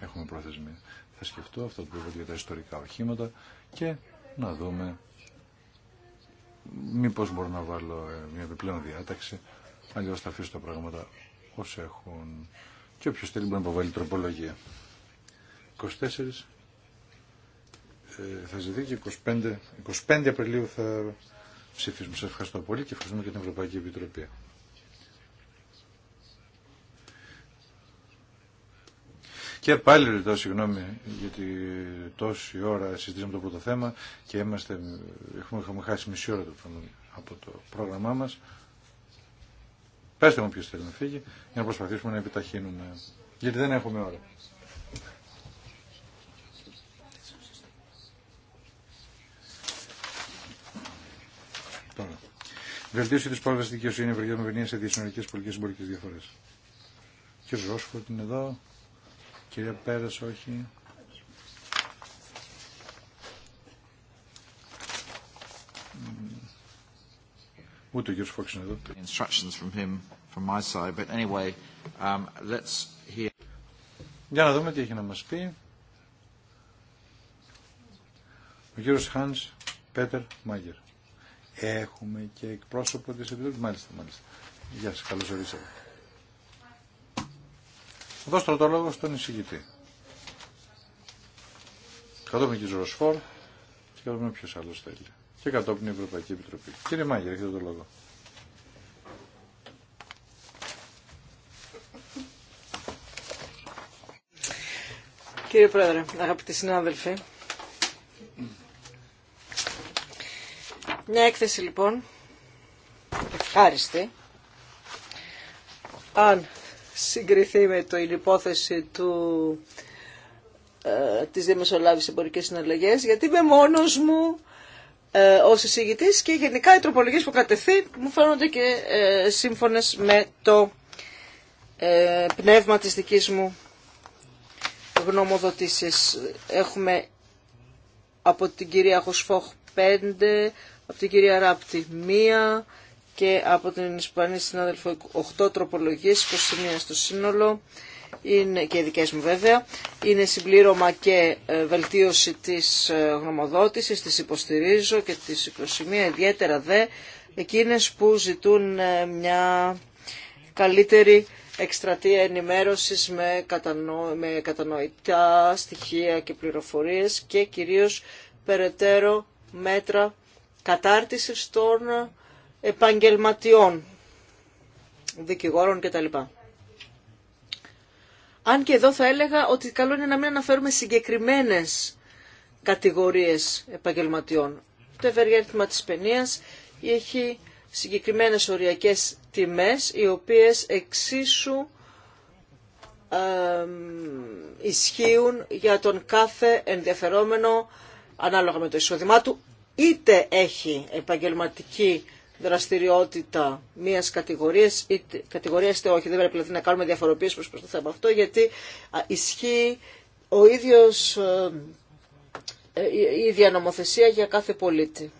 έχουμε πρόθεσμη. Θα σκεφτώ αυτό που είπατε για τα ιστορικά οχήματα και να δούμε μήπως μπορώ να βάλω ε, μια επιπλέον διάταξη αλλιώς θα αφήσω τα πράγματα όσοι έχουν και όποιος θέλει μπορεί να αποβάλει τροπολογία. 24 ε, θα ζητεί και 25, 25 Απριλίου θα ψηφίσουμε. Σας ευχαριστώ πολύ και ευχαριστούμε και την Ευρωπαϊκή Επιτροπή. Και πάλι ρητώ συγγνώμη γιατί τόση ώρα συζητήσαμε το πρώτο θέμα και είμαστε, έχουμε, έχουμε χάσει μισή ώρα από το πρόγραμμά μας. Πέστε μου ποιος θέλει να φύγει για να προσπαθήσουμε να επιταχύνουμε. Γιατί δεν έχουμε ώρα. Βελτίωση τη πρόσβαση δικαιοσύνη Ευρωπαϊκή Ομοφωνία σε διασυνορικέ πολιτικέ εμπορικέ διαφορέ. Κύριε Ρόσφορντ είναι εδώ. Κύριε Πέρα, όχι. Ούτε ο κύριο Φόξ είναι εδώ. Για να δούμε τι έχει να μας πει. Ο κύριος Χάνς Πέτερ Μάγκερ έχουμε και εκπρόσωπο της Επιτροπής. Μάλιστα, μάλιστα. Γεια σας, καλώς ορίσατε. Θα δώσω το λόγο στον εισηγητή. Κατόπιν κύριο Ροσφόρ και κατόπιν ποιο άλλος θέλει. Και κατόπιν η Ευρωπαϊκή Επιτροπή. Κύριε Μάγερ, έχετε το λόγο. Κύριε Πρόεδρε, αγαπητοί συνάδελφοι, Μια έκθεση λοιπόν ευχάριστη. Αν συγκριθεί με το, την υπόθεση του, ε, της διαμεσολάβησης εμπορικές συναλλαγές, γιατί είμαι μόνος μου ε, ως εισηγητής και γενικά οι τροπολογίες που κατεθεί μου φαίνονται και ε, σύμφωνες με το ε, πνεύμα της δικής μου γνωμοδοτήσεις. Έχουμε από την κυρία Χοσφόχ 5, από την κυρία Ράπτη μία και από την Ισπανή συνάδελφο 8 τροπολογίες, 21 στο σύνολο είναι, και οι δικές μου βέβαια, είναι συμπλήρωμα και ε, βελτίωση της ε, γνωμοδότησης, της υποστηρίζω και της 21 ιδιαίτερα δε εκείνες που ζητούν ε, μια καλύτερη εκστρατεία ενημέρωσης με, κατανο... με κατανοητά στοιχεία και πληροφορίες και κυρίως περαιτέρω μέτρα κατάρτισης των επαγγελματιών, δικηγόρων κτλ. Αν και εδώ θα έλεγα ότι καλό είναι να μην αναφέρουμε συγκεκριμένες κατηγορίες επαγγελματιών. Το ευεργέτημα της παινίας έχει συγκεκριμένες οριακές τιμές, οι οποίες εξίσου ισχύουν για τον κάθε ενδιαφερόμενο ανάλογα με το εισόδημά του είτε έχει επαγγελματική δραστηριότητα μια κατηγορία, είτε, κατηγορίας, είτε όχι. Δεν πρέπει δηλαδή να κάνουμε διαφοροποίηση προς, το θέμα αυτό, γιατί ισχύει ο ίδιος, ε, ε, η ίδια νομοθεσία για κάθε πολίτη.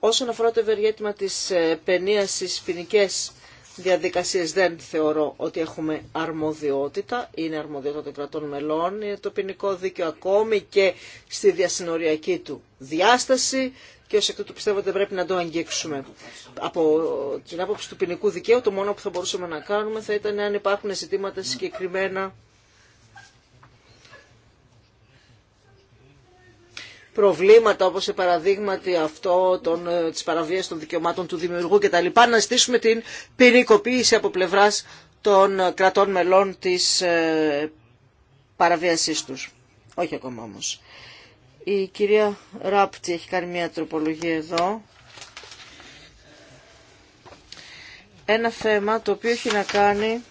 Όσον αφορά το ευεργέτημα της ε, παινίας στις ποινικές διαδικασίες δεν θεωρώ ότι έχουμε αρμοδιότητα, είναι αρμοδιότητα των κρατών μελών, είναι το ποινικό δίκαιο ακόμη και στη διασυνοριακή του διάσταση και ως εκ τούτου πιστεύω ότι πρέπει να το αγγίξουμε. Από την άποψη του ποινικού δικαίου το μόνο που θα μπορούσαμε να κάνουμε θα ήταν αν υπάρχουν ζητήματα συγκεκριμένα προβλήματα όπως σε παραδείγματι αυτό των, ε, της των δικαιωμάτων του δημιουργού κτλ. Να ζητήσουμε την ποινικοποίηση από πλευράς των κρατών μελών της ε, παραβίασής τους. Όχι ακόμα όμως. Η κυρία Ράπτη έχει κάνει μια τροπολογία εδώ. Ένα θέμα το οποίο έχει να κάνει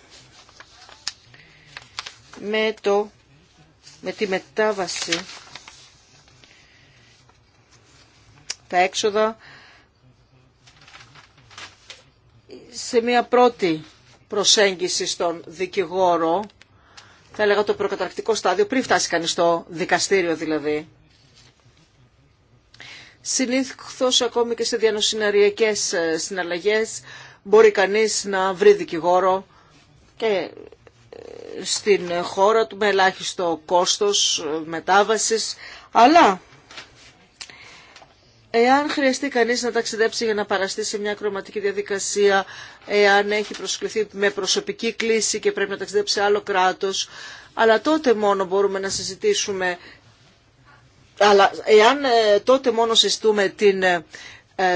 με, το, με τη μετάβαση τα έξοδα σε μια πρώτη προσέγγιση στον δικηγόρο, θα έλεγα το προκαταρκτικό στάδιο, πριν φτάσει κανείς στο δικαστήριο δηλαδή. Συνήθως ακόμη και σε διανοσυναριακές ε, συναλλαγές μπορεί κανείς να βρει δικηγόρο και ε, στην χώρα του με ελάχιστο κόστος ε, μετάβασης, αλλά Εάν χρειαστεί κανείς να ταξιδέψει για να παραστεί σε μια κροματική διαδικασία, εάν έχει προσκληθεί με προσωπική κλίση και πρέπει να ταξιδέψει σε άλλο κράτος, αλλά τότε μόνο μπορούμε να συζητήσουμε, αλλά εάν ε, τότε μόνο συζητούμε την ε,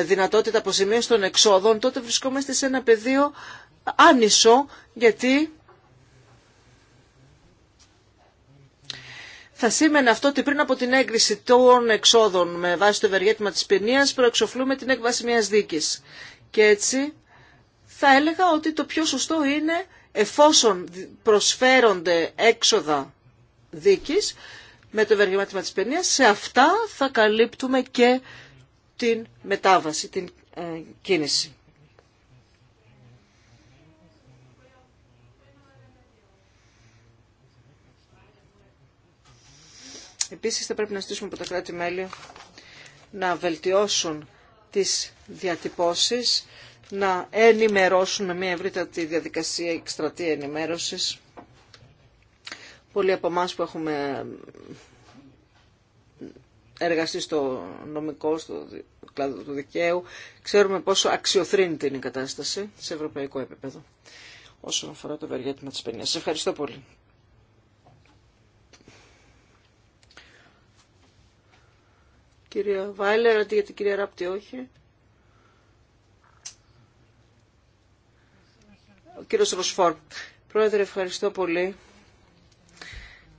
δυνατότητα αποζημίωσης των εξόδων, τότε βρισκόμαστε σε ένα πεδίο άνισο, γιατί θα σήμαινε αυτό ότι πριν από την έγκριση των εξόδων με βάση το ευεργέτημα της ποινίας προεξοφλούμε την έκβαση μιας δίκης. Και έτσι θα έλεγα ότι το πιο σωστό είναι εφόσον προσφέρονται έξοδα δίκης με το ευεργέτημα της ποινίας, σε αυτά θα καλύπτουμε και την μετάβαση, την ε, κίνηση. Επίσης θα πρέπει να στήσουμε από τα κράτη-μέλη να βελτιώσουν τις διατυπώσεις, να ενημερώσουν με μια ευρύτατη διαδικασία εκστρατεία ενημέρωσης. Πολλοί από εμά που έχουμε εργαστεί στο νομικό, στο κλάδο του δικαίου, ξέρουμε πόσο αξιοθρύνητη είναι η κατάσταση σε ευρωπαϊκό επίπεδο όσον αφορά το ευεργέτημα της παινίας. Σας ευχαριστώ πολύ. κυρία Βάιλερ, αντί για την κυρία Ράπτη όχι. Ο κύριος Ροσφόρ. Πρόεδρε, ευχαριστώ πολύ.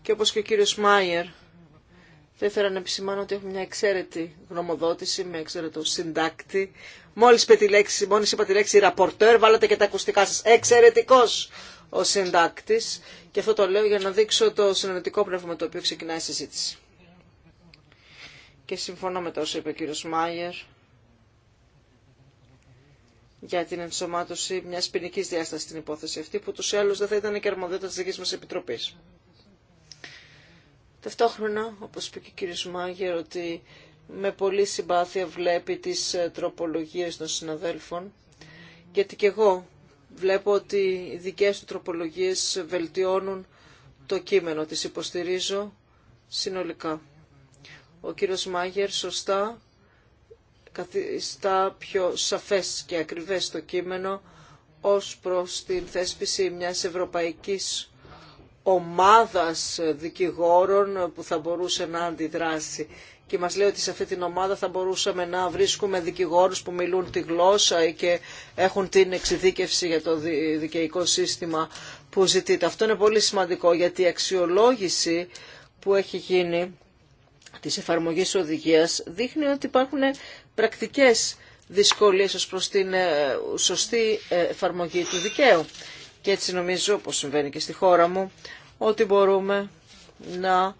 Και όπως και ο κύριος Μάιερ, θα ήθελα να επισημάνω ότι έχουμε μια εξαίρετη γνωμοδότηση με εξαίρετο συντάκτη. Μόλις, τη λέξη, μόλις είπα τη λέξη ραπορτέρ, βάλατε και τα ακουστικά σας. Εξαιρετικός ο συντάκτης. Και αυτό το λέω για να δείξω το συνενετικό πνεύμα το οποίο ξεκινάει η συζήτηση και συμφωνώ με το όσο είπε ο κύριος Μάγερ για την ενσωμάτωση μιας ποινική διάστασης στην υπόθεση αυτή, που τους άλλους δεν θα ήταν και αρμοδιότητα της δικής μας Επιτροπής. Ταυτόχρονα, όπως είπε και ο κύριος Μάγερ, ότι με πολύ συμπάθεια βλέπει τις ε, τροπολογίες των συναδέλφων, γιατί και εγώ βλέπω ότι οι δικές του τροπολογίες βελτιώνουν το κείμενο, τις υποστηρίζω συνολικά ο κύριος Μάγερ σωστά καθιστά πιο σαφές και ακριβές το κείμενο ως προς την θέσπιση μιας ευρωπαϊκής ομάδας δικηγόρων που θα μπορούσε να αντιδράσει. Και μας λέει ότι σε αυτή την ομάδα θα μπορούσαμε να βρίσκουμε δικηγόρους που μιλούν τη γλώσσα και έχουν την εξειδίκευση για το δικαιικό σύστημα που ζητείται. Αυτό είναι πολύ σημαντικό γιατί η αξιολόγηση που έχει γίνει της εφαρμογής οδηγίας δείχνει ότι υπάρχουν πρακτικές δυσκολίες ως προς την ε, σωστή ε, εφαρμογή του δικαίου. Και έτσι νομίζω, όπως συμβαίνει και στη χώρα μου, ότι μπορούμε να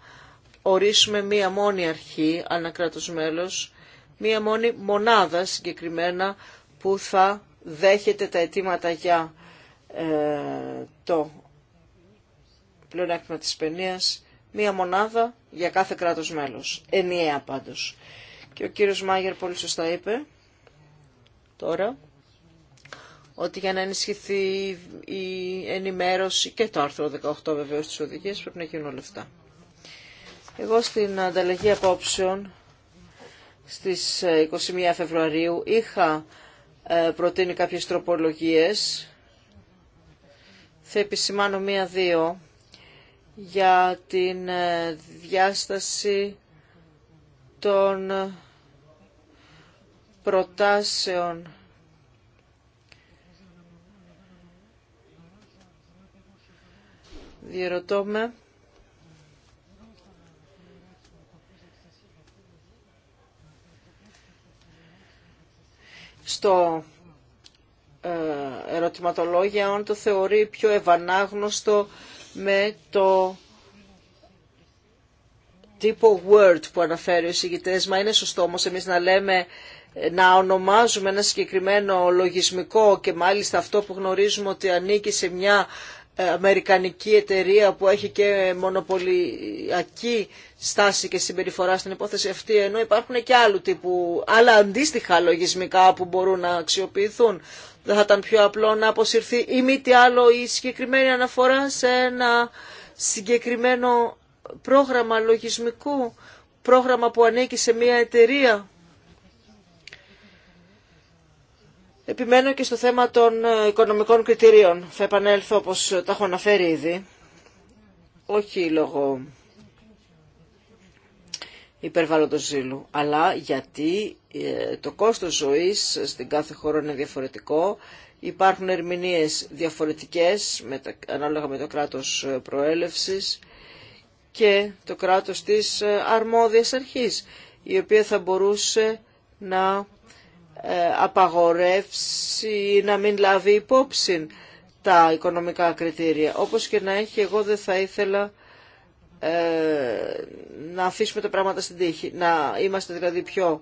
ορίσουμε μία μόνη αρχή, κράτος μέλος, μία μόνη μονάδα συγκεκριμένα που θα δέχεται τα αιτήματα για ε, το πλεονέκτημα της παινίας, μία μονάδα για κάθε κράτος μέλος. Ενιαία πάντως. Και ο κύριος Μάγερ πολύ σωστά είπε τώρα ότι για να ενισχυθεί η ενημέρωση και το άρθρο 18 βεβαίως της οδηγίας πρέπει να γίνουν όλα αυτά. Εγώ στην ανταλλαγή απόψεων στις 21 ε, Φεβρουαρίου είχα ε, προτείνει κάποιες τροπολογίες. Θα επισημάνω μία-δύο για την ε, διάσταση των προτάσεων Διερωτώ με. Στο ε, ερωτηματολόγιο, αν το θεωρεί πιο ευανάγνωστο με το τύπο Word που αναφέρει ο εισηγητές, μα είναι σωστό όμως εμείς να λέμε να ονομάζουμε ένα συγκεκριμένο λογισμικό και μάλιστα αυτό που γνωρίζουμε ότι ανήκει σε μια ε, αμερικανική εταιρεία που έχει και μονοπωλιακή στάση και συμπεριφορά στην υπόθεση αυτή, ενώ υπάρχουν και άλλου τύπου, άλλα αντίστοιχα λογισμικά που μπορούν να αξιοποιηθούν. Δεν θα ήταν πιο απλό να αποσυρθεί ή μη τι άλλο η συγκεκριμένη αναφορά σε ένα συγκεκριμένο πρόγραμμα λογισμικού, πρόγραμμα που ανήκει σε μια εταιρεία. Επιμένω και στο θέμα των ε, οικονομικών κριτηρίων. Θα επανέλθω όπως τα έχω αναφέρει ήδη. Όχι λόγω υπερβάλλοντος ζήλου, αλλά γιατί ε, το κόστος ζωής στην κάθε χώρα είναι διαφορετικό. Υπάρχουν ερμηνείες διαφορετικές ανάλογα με το κράτος ε, προέλευσης και το κράτος της ε, αρμόδιας αρχής, η οποία θα μπορούσε να απαγορεύσει ή να μην λάβει υπόψη τα οικονομικά κριτήρια. Όπως και να έχει, εγώ δεν θα ήθελα να αφήσουμε τα πράγματα στην τύχη, να είμαστε δηλαδή πιο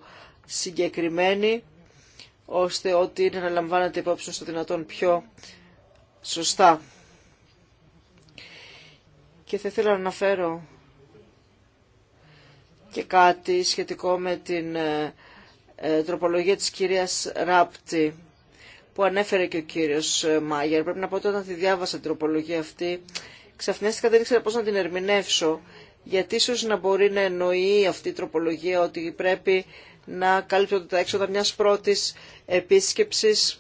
συγκεκριμένη, ώστε ό,τι είναι να λαμβάνετε υπόψη στο δυνατόν πιο σωστά. Και θα ήθελα να αναφέρω και κάτι σχετικό με την ε, ε, τροπολογία της κυρίας Ράπτη που ανέφερε και ο κύριος ε, Μάγερ. Πρέπει να πω ότι όταν τη διάβασα την τροπολογία αυτή, ξαφνιάστηκα δεν ήξερα πώς να την ερμηνεύσω, γιατί ίσως να μπορεί να εννοεί αυτή η τροπολογία ότι πρέπει να καλύπτουν τα έξοδα μιας πρώτης επίσκεψης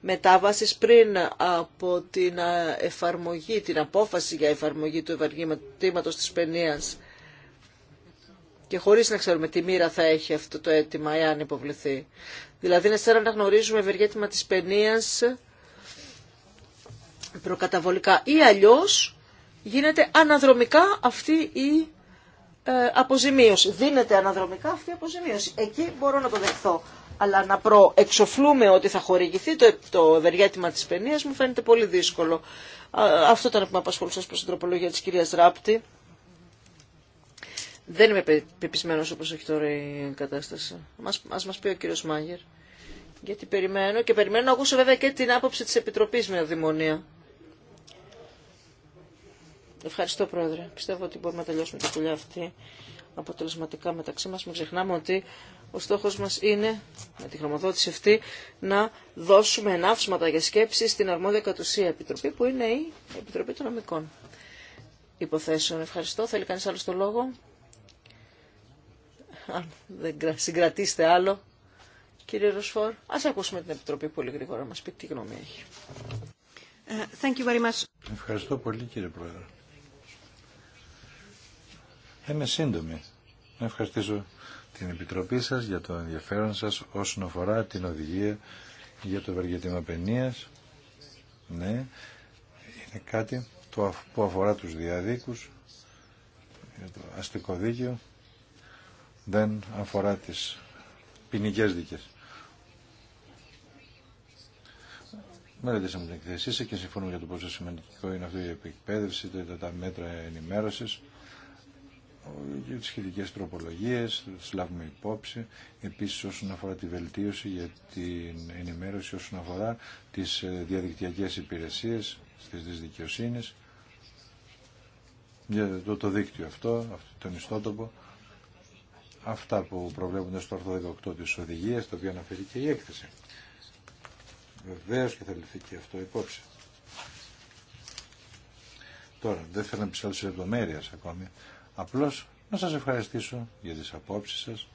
μετάβασης πριν από την εφαρμογή, την απόφαση για εφαρμογή του ευαργήματος της παινίας και χωρίς να ξέρουμε τι μοίρα θα έχει αυτό το αίτημα εάν υποβληθεί. Δηλαδή είναι σαν να γνωρίζουμε ευεργέτημα της παινίας προκαταβολικά ή αλλιώς γίνεται αναδρομικά αυτή η ε, αποζημίωση. Δίνεται αναδρομικά αυτή η αποζημίωση. Εκεί μπορώ να το δεχθώ. Αλλά να προεξοφλούμε ότι θα χορηγηθεί το, το ευεργέτημα της παινίας μου φαίνεται πολύ δύσκολο. Αυτό ήταν που με απασχολούσε προς την τροπολογία της κυρίας Ράπτη. Δεν είμαι πεπισμένος όπως έχει τώρα η κατάσταση. Α ας μας πει ο κύριος Μάγερ. Γιατί περιμένω και περιμένω να ακούσω βέβαια και την άποψη της Επιτροπής με αδημονία. Ευχαριστώ, Πρόεδρε. Πιστεύω ότι μπορούμε να τελειώσουμε τη δουλειά αυτή αποτελεσματικά μεταξύ μας. Μην ξεχνάμε ότι ο στόχος μας είναι, με τη γνωμοδότηση αυτή, να δώσουμε ενάψματα για σκέψη στην αρμόδια κατουσία επιτροπή, που είναι η Επιτροπή των Νομικών Υποθέσεων. Ευχαριστώ. Θέλει κανείς άλλο το λόγο. Αν δεν συγκρατήσετε άλλο, κύριε Ροσφόρ, ας ακούσουμε την Επιτροπή πολύ γρήγορα να μας πει τι γνώμη έχει. Ε, thank you very much. Ευχαριστώ πολύ κύριε Πρόεδρε είμαι σύντομη. Να ευχαριστήσω την Επιτροπή σας για το ενδιαφέρον σας όσον αφορά την οδηγία για το ευεργετήμα παινίας. Ναι, είναι κάτι το, που αφορά τους διαδίκους, για το αστικό δίκαιο, δεν αφορά τις ποινικέ δίκες. Μελετήσαμε την εκθεσή και συμφωνούμε για το πόσο σημαντικό είναι αυτή η επεκπαίδευση, τα μέτρα ενημέρωσης για ε, τις σχετικές τροπολογίες, τις λάβουμε υπόψη. Επίσης όσον αφορά τη βελτίωση για την ενημέρωση όσον αφορά τις ε, διαδικτυακές υπηρεσίες στις δικαιοσύνη. Για το, το δίκτυο αυτό, αυτό τον ιστότοπο, αυτά που προβλέπονται στο άρθρο 18 της οδηγίας, το οποίο αναφέρει και η έκθεση. Βεβαίως και θα ληφθεί και αυτό υπόψη. Τώρα, δεν θέλω να επισέλθω σε λεπτομέρειε ακόμη, Απλώς να σας ευχαριστήσω για τις απόψεις σας.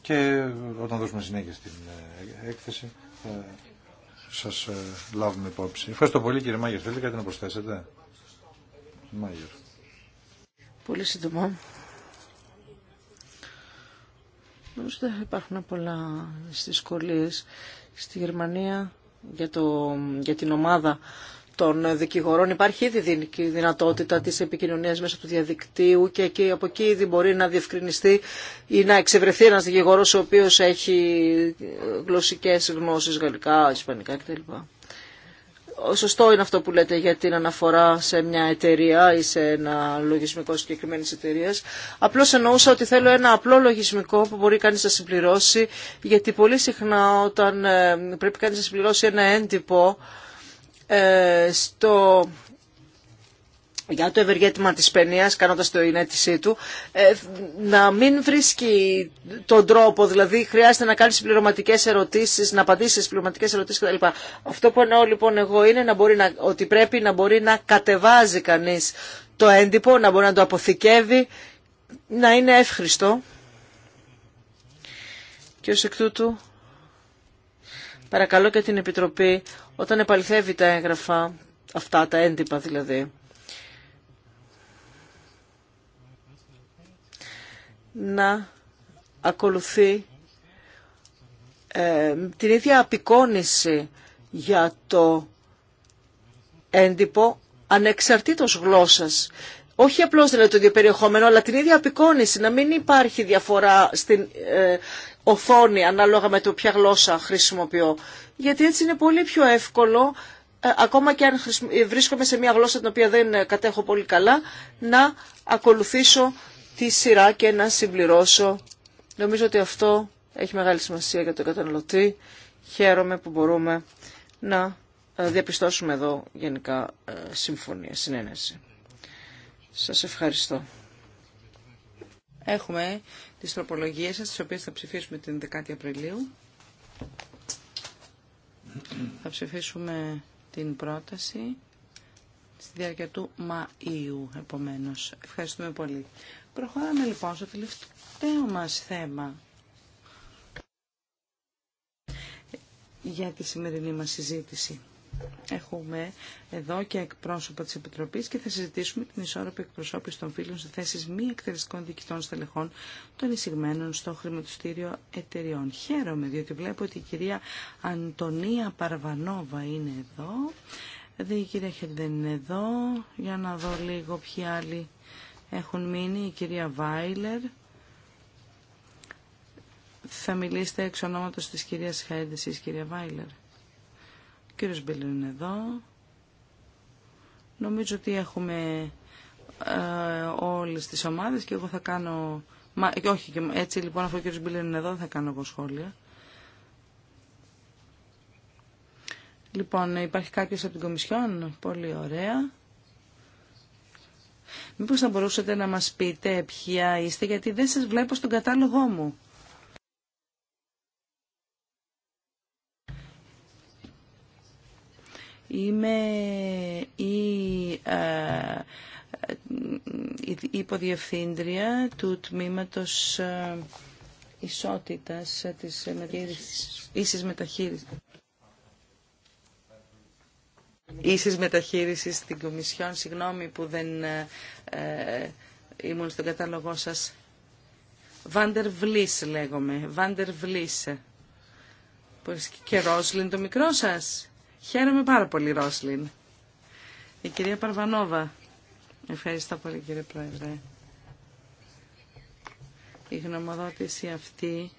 Και όταν δώσουμε συνέχεια στην ε, έκθεση θα σας ε, λάβουμε υπόψη. Ευχαριστώ πολύ κύριε Μάγερ. Θέλετε κάτι να προσθέσετε. Μάγερ. Πολύ σύντομα. Νομίζω ότι υπάρχουν πολλά δυσκολίε στη Γερμανία για, το, για την ομάδα των δικηγορών. Υπάρχει ήδη η δυνατότητα της επικοινωνίας μέσα του διαδικτύου και από εκεί ήδη μπορεί να διευκρινιστεί ή να εξευρεθεί ένας δικηγόρος ο οποίος έχει γλωσσικές γνώσεις, γαλλικά, ισπανικά κτλ σωστό είναι αυτό που λέτε για την αναφορά σε μια εταιρεία ή σε ένα λογισμικό συγκεκριμένη εταιρεία. Απλώ εννοούσα ότι θέλω ένα απλό λογισμικό που μπορεί κανεί να συμπληρώσει, γιατί πολύ συχνά όταν ε, πρέπει κανεί να συμπληρώσει ένα έντυπο ε, στο για το ευεργέτημα της παινίας κάνοντας το ενέτησή του ε, να μην βρίσκει τον τρόπο, δηλαδή χρειάζεται να κάνει πληρωματικές ερωτήσεις, να απαντήσεις πληρωματικές ερωτήσεις κτλ. Αυτό που εννοώ λοιπόν εγώ είναι να μπορεί να, ότι πρέπει να μπορεί να κατεβάζει κανείς το έντυπο, να μπορεί να το αποθηκεύει, να είναι εύχριστο. Και ως εκ τούτου παρακαλώ και την Επιτροπή όταν επαληθεύει τα έγγραφα, αυτά τα έντυπα δηλαδή, να ακολουθεί ε, την ίδια απεικόνηση για το έντυπο ανεξαρτήτως γλώσσας. Όχι απλώς δηλαδή το ίδιο περιεχόμενο, αλλά την ίδια απεικόνηση, να μην υπάρχει διαφορά στην ε, οθόνη ανάλογα με το ποια γλώσσα χρησιμοποιώ. Γιατί έτσι είναι πολύ πιο εύκολο, ε, ακόμα και αν ε, βρίσκομαι σε μια γλώσσα την οποία δεν κατέχω πολύ καλά, να ακολουθήσω τη σειρά και να συμπληρώσω. Νομίζω ότι αυτό έχει μεγάλη σημασία για τον καταναλωτή. Χαίρομαι που μπορούμε να ε, διαπιστώσουμε εδώ γενικά ε, συμφωνία, συνένεση. Σας ευχαριστώ. Έχουμε τις τροπολογίες σας, τις οποίες θα ψηφίσουμε την 10η Απριλίου. Θα ψηφίσουμε την πρόταση στη διάρκεια του Μαΐου, επομένως. Ευχαριστούμε πολύ. Προχωράμε λοιπόν στο τελευταίο μας θέμα για τη σημερινή μας συζήτηση. Έχουμε εδώ και εκπρόσωπα της Επιτροπής και θα συζητήσουμε την ισόρροπη εκπροσώπηση των φίλων σε θέσεις μη εκτελεστικών διοικητών στελεχών των εισηγμένων στο χρηματιστήριο εταιριών. Χαίρομαι διότι βλέπω ότι η κυρία Αντωνία Παρβανόβα είναι εδώ. Δεν η κυρία Χερδέν είναι εδώ. Για να δω λίγο ποιοι άλλοι έχουν μείνει. Η κυρία Βάιλερ. Θα μιλήσετε εξ ονόματος της κυρίας Χαίδησης, κυρία Βάιλερ. Ο κύριος Μπίλερ είναι εδώ. Νομίζω ότι έχουμε ε, όλες τις ομάδες και εγώ θα κάνω... Ε, όχι, έτσι λοιπόν αφού ο κύριος Μπίλερ είναι εδώ θα κάνω εγώ σχόλια. Λοιπόν, ε, υπάρχει κάποιος από την Κομισιόν. Πολύ ωραία. Μήπως θα μπορούσατε να μας πείτε ποια είστε, γιατί δεν σας βλέπω στον κατάλογό μου. Είμαι η ε, υποδιευθύντρια του τμήματος ε, ισότητας ε, της ίσης μεταχείρισης ίσης μεταχείρισης στην Κομισιόν. Συγγνώμη που δεν ε, ε, ήμουν στον κατάλογό σας. Βάντερ Βλής λέγομαι. Βάντερ Βλής. Και Ρόσλιν το μικρό σας. Χαίρομαι πάρα πολύ Ρόσλιν. Η κυρία Παρβανόβα. Ευχαριστώ πολύ κύριε Πρόεδρε. Η γνωμοδότηση αυτή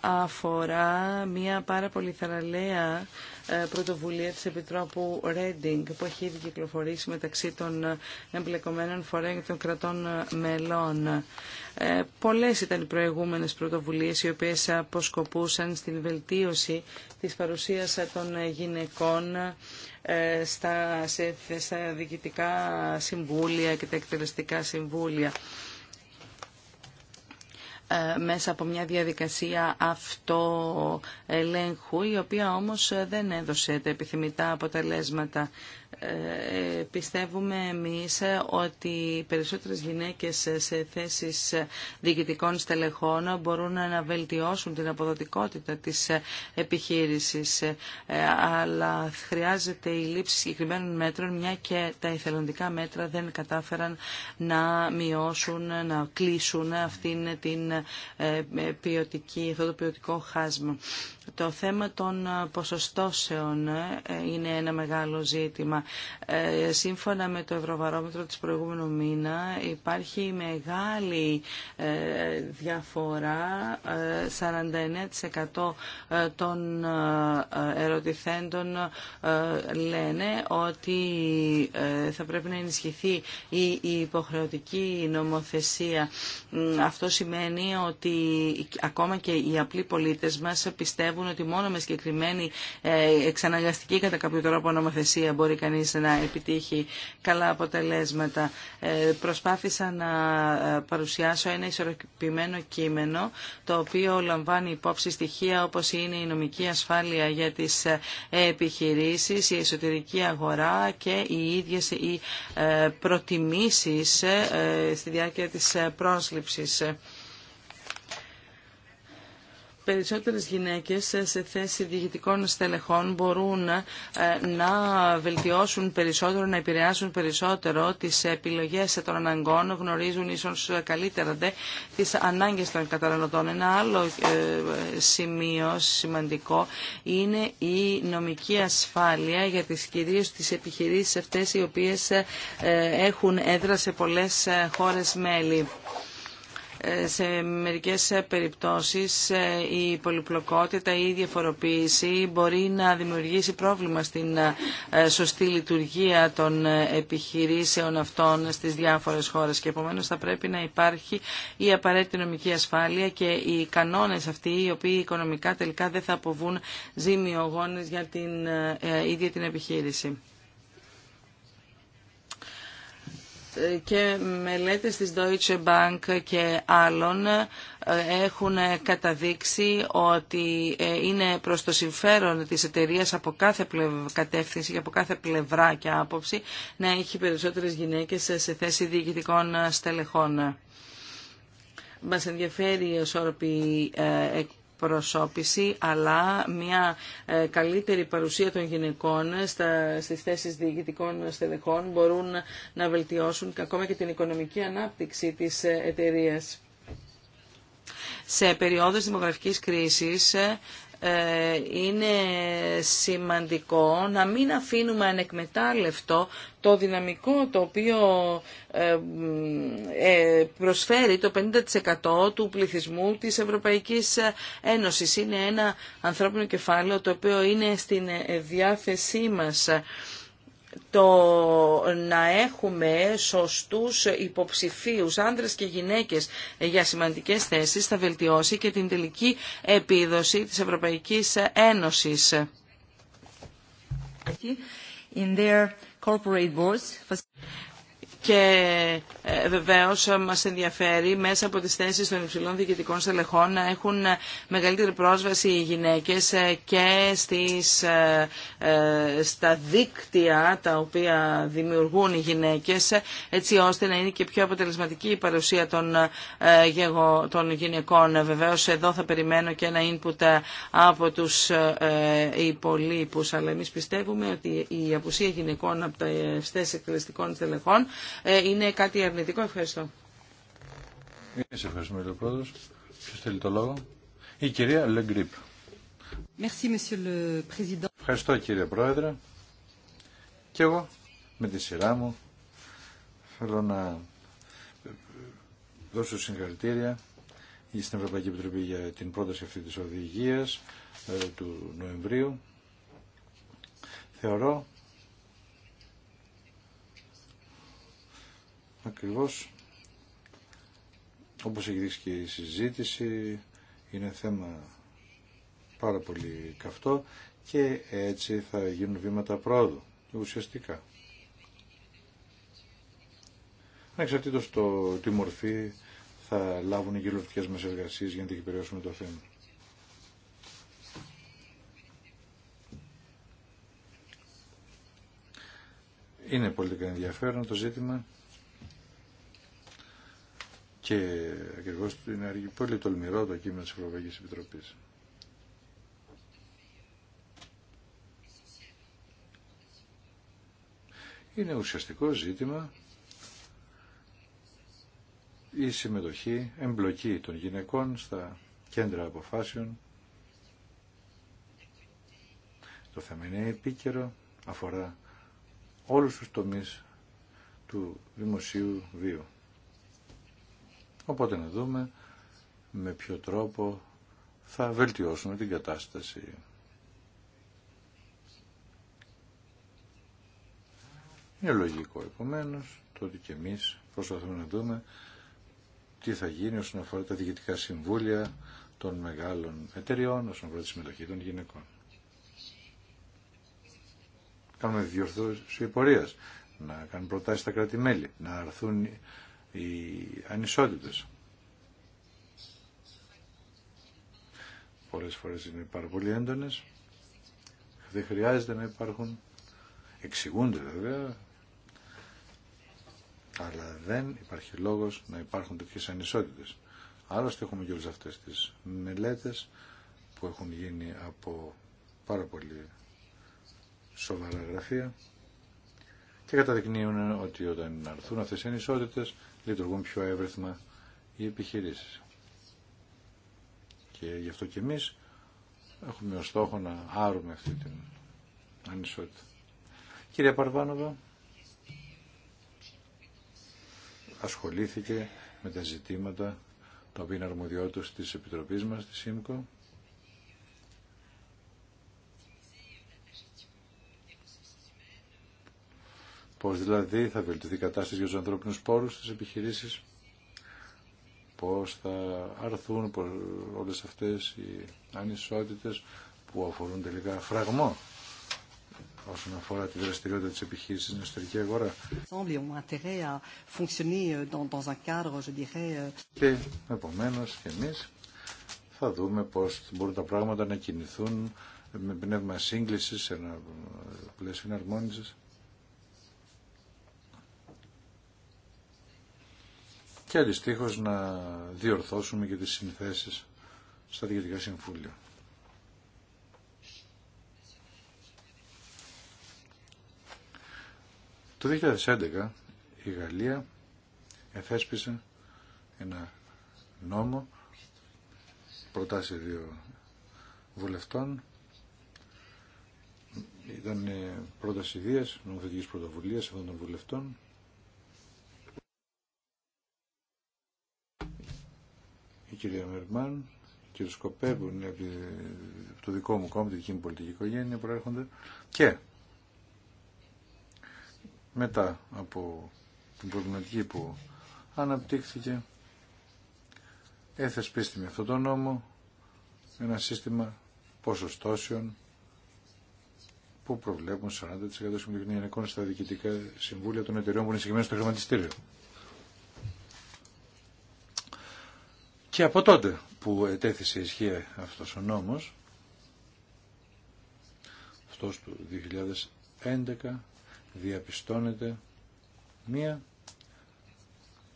αφορά μια πάρα πολύ θεραλέα ε, πρωτοβουλία της Επιτρόπου reading, που έχει ήδη κυκλοφορήσει μεταξύ των ε, εμπλεκομένων φορέων και των κρατών ε, μελών. Πολλές ήταν οι προηγούμενες πρωτοβουλίες οι οποίες αποσκοπούσαν στην βελτίωση της παρουσίας των γυναικών στα, σε, στα διοικητικά συμβούλια και τα εκτελεστικά συμβούλια. Ε, μέσα από μια διαδικασία αυτοελέγχου, η οποία όμως δεν έδωσε τα επιθυμητά αποτελέσματα. Ε, πιστεύουμε εμείς ότι περισσότερες γυναίκες σε θέσεις διοικητικών στελεχών μπορούν να βελτιώσουν την αποδοτικότητα της επιχείρησης. Ε, αλλά χρειάζεται η λήψη συγκεκριμένων μέτρων, μια και τα εθελοντικά μέτρα δεν κατάφεραν να μειώσουν, να κλείσουν αυτήν την ε, ποιοτική, αυτό το ποιοτικό χάσμα. Το θέμα των ποσοστώσεων είναι ένα μεγάλο ζήτημα. Ε, σύμφωνα με το Ευρωβαρόμετρο της προηγούμενου μήνα υπάρχει μεγάλη ε, διαφορά. 49% ε, των ερωτηθέντων λένε ότι θα πρέπει να ενισχυθεί η υποχρεωτική νομοθεσία. Αυτό σημαίνει ότι ακόμα και οι απλοί πολίτες μας πιστεύουν ότι μόνο με συγκεκριμένη εξαναγκαστική κατά κάποιο τρόπο νομοθεσία μπορεί κανείς κανείς να επιτύχει καλά αποτελέσματα. Ε, προσπάθησα να ε, παρουσιάσω ένα ισορροπημένο κείμενο το οποίο λαμβάνει υπόψη στοιχεία όπως είναι η νομική ασφάλεια για τις ε, επιχειρήσεις, η εσωτερική αγορά και οι ίδιες οι προτιμήσεις στη διάρκεια της πρόσληψης περισσότερες γυναίκες σε θέση διηγητικών στελεχών μπορούν ε, να βελτιώσουν περισσότερο, να επηρεάσουν περισσότερο τις επιλογές των αναγκών, γνωρίζουν ίσως καλύτερα δε, τις ανάγκες των καταναλωτών. Ένα άλλο ε, σημείο σημαντικό είναι η νομική ασφάλεια για τις κυρίως τις επιχειρήσεις αυτές οι οποίες ε, έχουν έδρα σε πολλές χώρες μέλη σε μερικές περιπτώσεις ε, η πολυπλοκότητα ή η διαφοροποίηση μπορεί να δημιουργήσει πρόβλημα στην ε, σωστή λειτουργία των ε, επιχειρήσεων αυτών στις διάφορες χώρες και επομένως θα πρέπει να υπάρχει η απαραίτητη νομική ασφάλεια και οι κανόνες αυτοί οι οποίοι οικονομικά τελικά δεν θα αποβούν ζημιογόνες για την ίδια την επιχείρηση. και μελέτες της Deutsche Bank και άλλων ε, έχουν καταδείξει ότι ε, είναι προς το συμφέρον της εταιρείας από κάθε κατεύθυνση και από κάθε πλευρά και άποψη να έχει περισσότερες γυναίκες σε θέση διοικητικών στελεχών. Μας ενδιαφέρει η ισορροπή προσώπηση αλλά μια ε, καλύτερη παρουσία των γυναικών στα, στις θέσεις διοικητικών στελεχών μπορούν να βελτιώσουν ακόμα και την οικονομική ανάπτυξη της ε, εταιρείας. Σε περιόδους δημογραφικής κρίσης ε, ε, είναι σημαντικό να μην αφήνουμε ανεκμετάλλευτο το δυναμικό το οποίο ε, ε, προσφέρει το 50% του πληθυσμού της Ευρωπαϊκής Ένωσης. Είναι ένα ανθρώπινο κεφάλαιο το οποίο είναι στην διάθεσή μας το να έχουμε σωστούς υποψηφίους άντρες και γυναίκες για σημαντικές θέσεις θα βελτιώσει και την τελική επίδοση της Ευρωπαϊκής Ένωσης. In και ε, βεβαίω μα ενδιαφέρει μέσα από τι θέσει των υψηλών διοικητικών στελεχών να έχουν ε, μεγαλύτερη πρόσβαση οι γυναίκε ε, και στις, στα δίκτυα τα οποία δημιουργούν οι γυναίκε, έτσι ώστε να είναι και πιο αποτελεσματική η παρουσία των, των γυναικών. Βεβαίω εδώ θα περιμένω και ένα input από του υπολείπου, αλλά εμεί πιστεύουμε ότι η απουσία γυναικών από τα θέσει εκτελεστικών στελεχών ε, είναι κάτι αρνητικό. Ευχαριστώ. Εμείς ευχαριστούμε τον πρόεδρο. Ποιος θέλει το λόγο. Η κυρία Λεγκρίπ. Ευχαριστώ κύριε πρόεδρε. Και εγώ με τη σειρά μου θέλω να δώσω συγχαρητήρια στην Ευρωπαϊκή Επιτροπή για την πρόταση αυτή της οδηγίας ε, του Νοεμβρίου. Θεωρώ ακριβώς όπως έχει δείξει και η συζήτηση είναι θέμα πάρα πολύ καυτό και έτσι θα γίνουν βήματα πρόοδου ουσιαστικά. Ανεξαρτήτως το τι μορφή θα λάβουν οι γελουρικές μας εργασίες για να διεκπαιρεώσουμε το θέμα. Είναι πολύ ενδιαφέρον το ζήτημα. Και ακριβώ είναι πολύ τολμηρό το κείμενο τη Ευρωπαϊκή Επιτροπή. Είναι ουσιαστικό ζήτημα η συμμετοχή, εμπλοκή των γυναικών στα κέντρα αποφάσεων. Το θέμα είναι επίκαιρο, αφορά όλους τους τομείς του δημοσίου βίου. Οπότε να δούμε με ποιο τρόπο θα βελτιώσουμε την κατάσταση. Είναι λογικό επομένως το ότι και εμείς προσπαθούμε να δούμε τι θα γίνει όσον αφορά τα διοικητικά συμβούλια των μεγάλων εταιριών, όσον αφορά τη συμμετοχή των γυναικών. Κάνουμε διορθώση πορεία, να κάνουν προτάσει στα κράτη-μέλη, να αρθούν οι ανισότητες. Πολλές φορές είναι πάρα πολύ έντονες. Δεν χρειάζεται να υπάρχουν. Εξηγούνται βέβαια. Αλλά δεν υπάρχει λόγος να υπάρχουν τέτοιες ανισότητες. Άλλωστε έχουμε και όλες αυτές τις μελέτες που έχουν γίνει από πάρα πολύ σοβαρά γραφεία και καταδεικνύουν ότι όταν αρθούν αυτές οι ανισότητες λειτουργούν πιο εύρυθμα οι επιχειρήσεις. Και γι' αυτό και εμείς έχουμε ως στόχο να άρουμε αυτή την ανισότητα. Κυρία Παρβάνοβα, ασχολήθηκε με τα ζητήματα τα οποία είναι αρμοδιότητα της Επιτροπής μας, της ΣΥΜΚΟ. Πώς δηλαδή θα βελτιωθεί η κατάσταση για τους ανθρώπινους πόρους στις επιχειρήσεις, πώς θα αρθούν όλες αυτές οι ανισότητες που αφορούν τελικά φραγμό όσον αφορά τη δραστηριότητα της επιχείρησης στην εσωτερική αγορά. Euh, και επομένως και εμείς θα δούμε πώς μπορούν τα πράγματα να κινηθούν με πνεύμα σύγκλησης, σε ένα πλαίσιο εναρμόνισης. και αντιστοίχω να διορθώσουμε και τις συνθέσεις στα διοικητικά συμφούλια. Το 2011 η Γαλλία εθέσπισε ένα νόμο προτάσει δύο βουλευτών ήταν πρόταση ιδίας νομοθετικής πρωτοβουλίας αυτών των βουλευτών η κυρία Μερμάν, και Σκοπέ, σκοπεύουν είναι από το δικό μου κόμμα, τη δική μου πολιτική οικογένεια προέρχονται και μετά από την προβληματική που αναπτύχθηκε έθεσε πίστη με αυτόν τον νόμο ένα σύστημα ποσοστώσεων που προβλέπουν 40% συμμετοχών στα διοικητικά συμβούλια των εταιριών που είναι συγκεκριμένε στο χρηματιστήριο. Και από τότε που ετέθησε ισχύ αυτός ο νόμος, αυτός του 2011, διαπιστώνεται μία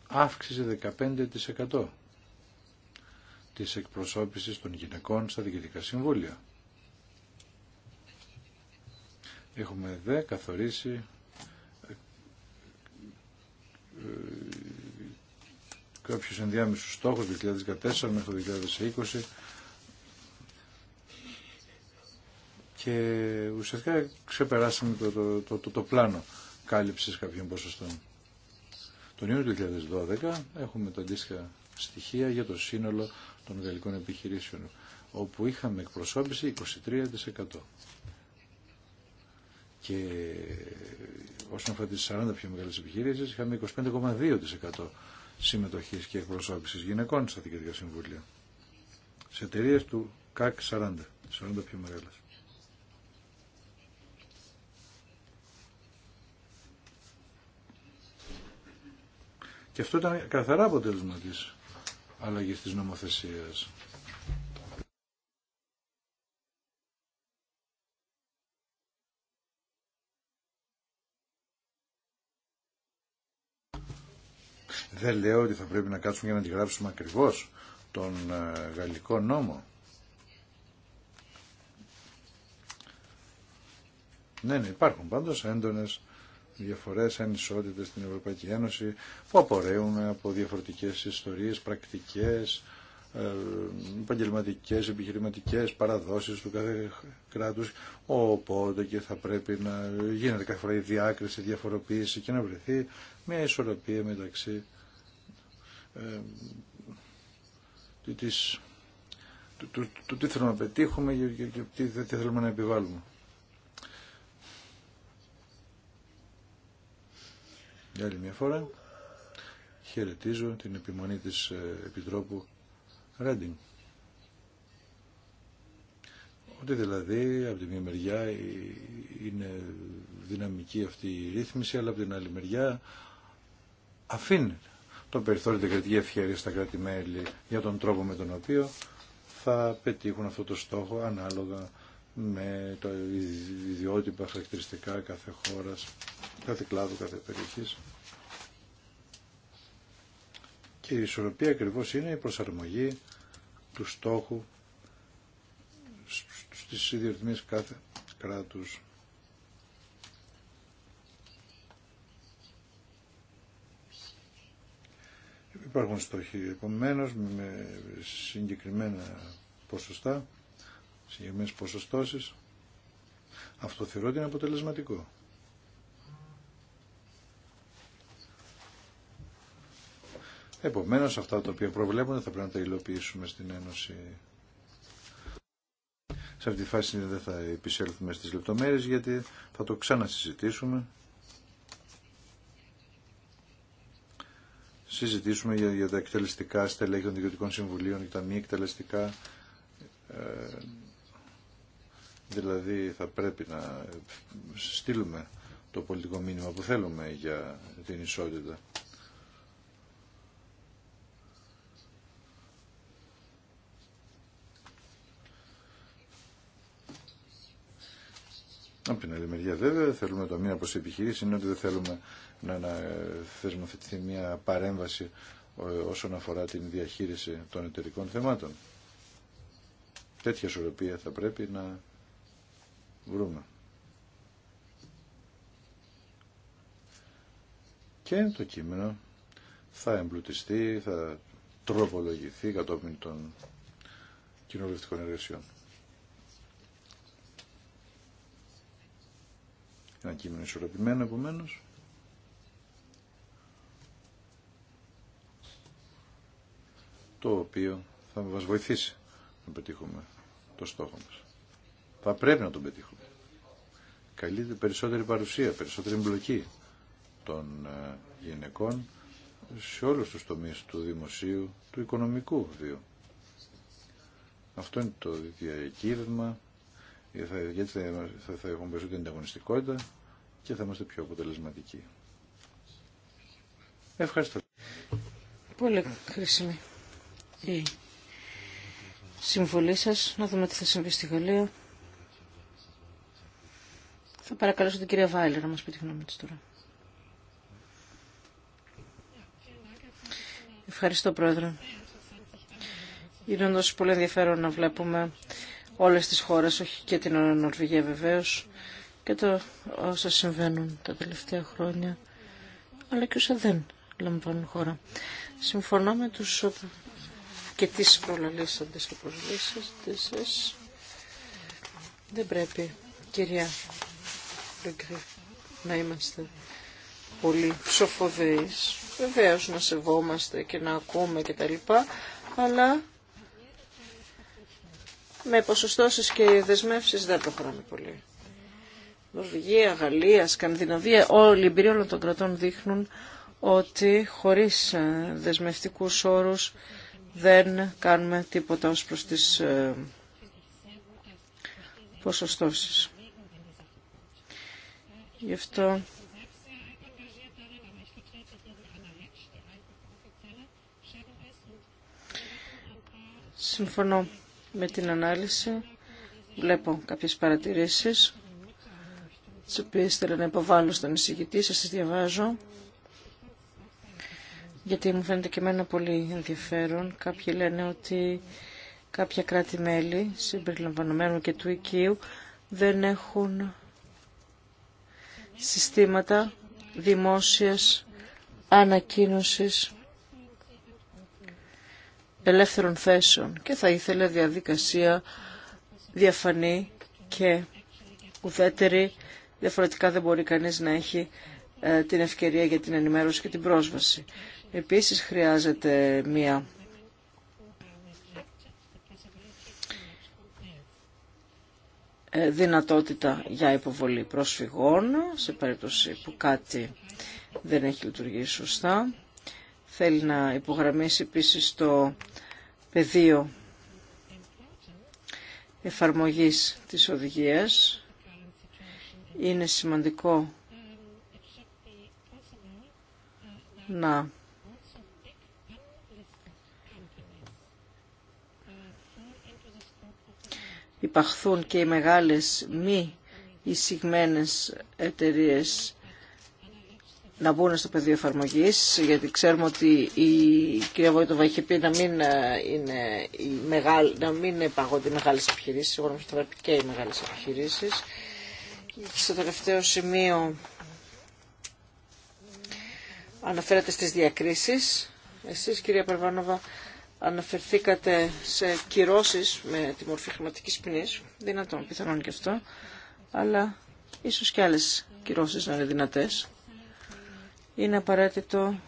αύξηση 15% της εκπροσώπησης των γυναικών στα διοικητικά συμβούλια. Έχουμε δε καθορίσει ε, κάποιους ενδιάμεσους στόχους 2014 μέχρι το 2020 και ουσιαστικά ξεπεράσαμε το, το, το, πλάνο κάλυψης κάποιων ποσοστών. Τον Ιούνιο του 2012 έχουμε τα αντίστοιχα στοιχεία για το σύνολο των γαλλικών επιχειρήσεων όπου είχαμε εκπροσώπηση 23%. Και όσον αφορά τις 40 πιο μεγάλες επιχειρήσεις είχαμε 25,2% Συμμετοχή και εκπροσώπησης γυναικών στα διοικητικά συμβούλια. Σε εταιρείε του ΚΑΚ 40, 40 πιο μεγάλες. Και αυτό ήταν καθαρά αποτέλεσμα της αλλαγής της νομοθεσίας. Δεν λέω ότι θα πρέπει να κάτσουμε για να αντιγράψουμε ακριβώς τον ε, γαλλικό νόμο. Ναι, ναι, υπάρχουν πάντως έντονες διαφορές, ανισότητες στην Ευρωπαϊκή Ένωση που απορρέουν από διαφορετικές ιστορίες, πρακτικές, ε, επαγγελματικέ, επιχειρηματικέ, παραδόσεις του κάθε κράτους οπότε και θα πρέπει να γίνεται κάθε φορά η διάκριση, η διαφοροποίηση και να βρεθεί μια ισορροπία μεταξύ της, του, τι θέλουμε να πετύχουμε και, και, τι, θέλουμε να επιβάλλουμε. Για άλλη μια φορά χαιρετίζω την επιμονή της ε, Επιτρόπου Ρέντινγκ. Ότι δηλαδή από τη μία μεριά ε, είναι δυναμική αυτή η ρύθμιση, αλλά από την άλλη μεριά αφήνεται το περιθώριο κριτική ευχαίρεια στα κράτη-μέλη για τον τρόπο με τον οποίο θα πετύχουν αυτό το στόχο ανάλογα με τα ιδιότυπα χαρακτηριστικά κάθε χώρας, κάθε κλάδου, κάθε περιοχής. Και η ισορροπία ακριβώς είναι η προσαρμογή του στόχου στις ιδιορυθμίες κάθε κράτους. υπάρχουν στόχοι επομένω με συγκεκριμένα ποσοστά, συγκεκριμένε ποσοστώσει. Αυτό θεωρώ ότι είναι αποτελεσματικό. Επομένω, αυτά τα οποία προβλέπουν θα πρέπει να τα υλοποιήσουμε στην Ένωση. Σε αυτή τη φάση δεν θα επισέλθουμε στις λεπτομέρειες γιατί θα το ξανασυζητήσουμε. συζητήσουμε για, για τα εκτελεστικά στελέχη των διοικητικών Συμβουλίων και τα μη εκτελεστικά. Ε, δηλαδή θα πρέπει να στείλουμε το πολιτικό μήνυμα που θέλουμε για την ισότητα. Από την άλλη μεριά βέβαια θέλουμε το μια προς επιχείρηση είναι ότι δεν θέλουμε να, να θεσμοθετηθεί μια παρέμβαση ε, όσον αφορά την διαχείριση των εταιρικών θεμάτων. Τέτοια ισορροπία θα πρέπει να βρούμε. Και το κείμενο θα εμπλουτιστεί, θα τροπολογηθεί κατόπιν των κοινοβουλευτικών εργασιών. Ένα κείμενο ισορροπημένο επομένω. Το οποίο θα μας βοηθήσει να πετύχουμε το στόχο μας. Θα πρέπει να τον πετύχουμε. Καλύτερη περισσότερη παρουσία, περισσότερη εμπλοκή των ε, γυναικών σε όλους τους τομείς του δημοσίου, του οικονομικού βίου. Αυτό είναι το διακύβευμα ε, γιατί θα, έχουμε περισσότερη ανταγωνιστικότητα και θα είμαστε πιο αποτελεσματικοί. Ευχαριστώ. Πολύ χρήσιμη η συμβολή σας. Να δούμε τι θα συμβεί στη Γαλλία. Θα παρακαλέσω την κυρία Βάιλερ να μας πει τη γνώμη της τώρα. Ευχαριστώ, Πρόεδρε. Είναι όντως πολύ ενδιαφέρον να βλέπουμε όλες τις χώρες, όχι και την Νορβηγία βεβαίως, και το όσα συμβαίνουν τα τελευταία χρόνια, αλλά και όσα δεν λαμβάνουν χώρα. Συμφωνώ με τους και τις προλαλήσαντες και προσλήσαντες. Δεν πρέπει, κυρία Λεγκρή, να είμαστε πολύ ψοφοδείς. Βεβαίως να σεβόμαστε και να ακούμε και τα λοιπά, αλλά με ποσοστώσεις και δεσμεύσεις δεν προχωράμε πολύ. Νορβηγία, Γαλλία, Σκανδιναβία, όλοι οι εμπειρία όλων των κρατών δείχνουν ότι χωρίς ε, δεσμευτικούς όρους δεν κάνουμε τίποτα ως προς τις ε, ποσοστώσεις. Γι' αυτό συμφωνώ με την ανάλυση βλέπω κάποιες παρατηρήσεις τις οποίες θέλω να υποβάλω στον εισηγητή, σας τις διαβάζω γιατί μου φαίνεται και εμένα πολύ ενδιαφέρον. Κάποιοι λένε ότι κάποια κράτη-μέλη, συμπεριλαμβανομένου και του οικείου, δεν έχουν συστήματα δημόσιας ανακοίνωσης ελεύθερων θέσεων και θα ήθελε διαδικασία διαφανή και ουδέτερη. Διαφορετικά δεν μπορεί κανείς να έχει ε, την ευκαιρία για την ενημέρωση και την πρόσβαση. Επίσης χρειάζεται μία ε, δυνατότητα για υποβολή προσφυγών σε περίπτωση που κάτι δεν έχει λειτουργήσει σωστά Θέλει να υπογραμμίσει επίσης το πεδίο εφαρμογής της οδηγίας. Είναι σημαντικό να υπαχθούν και οι μεγάλες μη εισηγμένες εταιρείες να μπουν στο πεδίο εφαρμογή, γιατί ξέρουμε ότι η κυρία Βόητοβα είχε πει να μην, ε, είναι η μεγάλη, να μην επαγόνται οι μεγάλε επιχειρήσει. Εγώ νομίζω ότι θα πρέπει και οι μεγάλε επιχειρήσει. Στο τελευταίο σημείο αναφέρατε στις διακρίσεις. Εσείς, κυρία Παρβάνοβα, αναφερθήκατε σε κυρώσεις με τη μορφή χρηματικής ποινής. Δυνατόν, πιθανόν και αυτό. Αλλά ίσως και άλλες κυρώσεις να είναι δυνατές είναι απαραίτητο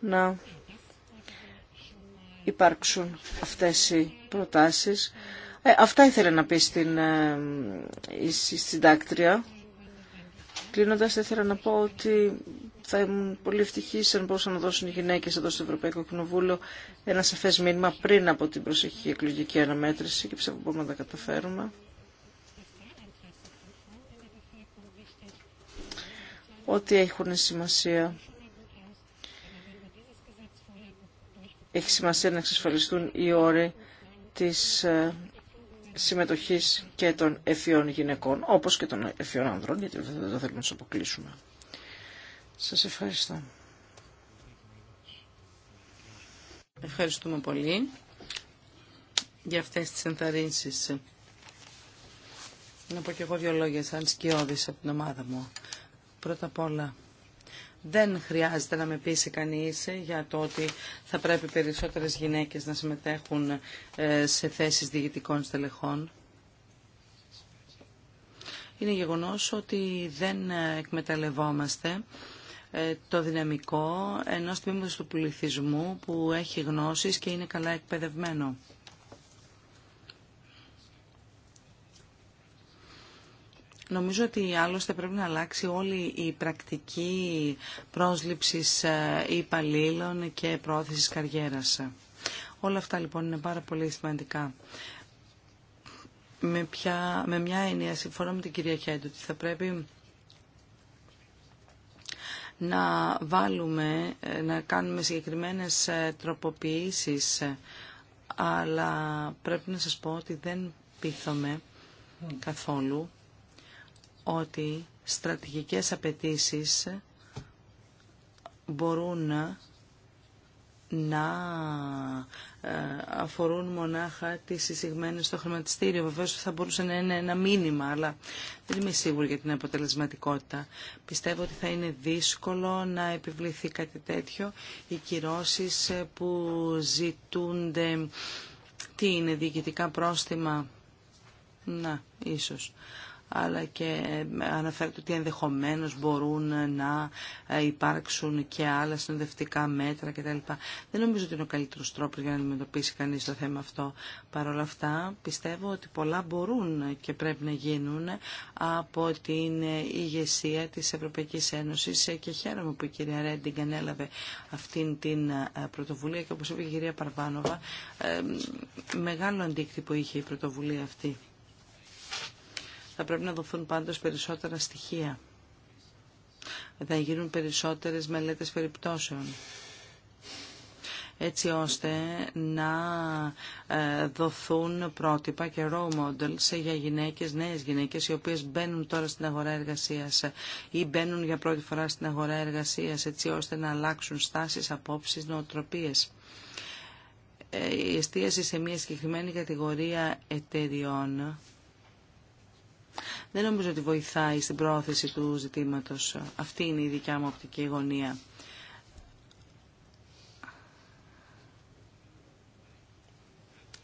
να υπάρξουν αυτές οι προτάσεις. Ε, αυτά ήθελα να πει στην, ε, συντάκτρια. Κλείνοντας, ήθελα να πω ότι θα ήμουν πολύ ευτυχή αν μπορούσαν να δώσουν οι γυναίκε εδώ στο Ευρωπαϊκό Κοινοβούλιο ένα σαφέ μήνυμα πριν από την προσεχή εκλογική αναμέτρηση και πιστεύω μπορούμε να τα καταφέρουμε. ότι έχουν σημασία. Έχει σημασία να εξασφαλιστούν οι ώρες της ε, συμμετοχής και των εφιών γυναικών, όπως και των εφιών ανδρών, γιατί δεν θέλουμε να τους αποκλείσουμε. Σας ευχαριστώ. Ευχαριστούμε πολύ για αυτές τις ενθαρρύνσεις. Να πω και εγώ δύο λόγια σαν σκιώδης από την ομάδα μου. Πρώτα απ' όλα, δεν χρειάζεται να με πείσει κανείς για το ότι θα πρέπει περισσότερες γυναίκες να συμμετέχουν ε, σε θέσεις διηγητικών στελεχών. Είναι γεγονός ότι δεν ε, εκμεταλλευόμαστε ε, το δυναμικό ενός τμήματος του πληθυσμού που έχει γνώσεις και είναι καλά εκπαιδευμένο. Νομίζω ότι άλλωστε πρέπει να αλλάξει όλη η πρακτική πρόσληψης ε, υπαλλήλων και πρόθεση καριέρας. Όλα αυτά λοιπόν είναι πάρα πολύ σημαντικά. Με, ποια, με μια έννοια, συμφωνώ με την κυρία Χέντου, ότι θα πρέπει να βάλουμε, ε, να κάνουμε συγκεκριμένες ε, τροποποιήσεις, αλλά πρέπει να σας πω ότι δεν πείθομαι καθόλου ότι στρατηγικές απαιτήσει μπορούν να ε, αφορούν μονάχα τις συσυγμένε στο χρηματιστήριο. Βεβαίως θα μπορούσε να είναι ένα μήνυμα, αλλά δεν είμαι σίγουρη για την αποτελεσματικότητα. Πιστεύω ότι θα είναι δύσκολο να επιβληθεί κάτι τέτοιο. Οι κυρώσεις που ζητούνται, τι είναι, διοικητικά πρόστιμα, να, ίσως αλλά και αναφέρεται ότι ενδεχομένως μπορούν να υπάρξουν και άλλα συνοδευτικά μέτρα κτλ. Δεν νομίζω ότι είναι ο καλύτερος τρόπος για να αντιμετωπίσει κανείς το θέμα αυτό. Παρ' όλα αυτά πιστεύω ότι πολλά μπορούν και πρέπει να γίνουν από την ηγεσία της Ευρωπαϊκής Ένωσης και χαίρομαι που η κυρία Ρέντιγκ ανέλαβε αυτή την ε, πρωτοβουλία και όπως είπε η κυρία Παρβάνοβα ε, μεγάλο αντίκτυπο είχε η πρωτοβουλία αυτή. Θα πρέπει να δοθούν πάντως περισσότερα στοιχεία. Θα γίνουν περισσότερες μελέτες περιπτώσεων έτσι ώστε να ε, δοθούν πρότυπα και role models για γυναίκες, νέες γυναίκες, οι οποίες μπαίνουν τώρα στην αγορά εργασίας ή μπαίνουν για πρώτη φορά στην αγορά εργασίας, έτσι ώστε να αλλάξουν στάσεις, απόψεις, νοοτροπίες. Ε, η εστίαση σε μια συγκεκριμένη κατηγορία εταιριών δεν νομίζω ότι βοηθάει στην πρόθεση του ζητήματος. Αυτή είναι η δικιά μου οπτική γωνία.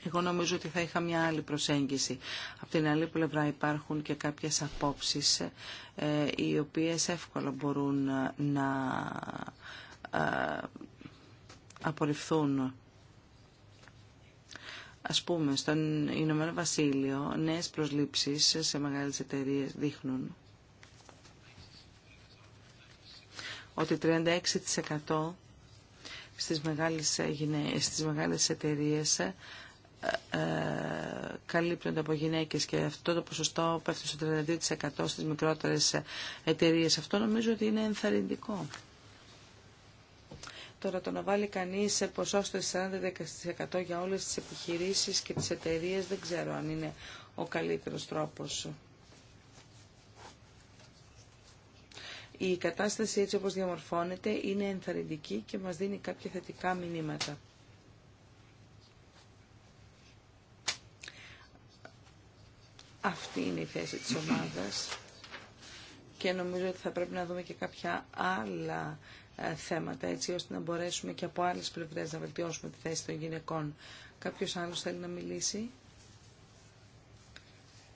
Εγώ νομίζω ότι θα είχα μια άλλη προσέγγιση. Από την άλλη πλευρά υπάρχουν και κάποιες απόψεις ε, οι οποίες εύκολα μπορούν να ε, απορριφθούν Ας πούμε, στον Ηνωμένο Βασίλειο, νέες προσλήψεις σε μεγάλες εταιρείες δείχνουν ότι 36% στις μεγάλες, γυναίες, στις μεγάλες εταιρείες ε, ε, καλύπτονται από γυναίκες και αυτό το ποσοστό πέφτει στο 32% στις μικρότερες εταιρείες. Αυτό νομίζω ότι είναι ενθαρρυντικό. Τώρα το να βάλει κανείς σε ποσόστο 40% για όλες τις επιχειρήσεις και τις εταιρείε. δεν ξέρω αν είναι ο καλύτερος τρόπος. Η κατάσταση έτσι όπως διαμορφώνεται είναι ενθαρρυντική και μας δίνει κάποια θετικά μηνύματα. Αυτή είναι η θέση της ομάδας και νομίζω ότι θα πρέπει να δούμε και κάποια άλλα ε, θέματα, έτσι ώστε να μπορέσουμε και από άλλες πλευρές να βελτιώσουμε τη θέση των γυναικών. Κάποιος άλλος θέλει να μιλήσει.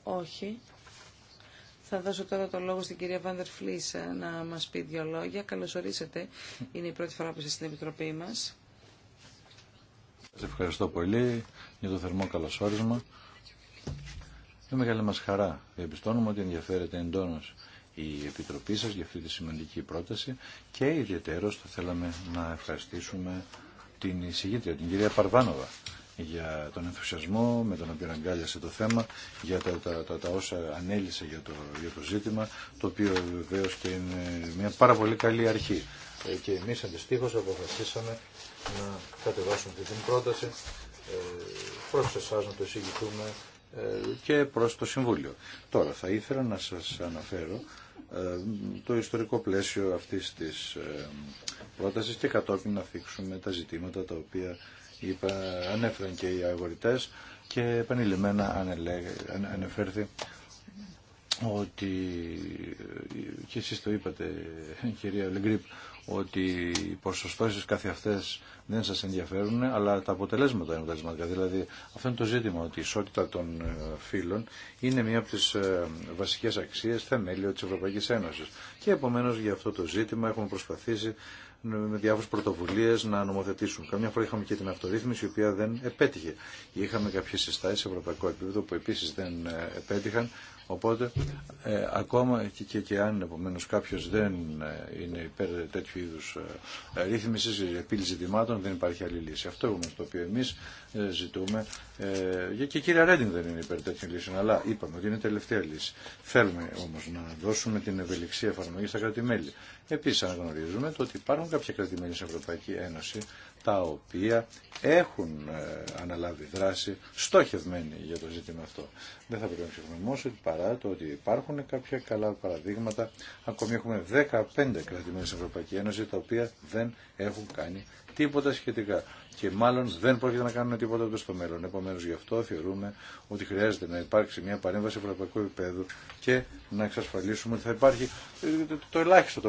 Όχι. Θα δώσω τώρα το λόγο στην κυρία Βάντερ Φλής ε, να μας πει δύο λόγια. Καλώς ορίσατε. Είναι η πρώτη φορά που είστε στην Επιτροπή μας. Σας ευχαριστώ πολύ για το θερμό καλωσόρισμα. Είναι μεγάλη μας χαρά Επιστώνουμε ότι ενδιαφέρεται εντόνως η Επιτροπή σας για αυτή τη σημαντική πρόταση και ιδιαιτέρως θα θέλαμε να ευχαριστήσουμε την εισηγήτρια, την κυρία Παρβάνοβα για τον ενθουσιασμό με τον οποίο αγκάλιασε το θέμα, για τα, όσα ανέλησε για το, για το ζήτημα, το οποίο βεβαίω και είναι μια πάρα πολύ καλή αρχή. Ε, και εμείς αντιστοίχως αποφασίσαμε να κατεβάσουμε την πρόταση ε, προς εσάς να το εισηγηθούμε ε, και προς το Συμβούλιο. Τώρα θα ήθελα να σας αναφέρω ε, το ιστορικό πλαίσιο αυτής της ε, πρότασης και κατόπιν να θίξουμε τα ζητήματα τα οποία είπα, ανέφεραν και οι αγορητές και επανειλημμένα ανεφέρθη ότι ε, και εσείς το είπατε κυρία Λεγκρίπ ότι οι ποσοστώσεις κάθε αυτέ δεν σα ενδιαφέρουν, αλλά τα αποτελέσματα είναι αποτελεσματικά. Δηλαδή, αυτό είναι το ζήτημα, ότι η ισότητα των ε, φύλων είναι μία από τι ε, βασικές αξίες θεμέλιο τη Ευρωπαϊκή Ένωση. Και επομένω για αυτό το ζήτημα έχουμε προσπαθήσει με διάφορε πρωτοβουλίε να νομοθετήσουν. Καμιά φορά είχαμε και την αυτορύθμιση, η οποία δεν επέτυχε. Είχαμε κάποιε συστάσει σε ευρωπαϊκό επίπεδο που επίση δεν ε, επέτυχαν. Οπότε, ε, ακόμα και, και, και αν επομένω κάποιο δεν ε, είναι υπέρ τέτοιου είδου ε, ρύθμιση επίλυση ζητημάτων, δεν υπάρχει άλλη λύση. Αυτό όμω το οποίο εμεί ε, ζητούμε, ε, και η κυρία Ρέντινγκ δεν είναι υπέρ τέτοιων λύσεων, αλλά είπαμε ότι είναι η τελευταία λύση. Θέλουμε όμω να δώσουμε την ευελιξία εφαρμογή στα κράτη-μέλη. Επίση, αναγνωρίζουμε το ότι υπάρχουν κάποια κράτη-μέλη στην Ευρωπαϊκή Ένωση τα οποία έχουν ε, αναλάβει δράση στόχευμένη για το ζήτημα αυτό. Δεν θα πρέπει να ξεχνούμε ότι παρά το ότι υπάρχουν κάποια καλά παραδείγματα, ακόμη έχουμε 15 κρατημένα στην Ευρωπαϊκή Ένωση τα οποία δεν έχουν κάνει τίποτα σχετικά και μάλλον δεν πρόκειται να κάνουν τίποτα στο μέλλον. Επομένω, γι' αυτό θεωρούμε ότι χρειάζεται να υπάρξει μια παρέμβαση ευρωπαϊκού επίπεδου και να εξασφαλίσουμε ότι θα υπάρχει ε, το ελάχιστο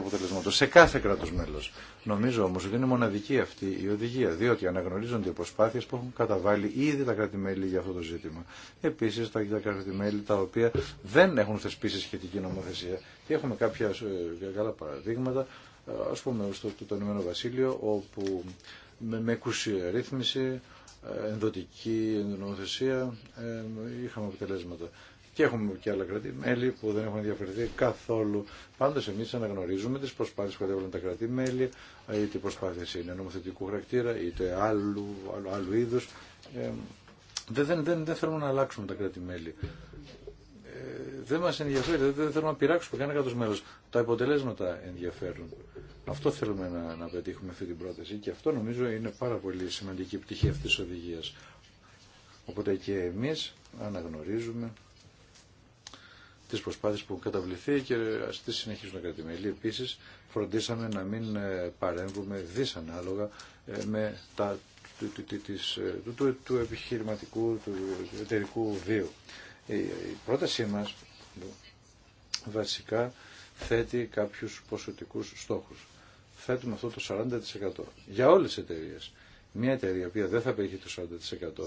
του σε κάθε κράτο μέλο. Νομίζω όμω ότι είναι μοναδική αυτή η οδηγία, διότι αναγνωρίζονται οι προσπάθειε που έχουν καταβάλει ήδη τα κράτη-μέλη για αυτό το ζήτημα. Επίση, τα κράτη-μέλη τα οποία δεν έχουν θεσπίσει σχετική νομοθεσία. Και έχουμε κάποια ε, καλά παραδείγματα, ε, α πούμε, στο το, το Βασίλειο, όπου με, με κουσία ρύθμιση, ε, ενδοτική νομοθεσία, ε, είχαμε αποτελέσματα. Και έχουμε και άλλα που δεν έχουν διαφερθεί καθόλου. Πάντω, εμεί αναγνωρίζουμε τι προσπάθειε που κατέβαλαν τα κρατή-μέλη, είτε προσπάθειε είναι νομοθετικού χαρακτήρα, είτε άλλου, άλλου, άλλου είδου. Ε, δεν, δεν, δεν θέλουμε να αλλάξουμε τα κράτη-μέλη δεν μας ενδιαφέρει, δεν θέλουμε να πειράξουμε κανένα κάτω μέλος. Τα αποτελέσματα ενδιαφέρουν. Αυτό θέλουμε να, πετύχουμε αυτή την πρόταση και αυτό νομίζω είναι πάρα πολύ σημαντική πτυχή αυτής της οδηγίας. Οπότε και εμείς αναγνωρίζουμε τις προσπάθειες που καταβληθεί και ας τις συνεχίσουν να μελή. Επίσης φροντίσαμε να μην παρέμβουμε δυσανάλογα με τα του, του, του, του επιχειρηματικού, του εταιρικού βίου. Η πρότασή μας βασικά θέτει κάποιους ποσοτικούς στόχους. Θέτουμε αυτό το 40% για όλες τις εταιρείες. Μια εταιρεία που δεν θα πέχει το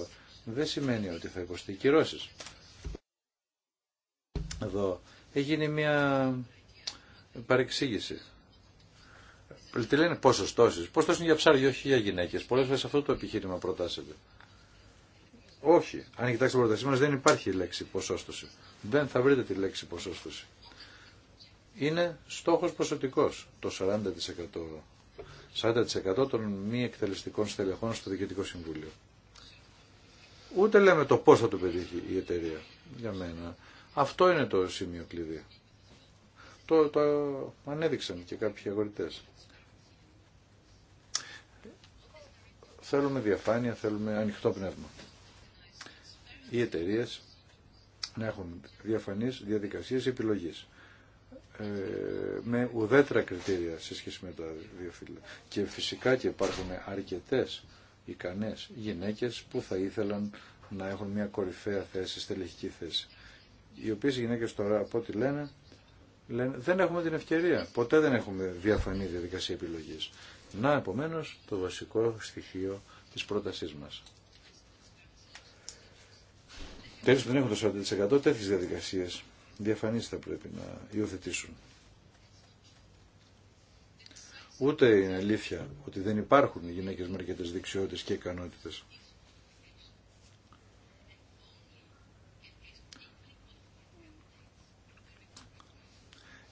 40% δεν σημαίνει ότι θα υποστεί κυρώσεις. Εδώ έγινε μια παρεξήγηση. Τι λένε ποσοστώσεις. Ποσοστώσεις είναι για ψάρια, όχι για γυναίκες. Πολλές φορές αυτό το επιχείρημα προτάσσεται. Όχι. Αν κοιτάξετε την πρότασή μα, δεν υπάρχει λέξη ποσόστοση. Δεν θα βρείτε τη λέξη ποσόστοση. Είναι στόχο ποσοτικός το 40%. 40% των μη εκτελεστικών στελεχών στο Διοικητικό Συμβούλιο. Ούτε λέμε το πώς θα το πετύχει η εταιρεία. Για μένα. Αυτό είναι το σημείο κλειδί. Το, το ανέδειξαν και κάποιοι αγορητές. Θέλουμε διαφάνεια, θέλουμε ανοιχτό πνεύμα οι εταιρείε να έχουν διαφανείς διαδικασίες επιλογής ε, με ουδέτερα κριτήρια σε σχέση με τα δύο φύλλα. Και φυσικά και υπάρχουν αρκετές ικανές γυναίκες που θα ήθελαν να έχουν μια κορυφαία θέση, στελεχική θέση. Οι οποίες οι γυναίκες τώρα από ό,τι λένε, λένε δεν έχουμε την ευκαιρία. Ποτέ δεν έχουμε διαφανή διαδικασία επιλογής. Να επομένως το βασικό στοιχείο της πρότασής μας. Τέρες που δεν έχουν το 40% τέτοιε διαδικασίες Διαφανεί θα πρέπει να υιοθετήσουν. Ούτε είναι αλήθεια ότι δεν υπάρχουν οι γυναίκες με αρκετέ δεξιότητε και ικανότητε.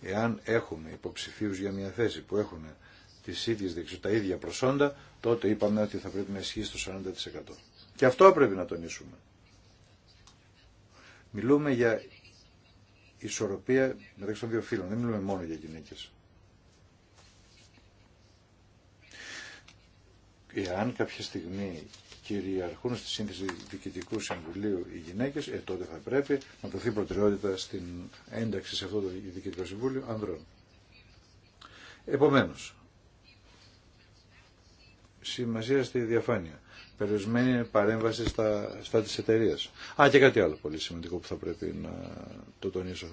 Εάν έχουμε υποψηφίους για μια θέση που έχουν τις ίδιες δεξιότητες, τα ίδια προσόντα, τότε είπαμε ότι θα πρέπει να ισχύσει το 40%. Και αυτό πρέπει να τονίσουμε. Μιλούμε για ισορροπία μεταξύ των δύο φύλων. Δεν μιλούμε μόνο για γυναίκες. Εάν κάποια στιγμή κυριαρχούν στη σύνθεση διοικητικού συμβουλίου οι γυναίκες, ε, τότε θα πρέπει να δοθεί προτεραιότητα στην ένταξη σε αυτό το διοικητικό συμβούλιο ανδρών. Επομένως, σημασία στη διαφάνεια. Περιορισμένη παρέμβαση στα, στα εταιρεία. Α, και κάτι άλλο πολύ σημαντικό που θα πρέπει να το τονίσω.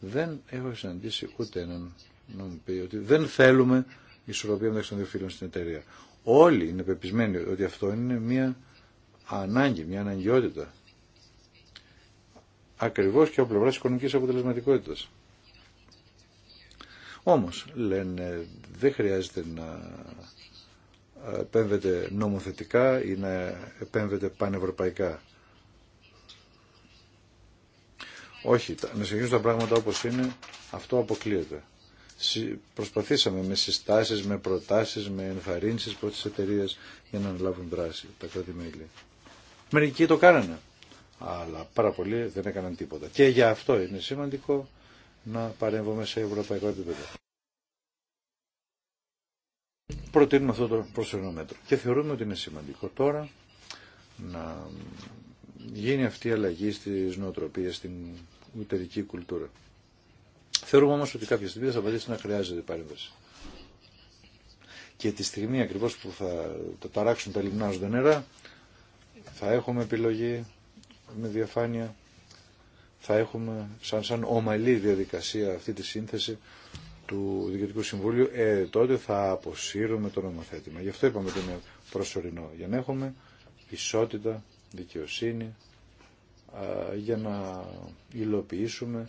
Δεν έχω συναντήσει ούτε έναν να μου πει ότι δεν θέλουμε ισορροπία μεταξύ των δύο φίλων στην εταιρεία. Όλοι είναι πεπισμένοι ότι αυτό είναι μια ανάγκη, μια αναγκαιότητα. Ακριβώς και από πλευράς οικονομικής αποτελεσματικότητας. Όμως λένε δεν χρειάζεται να επέμβεται νομοθετικά ή να επέμβεται πανευρωπαϊκά. Όχι, να συνεχίσουν τα πράγματα όπως είναι, αυτό αποκλείεται. Προσπαθήσαμε με συστάσεις, με προτάσεις, με ενθαρρύνσεις προς τις εταιρείε για να λάβουν δράση τα κράτη-μέλη. Μερικοί το κάνανε, αλλά πάρα πολλοί δεν έκαναν τίποτα. Και για αυτό είναι σημαντικό να παρέμβουμε σε ευρωπαϊκό επίπεδο. Προτείνουμε αυτό το προσωρινό μέτρο και θεωρούμε ότι είναι σημαντικό τώρα να γίνει αυτή η αλλαγή στις νοοτροπίες, στην ουτερική κουλτούρα. Θεωρούμε όμως ότι κάποια στιγμή θα απαντήσει να χρειάζεται παρέμβαση. Και τη στιγμή ακριβώς που θα ταράξουν τα λιμνάζοντα νερά, θα έχουμε επιλογή με διαφάνεια θα έχουμε σαν, σαν ομαλή διαδικασία αυτή τη σύνθεση του Διοικητικού Συμβούλιου, ε, τότε θα αποσύρουμε το νομοθέτημα. Γι' αυτό είπαμε ότι είναι προσωρινό, για να έχουμε ισότητα, δικαιοσύνη, για να υλοποιήσουμε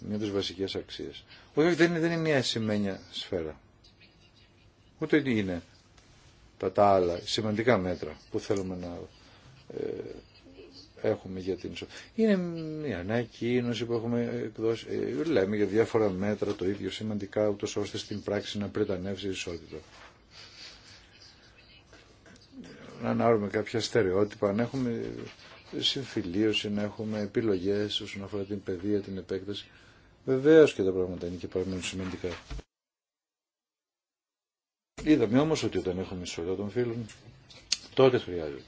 μια από τις βασικές αξίες. Όχι, δεν είναι, δεν είναι μια σημαίνια σφαίρα. Ούτε είναι τα, τα άλλα σημαντικά μέτρα που θέλουμε να ε, έχουμε για την Είναι μια ανακοίνωση που έχουμε εκδώσει. Ε, λέμε για διάφορα μέτρα το ίδιο σημαντικά, ούτως ώστε στην πράξη να πρετανεύσει η ισότητα. Να ανάρουμε κάποια στερεότυπα, αν έχουμε ε, συμφιλίωση, να έχουμε επιλογές όσον αφορά την παιδεία, την επέκταση. Βεβαίως και τα πράγματα είναι και παραμένουν σημαντικά. Είδαμε όμως ότι όταν έχουμε ισότητα των φίλων, τότε χρειάζεται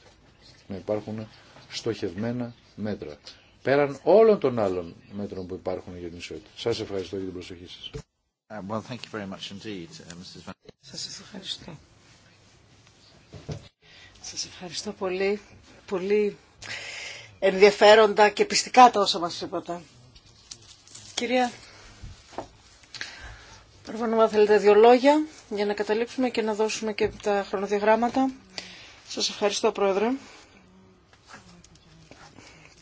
να υπάρχουν στοχευμένα μέτρα. Πέραν όλων των άλλων μέτρων που υπάρχουν για την ισότητα. Σα ευχαριστώ για την προσοχή σα. Uh, well, uh, Σας ευχαριστώ. Σας ευχαριστώ πολύ. Πολύ ενδιαφέροντα και πιστικά τα όσα μας είπατε. Κυρία, προφανώς θέλετε δύο λόγια για να καταλήξουμε και να δώσουμε και τα χρονοδιαγράμματα. Σας ευχαριστώ, Πρόεδρε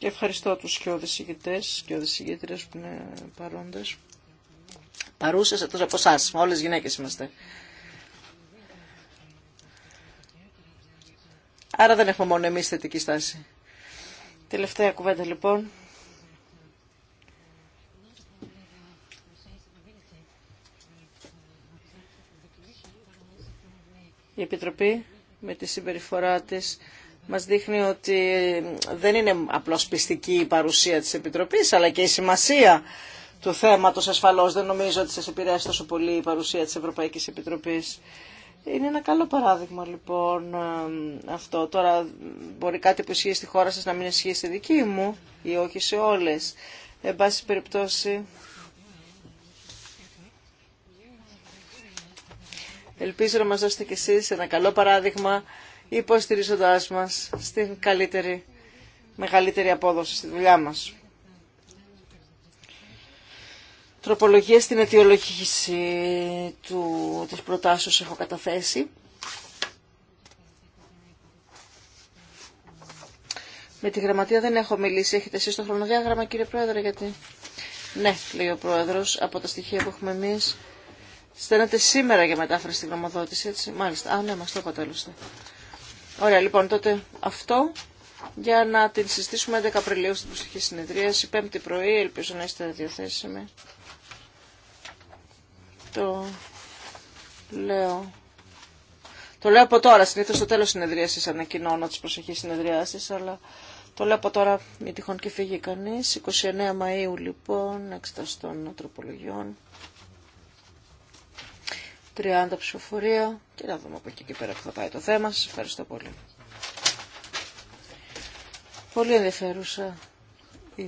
ευχαριστώ τους και οδησηγητές και οδησηγήτρες που είναι παρόντες. Παρούσες εκτός από εσάς, όλες γυναίκες είμαστε. Άρα δεν έχουμε μόνο εμείς θετική στάση. Τελευταία κουβέντα λοιπόν. Η Επιτροπή με τη συμπεριφορά της μας δείχνει ότι δεν είναι απλώς πιστική η παρουσία της Επιτροπής, αλλά και η σημασία του θέματος ασφαλώς. Δεν νομίζω ότι σας επηρέασε τόσο πολύ η παρουσία της Ευρωπαϊκής Επιτροπής. Είναι ένα καλό παράδειγμα λοιπόν ε, αυτό. Τώρα μπορεί κάτι που ισχύει στη χώρα σας να μην ισχύει στη δική μου ή όχι σε όλες. Εν πάση περιπτώσει... Ελπίζω να μας δώσετε κι εσείς ένα καλό παράδειγμα υποστηρίζοντάς μας στην καλύτερη, μεγαλύτερη απόδοση στη δουλειά μας. Τροπολογίες στην αιτιολογήση του, της προτάσεως έχω καταθέσει. Με τη γραμματεία δεν έχω μιλήσει. Έχετε εσείς το χρονοδιάγραμμα κύριε Πρόεδρε γιατί... Ναι, λέει ο Πρόεδρος, από τα στοιχεία που έχουμε εμείς. Στέλνετε σήμερα για μετάφραση στην γνωμοδότηση, έτσι. Μάλιστα. Α, ναι, μας το αποτέλεσε. Ωραία, λοιπόν, τότε αυτό για να την συστήσουμε 11 Απριλίου στην προσοχή συνεδριαση συνεδρίαση, 5η πρωί, ελπίζω να είστε διαθέσιμοι. Το λέω. Το λέω από τώρα, συνήθω στο τέλο συνεδρίαση ανακοινώνω τη προσοχή συνεδριάσει, αλλά το λέω από τώρα, μη τυχόν και φύγει κανεί. 29 Μαου λοιπόν, εξεταστών τροπολογιών. 30 ψηφοφορία και να δούμε από εκεί και πέρα που θα πάει το θέμα. Σας ευχαριστώ πολύ. Πολύ ενδιαφέρουσα η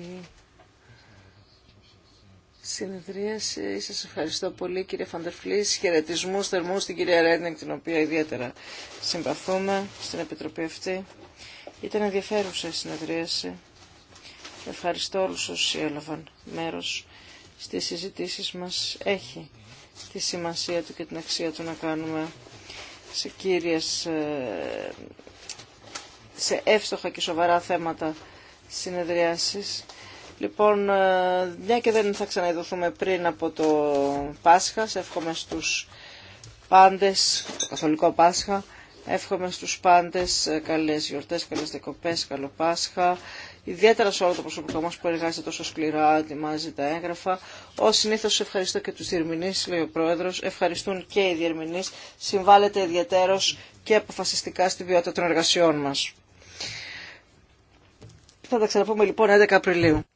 συνεδρίαση. Σας ευχαριστώ πολύ κύριε Φαντερφλής. Χαιρετισμού θερμού στην κυρία Ρέντινγκ την οποία ιδιαίτερα συμπαθούμε στην Επιτροπή αυτή. Ήταν ενδιαφέρουσα η συνεδρίαση. Ευχαριστώ όλους όσοι έλαβαν μέρος στις συζητήσεις μας. Έχει τη σημασία του και την αξία του να κάνουμε σε κύριες, ε, σε εύστοχα και σοβαρά θέματα συνεδριάσεις. Λοιπόν, ε, μια και δεν θα ξαναειδωθούμε πριν από το Πάσχα, σε εύχομαι στους πάντες, το καθολικό Πάσχα, εύχομαι στους πάντες ε, καλές γιορτές, καλές δεκοπές, καλό Πάσχα ιδιαίτερα σε όλο το προσωπικό μας που εργάζεται τόσο σκληρά, ετοιμάζει τα έγγραφα. Ως συνήθως ευχαριστώ και τους διερμηνείς, λέει ο Πρόεδρος, ευχαριστούν και οι διερμηνείς, συμβάλλεται ιδιαίτερο και αποφασιστικά στην ποιότητα των εργασιών μας. Θα τα ξαναπούμε λοιπόν 11 Απριλίου.